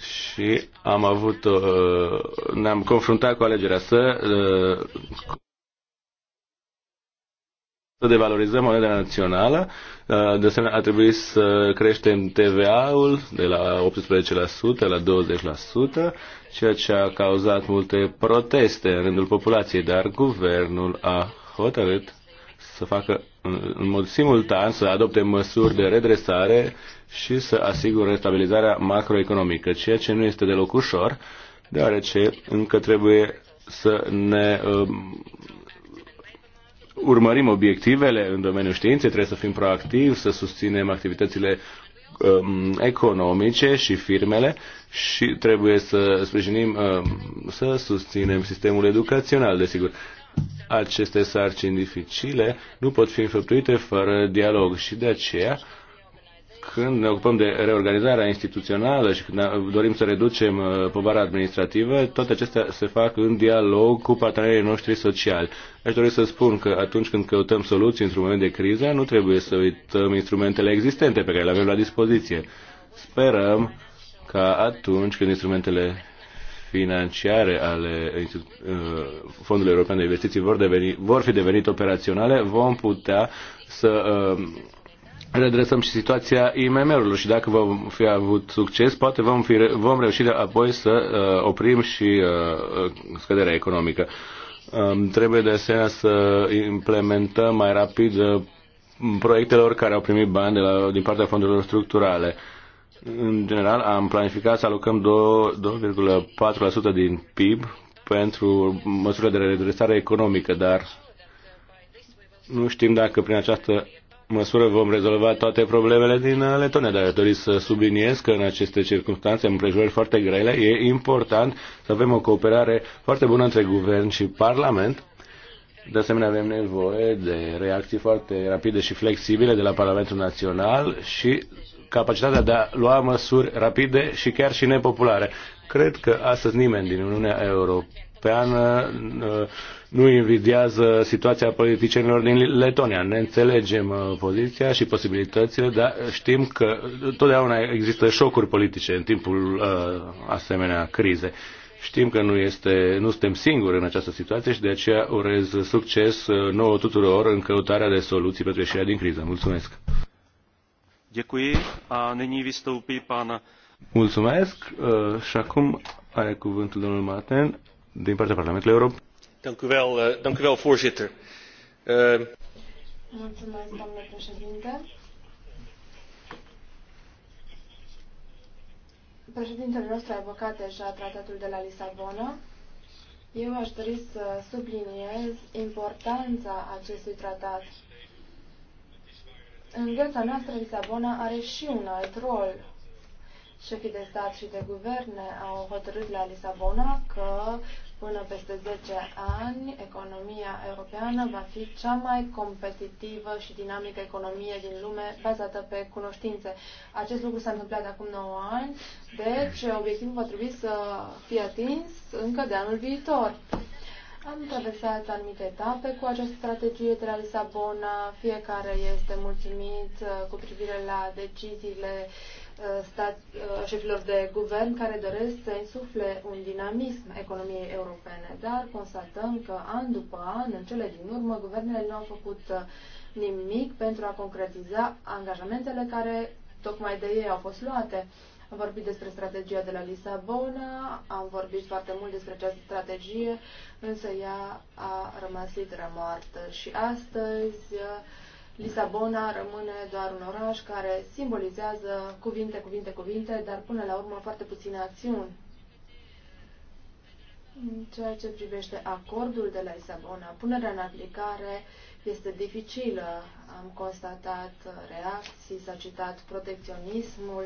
și am avut, uh, ne-am confruntat cu alegerea să uh, să devalorizăm moneda națională, uh, de asemenea ar trebui să creștem TVA-ul de la 18% la 20%, ceea ce a cauzat multe proteste în rândul populației, dar guvernul a hotărât să facă în mod simultan să adopte măsuri de redresare și să asigure stabilizarea macroeconomică, ceea ce nu este deloc ușor, deoarece încă trebuie să ne uh, urmărim obiectivele în domeniul științei, trebuie să fim proactivi, să susținem activitățile um, economice și firmele și trebuie să sprijinim, um, să susținem sistemul educațional, desigur. Aceste sarcini dificile nu pot fi înfăptuite fără dialog și de aceea uh, când ne ocupăm de reorganizarea instituțională și când dorim să reducem uh, povara administrativă, toate acestea se fac în dialog cu partenerii noștri sociali. Aș dori să spun că atunci când căutăm soluții într-un moment de criză, nu trebuie să uităm instrumentele existente pe care le avem la dispoziție. Sperăm ca atunci când instrumentele financiare ale uh, Fondului European de Investiții vor, deveni, vor fi devenit operaționale, vom putea să uh, redresăm și situația IMM-urilor și dacă vom fi avut succes, poate vom, fi, vom reuși apoi să uh, oprim și uh, uh, scăderea economică. Um, trebuie de asemenea să implementăm mai rapid uh, proiectelor care au primit bani de la, din partea fondurilor structurale. În general, am planificat să alocăm 2,4% din PIB pentru măsurile de redresare economică, dar nu știm dacă prin această măsură vom rezolva toate problemele din uh, Letonia, dar dori să subliniez că în aceste circunstanțe, în împrejurări foarte grele, e important să avem o cooperare foarte bună între guvern și parlament. De asemenea, avem nevoie de reacții foarte rapide și flexibile de la Parlamentul Național și capacitatea de a lua măsuri rapide și chiar și nepopulare. Cred că astăzi nimeni din Uniunea Europeană Europeană uh, nu invidiază situația politicienilor din Letonia. Ne înțelegem uh, poziția și posibilitățile, dar știm că totdeauna există șocuri politice în timpul uh, asemenea crize. Știm că nu, este, nu suntem singuri în această situație și de aceea urez succes nouă tuturor în căutarea de soluții pentru ieșirea din criză. Mulțumesc! Děkuji a nyní vystoupí pan... Mulțumesc și acum are cuvântul domnul Maten din partea Parlamentului European. Dank u wel, eh, dank u wel voorzitter. Eh, Mulțumesc, domnule președinte. Președintele nostru a evocat deja tratatul de la Lisabona. Eu aș dori să subliniez importanța acestui tratat. În viața noastră, Lisabona are și un alt rol. Șefii de stat și de guverne au hotărât la Lisabona că până peste 10 ani economia europeană va fi cea mai competitivă și dinamică economie din lume bazată pe cunoștințe. Acest lucru s-a întâmplat acum 9 ani, deci obiectivul va trebui să fie atins încă de anul viitor. Am traversat anumite etape cu această strategie de la Lisabona, fiecare este mulțumit cu privire la deciziile uh, Uh, stat, uh, șefilor de guvern care doresc să insufle un dinamism economiei europene, dar constatăm că an după an, în cele din urmă, guvernele nu au făcut uh, nimic pentru a concretiza angajamentele care tocmai de ei au fost luate. Am vorbit despre strategia de la Lisabona, am vorbit foarte mult despre această strategie, însă ea a rămas litera moartă și astăzi uh, Lisabona rămâne doar un oraș care simbolizează cuvinte, cuvinte, cuvinte, dar până la urmă foarte puține acțiuni. În ceea ce privește acordul de la Lisabona, punerea în aplicare este dificilă. Am constatat reacții, s-a citat protecționismul,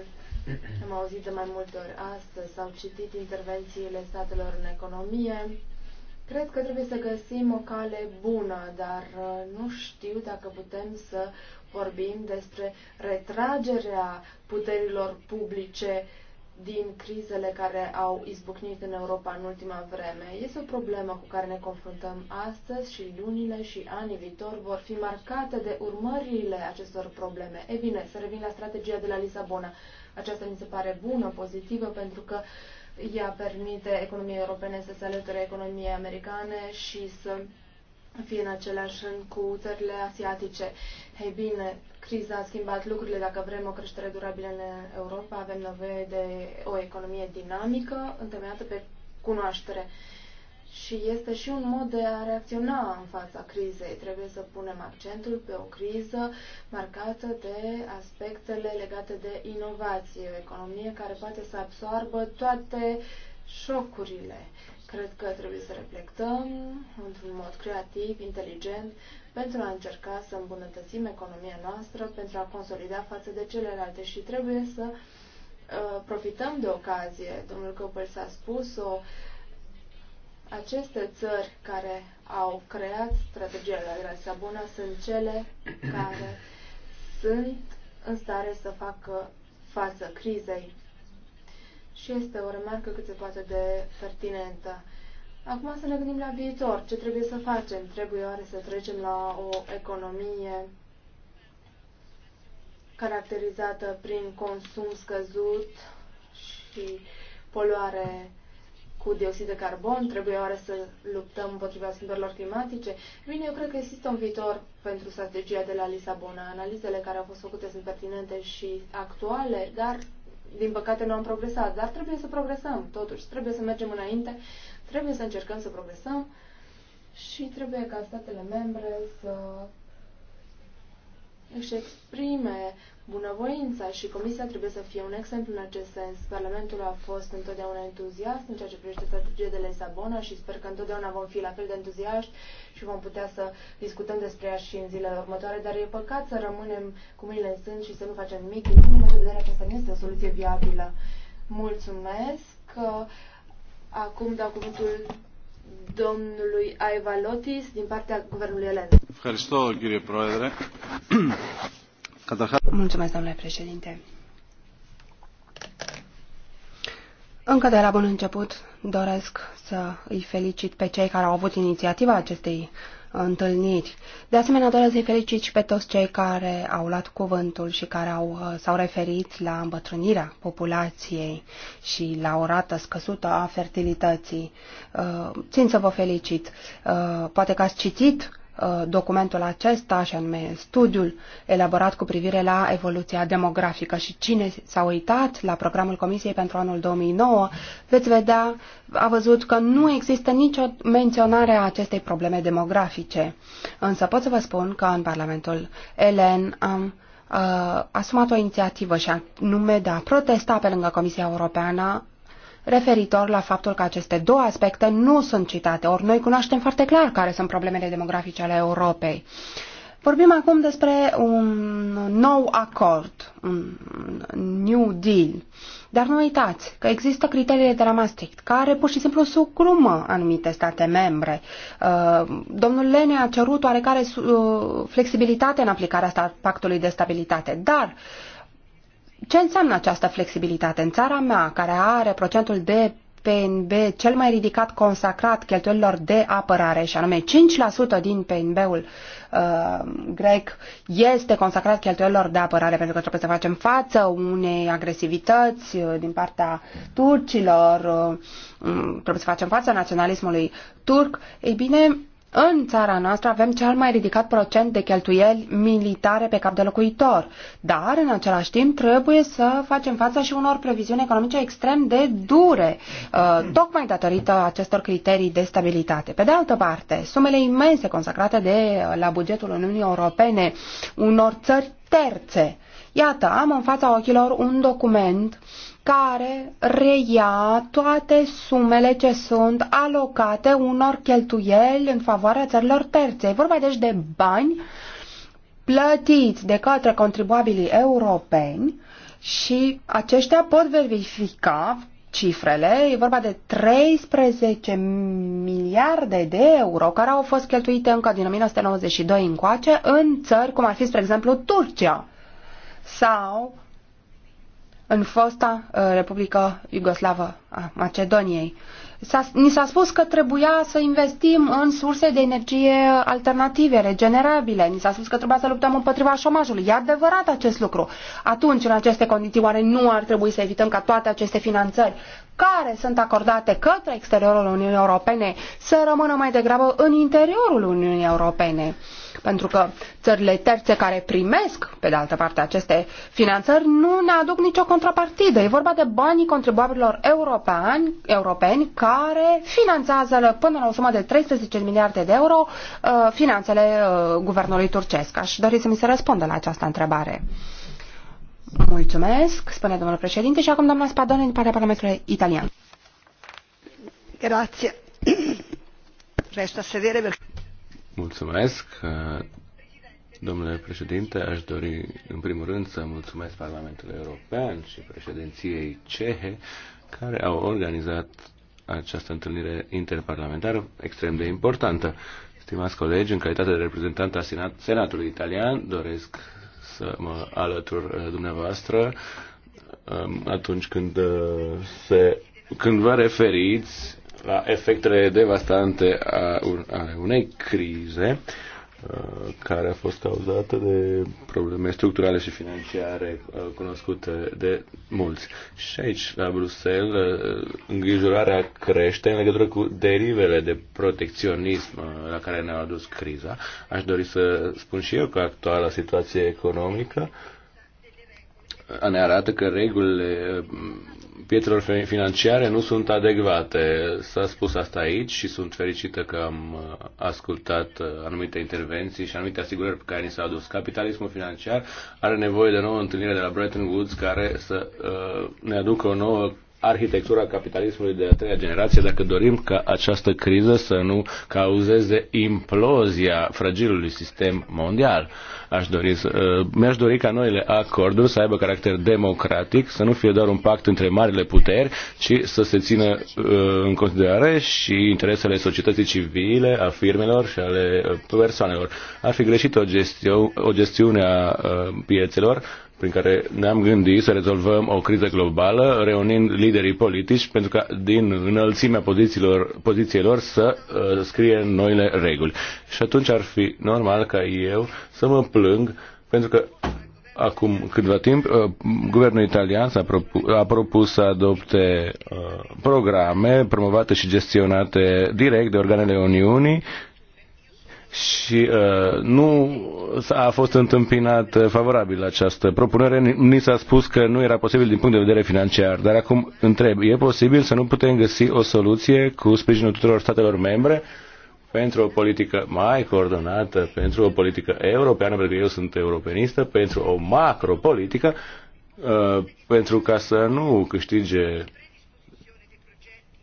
am auzit de mai multe ori astăzi, s-au citit intervențiile statelor în economie, Cred că trebuie să găsim o cale bună, dar uh, nu știu dacă putem să vorbim despre retragerea puterilor publice din crizele care au izbucnit în Europa în ultima vreme. Este o problemă cu care ne confruntăm astăzi și lunile și anii viitor vor fi marcate de urmările acestor probleme. E bine, să revin la strategia de la Lisabona. Aceasta mi se pare bună, pozitivă, pentru că uh, ea permite economiei europene să se alăture economiei americane și să fie în același rând cu țările asiatice. Ei bine, criza a schimbat lucrurile. Dacă vrem o creștere durabilă în Europa, avem nevoie de o economie dinamică, întemeiată pe cunoaștere. Uh, și este și un mod de a reacționa în fața crizei. Trebuie să punem accentul pe o criză marcată de aspectele legate de inovație, o economie care poate să absoarbă toate șocurile. Cred că trebuie să reflectăm într-un mod creativ, inteligent, pentru a încerca să îmbunătățim economia noastră, pentru a consolida față de celelalte și trebuie să uh, profităm de ocazie. Domnul Căpăl s-a spus-o, uh, aceste țări care au creat strategia la Bună sunt cele care sunt în stare să facă față crizei. Și este o remarcă cât se poate de pertinentă. Acum să ne gândim la viitor. Ce trebuie să facem? Trebuie oare să trecem la o economie caracterizată prin consum scăzut și poluare cu dioxid de carbon? Trebuie oare să luptăm împotriva schimbărilor climatice? Bine, eu cred că există un viitor pentru strategia de la Lisabona. Analizele care au fost făcute sunt pertinente și actuale, dar din păcate nu am progresat, dar trebuie să progresăm totuși, trebuie să mergem înainte, trebuie să încercăm să progresăm și trebuie ca statele membre să își exprime bunăvoința și Comisia trebuie să fie un exemplu în acest sens. Parlamentul a fost întotdeauna entuziast în ceea ce privește strategia de Lisabona și sper că întotdeauna vom fi la fel de entuziaști și vom putea să discutăm despre ea și în zilele următoare, dar e păcat să rămânem cu mâinile în sân și să nu facem nimic. Din punctul meu de vedere, aceasta nu este o soluție viabilă. Mulțumesc! Acum dau cuvântul domnului Aiva Lotis din partea Guvernului Elen. <coughs> Mulțumesc, domnule președinte. Încă de la bun început doresc să îi felicit pe cei care au avut inițiativa acestei întâlniri. De asemenea, doresc să-i felicit și pe toți cei care au luat cuvântul și care au, uh, s-au referit la îmbătrânirea populației și la o rată scăzută a fertilității. Uh, țin să vă felicit. Uh, poate că ați citit Uh, documentul acesta, și anume studiul elaborat cu privire la evoluția demografică. Și cine s-a uitat la programul Comisiei pentru anul 2009, veți vedea, a văzut că nu există nicio menționare a acestei probleme demografice. Însă pot să vă spun că în Parlamentul Elen am uh, asumat o inițiativă și anume de a protesta pe lângă Comisia Europeană referitor la faptul că aceste două aspecte nu sunt citate, ori noi cunoaștem foarte clar care sunt problemele demografice ale Europei. Vorbim acum despre un nou acord, un New Deal. Dar nu uitați că există criteriile de la Maastricht, care pur și simplu sucrumă anumite state membre. Uh, domnul Lene a cerut oarecare uh, flexibilitate în aplicarea pactului de stabilitate, dar ce înseamnă această flexibilitate? În țara mea, care are procentul de PNB cel mai ridicat consacrat cheltuielilor de apărare, și anume 5% din PNB-ul uh, grec este consacrat cheltuielilor de apărare, pentru că trebuie să facem față unei agresivități uh, din partea turcilor, uh, mm, trebuie să facem față naționalismului turc. Ei bine, în țara noastră avem cel mai ridicat procent de cheltuieli militare pe cap de locuitor, dar în același timp trebuie să facem fața și unor previziuni economice extrem de dure, uh, tocmai datorită acestor criterii de stabilitate. Pe de altă parte, sumele imense consacrate de uh, la bugetul Uniunii Europene unor țări terțe. Iată, am în fața ochilor un document uh, care reia toate sumele ce sunt alocate unor cheltuieli în favoarea țărilor terțe. E vorba deci de bani plătiți de către contribuabilii europeni și aceștia pot verifica cifrele. E vorba de 13 miliarde de euro care au fost cheltuite încă din 1992 încoace în țări cum ar fi, spre exemplu, Turcia sau în fosta uh, Republica Iugoslavă a Macedoniei. S-a, ni s-a spus că trebuia să investim în surse de energie alternative, regenerabile. Ni s-a spus că trebuia să luptăm împotriva șomajului. E adevărat acest lucru. Atunci, în aceste condiții, oare nu ar trebui să evităm ca toate aceste finanțări care sunt acordate către exteriorul Uniunii Europene să rămână mai degrabă în interiorul Uniunii Europene? Uh, pentru că țările terțe care primesc, pe de altă parte, aceste finanțări nu ne aduc nicio contrapartidă. E vorba de banii contribuabililor europeani, europeni care finanțează până la o sumă de 13 miliarde de euro uh, finanțele uh, guvernului turcesc. Aș dori să mi se răspundă la această întrebare. Mulțumesc, spune domnul președinte și acum doamna Spadone din partea Parlamentului Italian. Grazie. Resta sedere perché... Mulțumesc. Domnule președinte, aș dori în primul rând să mulțumesc Parlamentului European și președinției cehe care au organizat această întâlnire interparlamentară extrem de importantă. Stimați colegi, în calitate de reprezentant al Senatului Italian, doresc să mă alătur uh, dumneavoastră um, atunci când, uh, se, când vă referiți la efectele devastante a unei crize uh, care a fost cauzată de probleme structurale și financiare uh, cunoscute de mulți. Și aici, la Bruxelles, uh, îngrijorarea crește în legătură cu derivele de protecționism la care ne-a adus criza. Aș dori să spun și eu că actuala situație economică ne arată că regulile pietrelor financiare nu sunt adecvate. S-a spus asta aici și sunt fericită că am uh, ascultat uh, anumite intervenții și anumite asigurări pe care ni s-au adus. Capitalismul financiar are nevoie de nouă întâlnire de la Bretton Woods care să uh, ne aducă o nouă arhitectura capitalismului de a treia generație dacă dorim ca această criză să nu cauzeze implozia fragilului sistem mondial. Aș dori să, uh, mi-aș dori ca noile acorduri să aibă caracter democratic, să nu fie doar un pact între marile puteri, ci să se țină uh, în considerare și interesele societății civile, a firmelor și ale uh, persoanelor. Ar fi greșit o, gestio, o gestiune a piețelor prin care ne-am gândit să rezolvăm o criză globală, reunind liderii politici pentru ca din înălțimea pozițiilor, pozițiilor să uh, scrie noile reguli. Și atunci ar fi normal ca eu să mă plâng pentru că acum câtva timp, uh, guvernul italian s-a propu- a propus să adopte uh, programe promovate și gestionate direct de organele Uniunii și uh, nu a fost întâmpinat uh, favorabil această propunere. Ni s-a spus că nu era posibil din punct de vedere financiar, dar acum întreb, e posibil să nu putem găsi o soluție cu sprijinul tuturor statelor membre pentru o politică mai coordonată, pentru o politică europeană, pentru că eu sunt europenistă, pentru o macropolitică, uh, pentru ca să nu câștige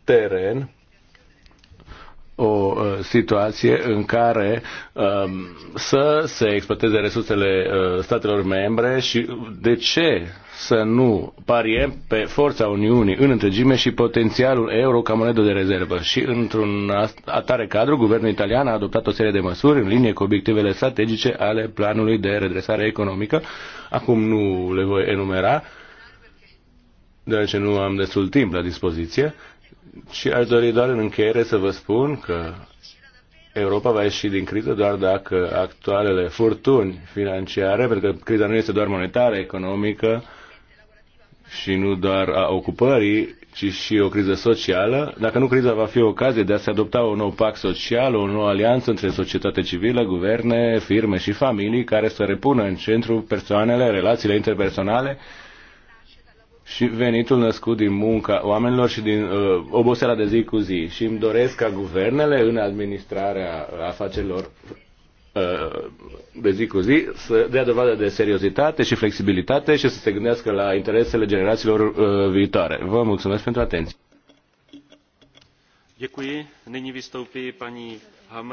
teren o uh, situație în care um, să se exploateze resursele uh, statelor membre și de ce să nu pariem pe forța Uniunii în întregime și potențialul euro ca monedă de rezervă. Și într-un atare cadru, guvernul italian a adoptat o serie de măsuri în linie cu obiectivele strategice ale planului de redresare economică. Acum nu le voi enumera, deoarece nu am destul timp la dispoziție. Uh, și aș dori doar în încheiere să vă spun că Europa va ieși din criză doar dacă actualele furtuni financiare, pentru că criza nu este doar monetară, economică și nu doar a ocupării, ci și o criză socială, dacă nu criza va fi o ocazie de a se adopta un nou pact social, o nouă alianță între societate civilă, guverne, firme și familii care să repună în centru persoanele, relațiile interpersonale și venitul născut din munca oamenilor și din uh, oboseala de zi cu zi. Și îmi doresc ca guvernele în administrarea afacerilor uh, de zi cu zi să dea dovadă de seriozitate și flexibilitate și să se gândească la interesele generațiilor uh, viitoare. Vă mulțumesc pentru atenție.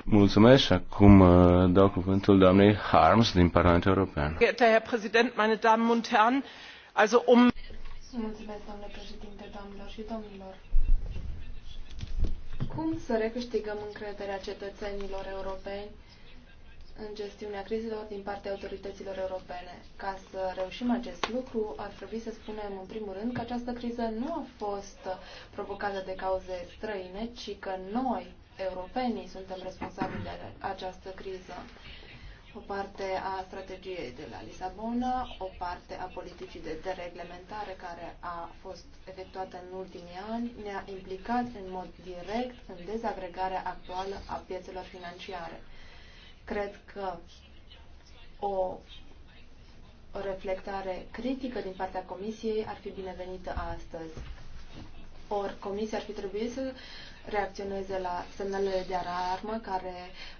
Mulțumesc acum uh, dau cuvântul doamnei Harms din Parlamentul European. Herr Präsident, meine Damen und Herren, also um Mulțumesc, domnule președinte, doamnelor și domnilor. Cum să recâștigăm încrederea cetățenilor europeni în gestiunea crizelor din partea autorităților europene? Ca să reușim acest lucru, ar trebui să spunem în primul rând că această criză nu a fost provocată de cauze străine, ci că noi, europenii, suntem responsabili de această criză o parte a strategiei de la Lisabona, o parte a politicii de dereglementare care a fost efectuată în ultimii ani, ne-a implicat în mod direct în dezagregarea actuală a piețelor financiare. Cred că o reflectare critică din partea Comisiei ar fi binevenită astăzi. Ori Comisia ar fi trebuit să reacționeze la semnalele de alarmă care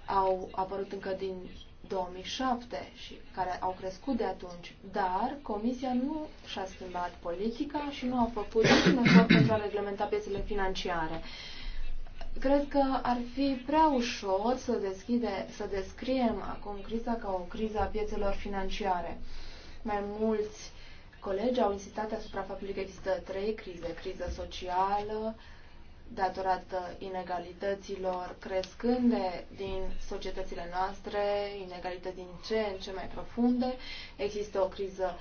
au apărut încă din 2007 și care au crescut de atunci, dar Comisia nu și-a schimbat politica și nu a făcut niciun efort pentru a reglementa piețele financiare. Cred că ar fi prea ușor să, deschide, să descriem acum criza ca o criză a piețelor financiare. Mai mulți colegi au insistat asupra faptului că există trei crize. Criza socială, uh, datorată inegalităților crescânde din societățile noastre, inegalități din ce în ce mai profunde. Există o criză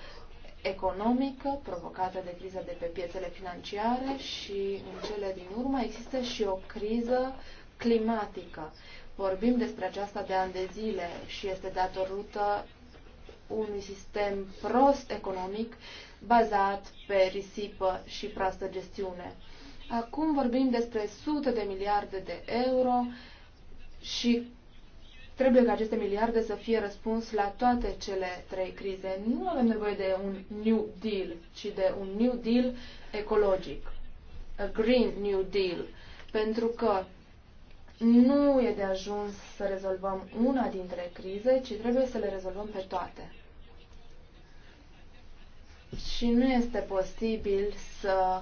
economică provocată de criza de pe piețele financiare și în cele din urmă există și o criză climatică. Vorbim despre aceasta de ani de zile și este datorită unui sistem prost economic bazat pe risipă și proastă gestiune. Acum vorbim despre sute de miliarde de euro și trebuie ca aceste miliarde să fie răspuns la toate cele trei crize. Nu avem nevoie de un New Deal, ci de un New Deal ecologic. A Green New Deal. Pentru că nu e de ajuns să rezolvăm una dintre crize, ci trebuie să le rezolvăm pe toate. Și nu este posibil să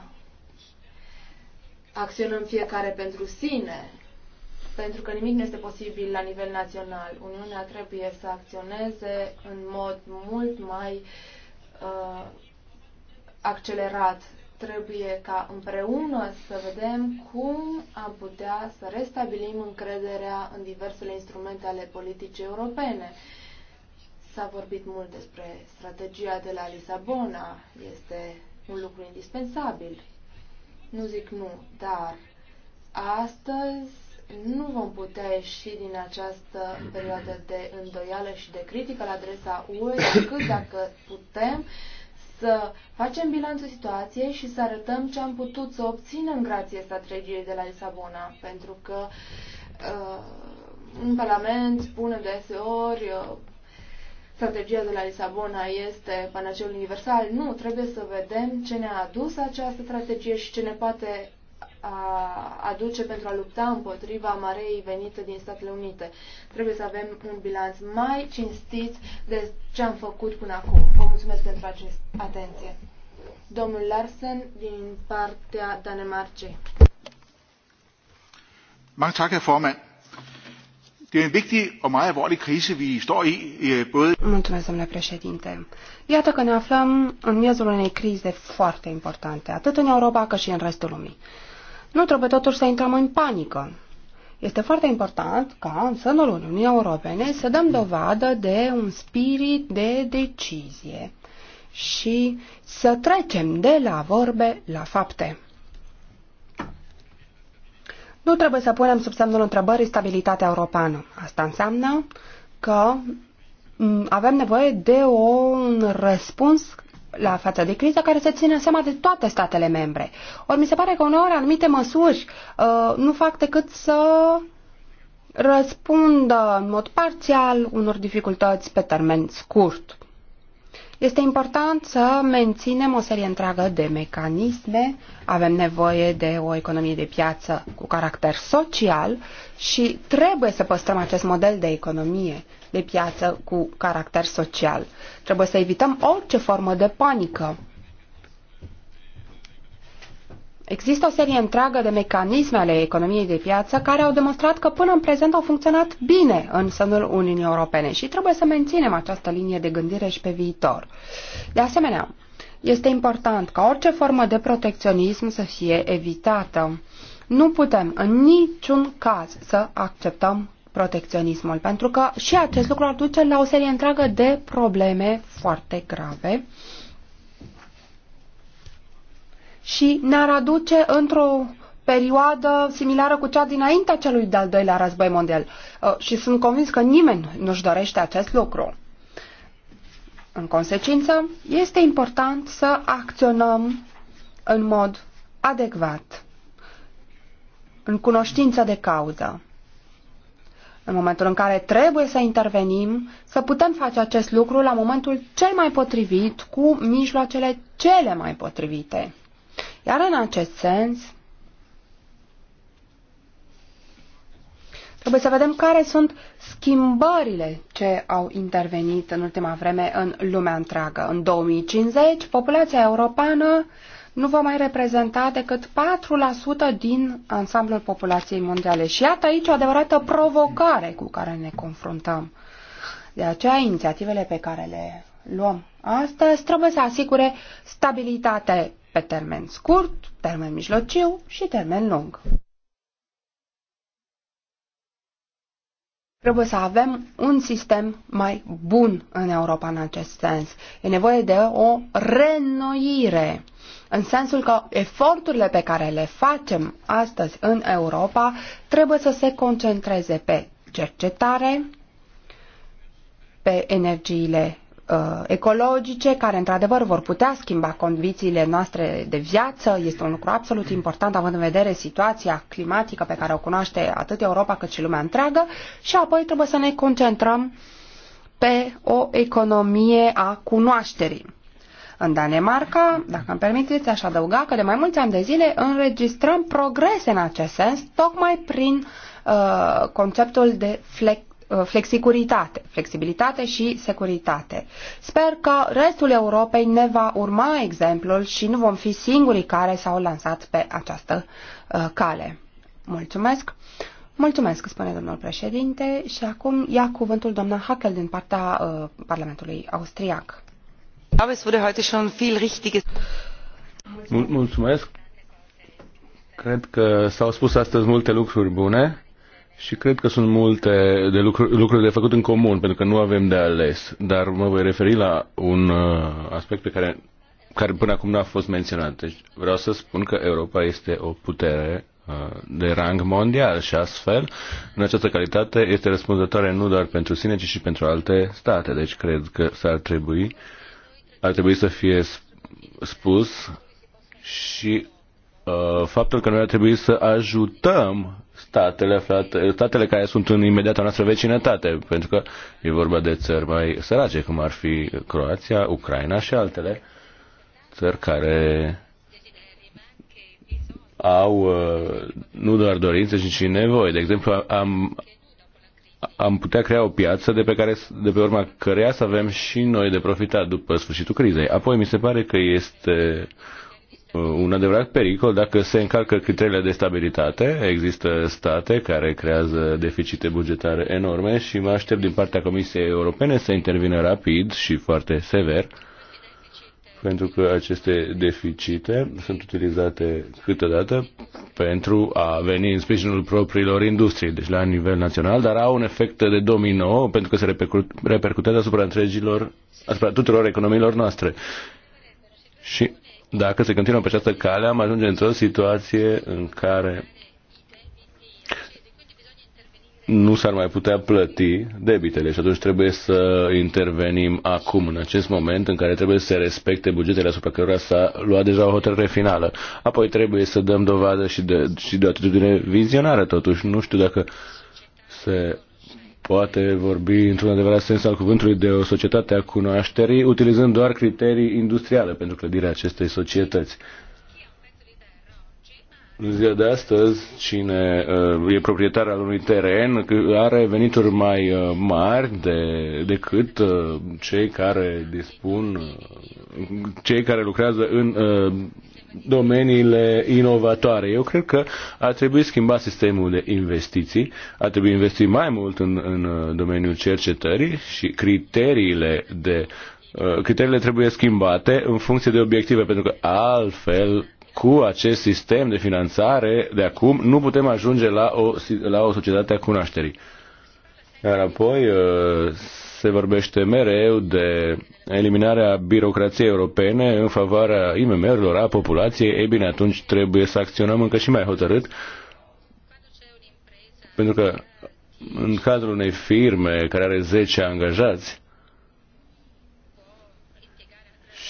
acționăm fiecare pentru sine, pentru că nimic nu este posibil la nivel național. Uniunea trebuie să acționeze în mod mult mai uh, accelerat. Trebuie ca împreună să vedem cum am putea să restabilim încrederea în diversele instrumente ale politicii europene. S-a vorbit mult despre strategia de la Lisabona, este un lucru indispensabil nu zic nu, dar astăzi nu vom putea ieși din această perioadă de îndoială și de critică la adresa UE decât dacă putem să facem bilanțul situației și să arătăm ce am putut să obținem grație strategiei de la Lisabona, pentru că uh, în Parlament spune deseori uh, strategia de la Lisabona este panaceul universal. Nu, trebuie să vedem ce ne-a adus această strategie și ce ne poate aduce pentru a lupta împotriva marei venite din Statele Unite. Trebuie să avem un bilanț mai cinstit de ce am făcut până acum. Vă mulțumesc pentru acest atenție. Domnul Larsen din partea Danemarcei. Mange tak, herr formand. Det er en vigtig og meget alvorlig krise, vi står i, øh, både... Mulțumesc, domnule președinte. Iată că ne aflăm în miezul unei crize foarte importante, atât în Europa cât și în restul lumii. Nu trebuie totuși să intrăm în panică. Este foarte important ca în sânul Uniunii Europene să dăm dovadă de un spirit de decizie și să trecem de la vorbe la fapte. Nu trebuie să punem sub semnul întrebării stabilitatea europeană. Asta înseamnă că mm, avem nevoie de un răspuns la fața de criză care să țină seama de toate statele membre. Ori mi se pare că uneori anumite măsuri uh, nu fac decât să răspundă în mod parțial unor dificultăți pe termen scurt. Este important să menținem o serie întreagă de mecanisme. Avem nevoie de o economie de piață cu caracter social și trebuie să păstrăm acest model de economie de piață cu caracter social. Trebuie să evităm orice formă de panică. Există o serie întreagă de mecanisme ale economiei de piață care au demonstrat că până în prezent au funcționat bine în sânul Uniunii Europene și trebuie să menținem această linie de gândire și pe viitor. De asemenea, este important ca orice formă de protecționism să fie evitată. Nu putem în niciun caz să acceptăm protecționismul, pentru că și acest lucru ar duce la o serie întreagă de probleme foarte grave și ne-ar aduce într-o perioadă similară cu cea dinaintea celui de-al doilea război mondial. Uh, și sunt convins că nimeni nu-și dorește acest lucru. În consecință, este important să acționăm în mod adecvat, în cunoștință de cauză. În momentul în care trebuie să intervenim, să putem face acest lucru la momentul cel mai potrivit, cu mijloacele cele mai potrivite. Iar în acest sens, trebuie să vedem care sunt schimbările ce au intervenit în ultima vreme în lumea întreagă. În 2050, populația europeană nu va mai reprezenta decât 4% din ansamblul populației mondiale. Și iată aici o adevărată provocare cu care ne confruntăm. De aceea, inițiativele pe care le luăm astăzi trebuie să asigure stabilitate pe termen scurt, termen mijlociu și termen lung. Trebuie să avem un sistem mai bun în Europa în acest sens. E nevoie de o renoire, în sensul că eforturile pe care le facem astăzi în Europa trebuie să se concentreze pe cercetare, pe energiile uh, ecologice, care într-adevăr vor putea schimba condițiile noastre de viață. Este un lucru absolut important, având în vedere situația climatică pe care o cunoaște atât Europa cât și lumea întreagă. Și apoi trebuie să ne concentrăm pe o economie a cunoașterii. În Danemarca, dacă îmi permiteți, aș adăuga că de mai mulți ani de zile înregistrăm progrese în acest sens, tocmai prin uh, conceptul de flex Uh, flexicuritate, flexibilitate și securitate. Sper că restul Europei ne va urma exemplul și nu vom fi singurii care s-au lansat pe această uh, cale. Mulțumesc! Mulțumesc, spune domnul președinte, și acum ia cuvântul doamna Hackel din partea uh, Parlamentului Austriac. mulțumesc! Cred că s-au spus astăzi multe lucruri bune și cred că sunt multe de lucruri, lucruri de făcut în comun, pentru că nu avem de ales. Dar mă voi referi la un uh, aspect pe care, care până acum nu a fost menționat. Deci vreau să spun că Europa este o putere uh, de rang mondial și astfel, în această calitate, este răspunzătoare nu doar pentru sine, ci și pentru alte state. Deci cred că s-ar trebui, ar trebui să fie spus și uh, faptul că noi ar trebui să ajutăm statele, aflate, statele care sunt în imediata noastră vecinătate, pentru că e vorba de țări mai sărace, cum ar fi Croația, Ucraina și altele, țări care au uh, nu doar dorințe, ci și nevoie. De exemplu, am, am putea crea o piață de pe, care, de pe urma căreia să avem și noi de profitat după sfârșitul crizei. Apoi mi se pare că este Uh, un adevărat pericol dacă se încalcă criteriile de stabilitate. Există state care creează deficite bugetare enorme și mă aștept din partea Comisiei Europene să intervină rapid și foarte sever pentru că aceste deficite sunt utilizate câteodată pentru a veni în sprijinul propriilor industrii, deci la nivel național, dar au un efect de domino pentru că se repercutează asupra întregilor, asupra tuturor economiilor noastre. Și dacă se continuă pe această cale, am ajunge într-o situație în care nu s-ar mai putea plăti debitele și atunci trebuie să intervenim acum, în acest moment în care trebuie să se respecte bugetele asupra cărora s-a luat deja o hotărâre finală. Apoi trebuie să dăm dovadă și de, și de o atitudine vizionară totuși. Nu știu dacă se poate vorbi într-un adevărat sens al cuvântului de o societate a cunoașterii, utilizând doar criterii industriale pentru clădirea acestei societăți. În ziua de astăzi, cine uh, e proprietar al unui teren are venituri mai uh, mari de, decât uh, cei care dispun, uh, cei care lucrează în uh, domeniile inovatoare. Eu cred că ar trebui schimbat sistemul de investiții, ar trebui investit mai mult în, în uh, domeniul cercetării și criteriile de uh, criteriile trebuie schimbate în funcție de obiective, pentru că altfel cu acest sistem de finanțare de acum nu putem ajunge la o, la o societate a cunoașterii. Iar apoi uh, se vorbește mereu de eliminarea birocrației europene în favoarea IMM-urilor, a populației, e bine, atunci trebuie să acționăm încă și mai hotărât, pentru că în cadrul unei firme care are 10 angajați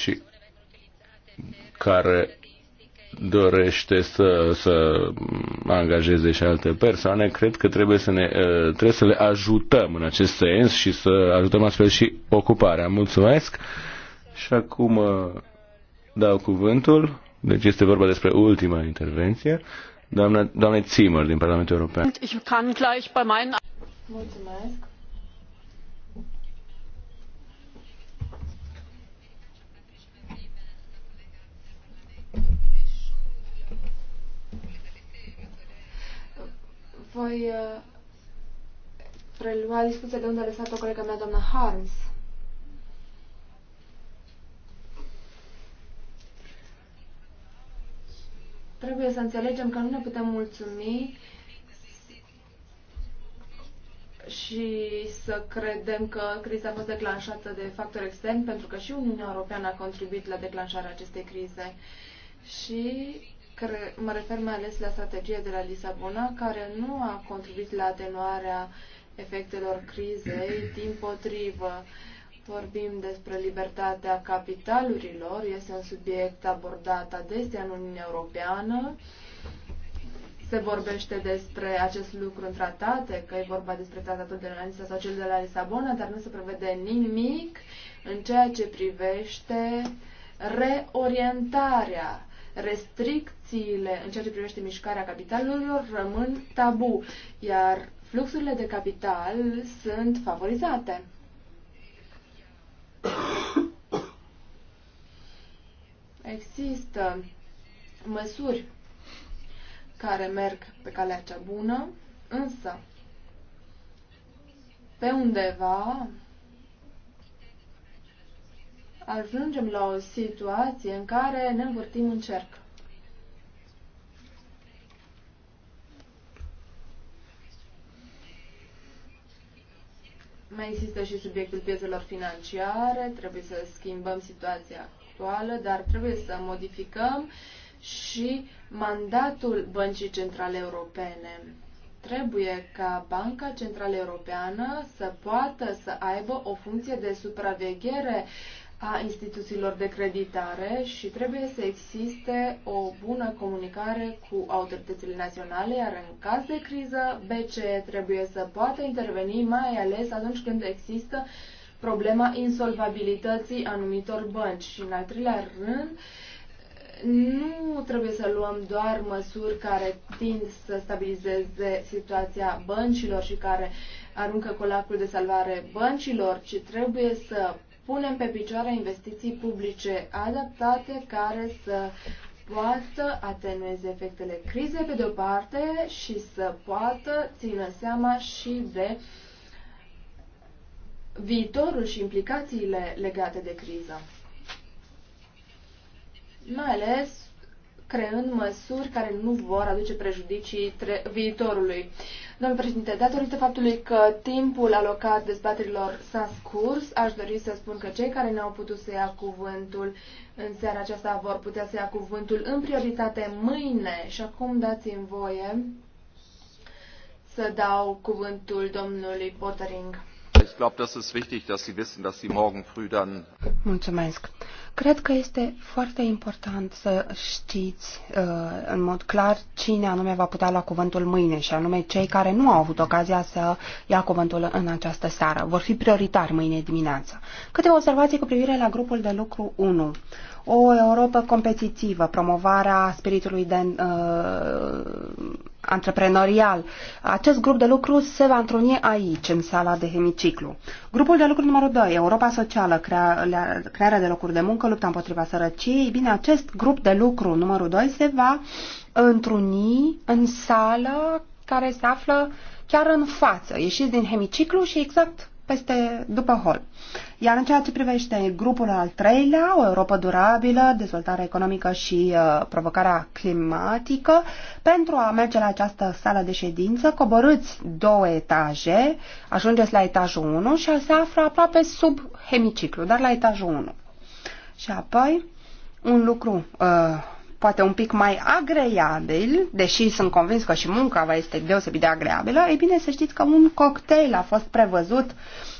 și care dorește să, să angajeze și alte persoane, cred că trebuie să, ne, uh, trebuie să le ajutăm în acest sens și să ajutăm astfel și ocuparea. Mulțumesc! Și acum uh, dau cuvântul, deci este vorba despre ultima intervenție, doamna, doamne Zimmer din Parlamentul European. Mulțumesc! Voi uh, prelua discuția de unde a lăsat-o colega mea, doamna Harms. Trebuie să înțelegem că nu ne putem mulțumi și să credem că criza a fost declanșată de factori externi, pentru că și Uniunea Europeană a contribuit la declanșarea acestei crize. Și mă refer mai ales la strategia de la Lisabona, care nu a contribuit la atenuarea efectelor crizei, <clears throat> din potrivă. Vorbim despre libertatea capitalurilor, este un subiect abordat adesea în Uniunea Europeană. Se vorbește despre acest lucru în tratate, că e vorba despre tratatul de la Nisa sau cel de la Lisabona, dar nu se prevede nimic în ceea ce privește reorientarea restricțiile în ceea ce privește mișcarea capitalurilor rămân tabu, iar fluxurile de capital sunt favorizate. Există măsuri care merg pe calea cea bună, însă pe undeva ajungem la o situație în care ne învârtim în cerc. Mai există și subiectul piețelor financiare, trebuie să schimbăm situația actuală, dar trebuie să modificăm și mandatul Băncii Centrale Europene. Trebuie ca Banca Centrală Europeană să poată să aibă o funcție de supraveghere uh, a instituțiilor de creditare și trebuie să existe o bună comunicare cu autoritățile naționale, iar în caz de criză, BCE trebuie să poată interveni, mai ales atunci când există problema insolvabilității anumitor bănci. Și în al treilea rând, nu trebuie să luăm doar măsuri care tind să stabilizeze situația băncilor și care aruncă colacul de salvare băncilor, ci trebuie să punem pe picioare investiții publice adaptate care să poată atenueze efectele crizei pe de-o parte și să poată țină seama și de viitorul și implicațiile legate de criză. Mai ales creând măsuri care nu vor aduce prejudicii viitorului. Uh, Domnul președinte, datorită faptului că timpul alocat dezbaterilor s-a scurs, aș dori să spun că cei care n-au putut să ia cuvântul în seara aceasta vor putea să ia cuvântul în prioritate mâine și acum dați-mi voie să dau cuvântul domnului Pottering. Mulțumesc. Cred că este foarte important să știți uh, în mod clar cine anume va putea lua cuvântul mâine și anume cei care nu au avut ocazia să ia cuvântul în această seară. Vor fi prioritari mâine dimineață. Câteva observații cu privire la grupul de lucru 1. O Europa competitivă, promovarea spiritului de uh, antreprenorial. Acest grup de lucru se va întruni aici, în sala de hemiciclu. Grupul de lucru numărul 2, Europa Socială, crea, crearea de locuri de muncă, lupta împotriva sărăciei, bine, acest grup de lucru numărul 2 se va întruni în sală care se află chiar în față. Ieșiți din hemiciclu și exact peste, după hol. Iar în ceea ce privește grupul al treilea, o Europa durabilă, dezvoltarea economică și uh, provocarea climatică, pentru a merge la această sală de ședință, coborâți două etaje, ajungeți la etajul 1 și se află aproape sub hemiciclu, dar la etajul 1. Și apoi, un lucru uh, poate un pic mai agreabil, deși sunt convins că și munca va este deosebit de agreabilă, e bine să știți că un cocktail a fost prevăzut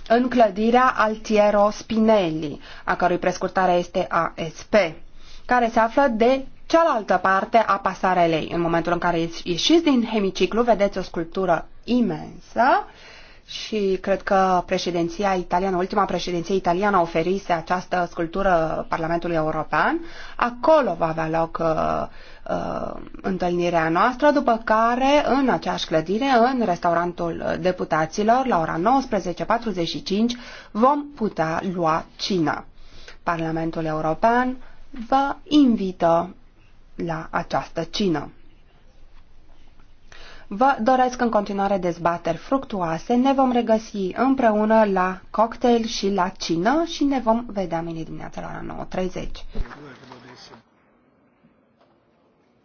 în clădirea Altiero Spinelli, a cărui prescurtare este ASP, care se află de cealaltă parte a pasarelei. În momentul în care ieșiți din hemiciclu, vedeți o sculptură imensă și cred că președinția italiană, ultima președinție italiană oferise această sculptură Parlamentului European. Acolo va avea loc uh, uh, întâlnirea noastră, după care în aceeași clădire, în restaurantul deputaților, la ora 19.45, vom putea lua cină. Parlamentul European vă invită la această cină. Vă doresc în continuare dezbateri fructuoase. Ne vom regăsi împreună la cocktail și la cină și ne vom vedea mâine dimineața la 9.30.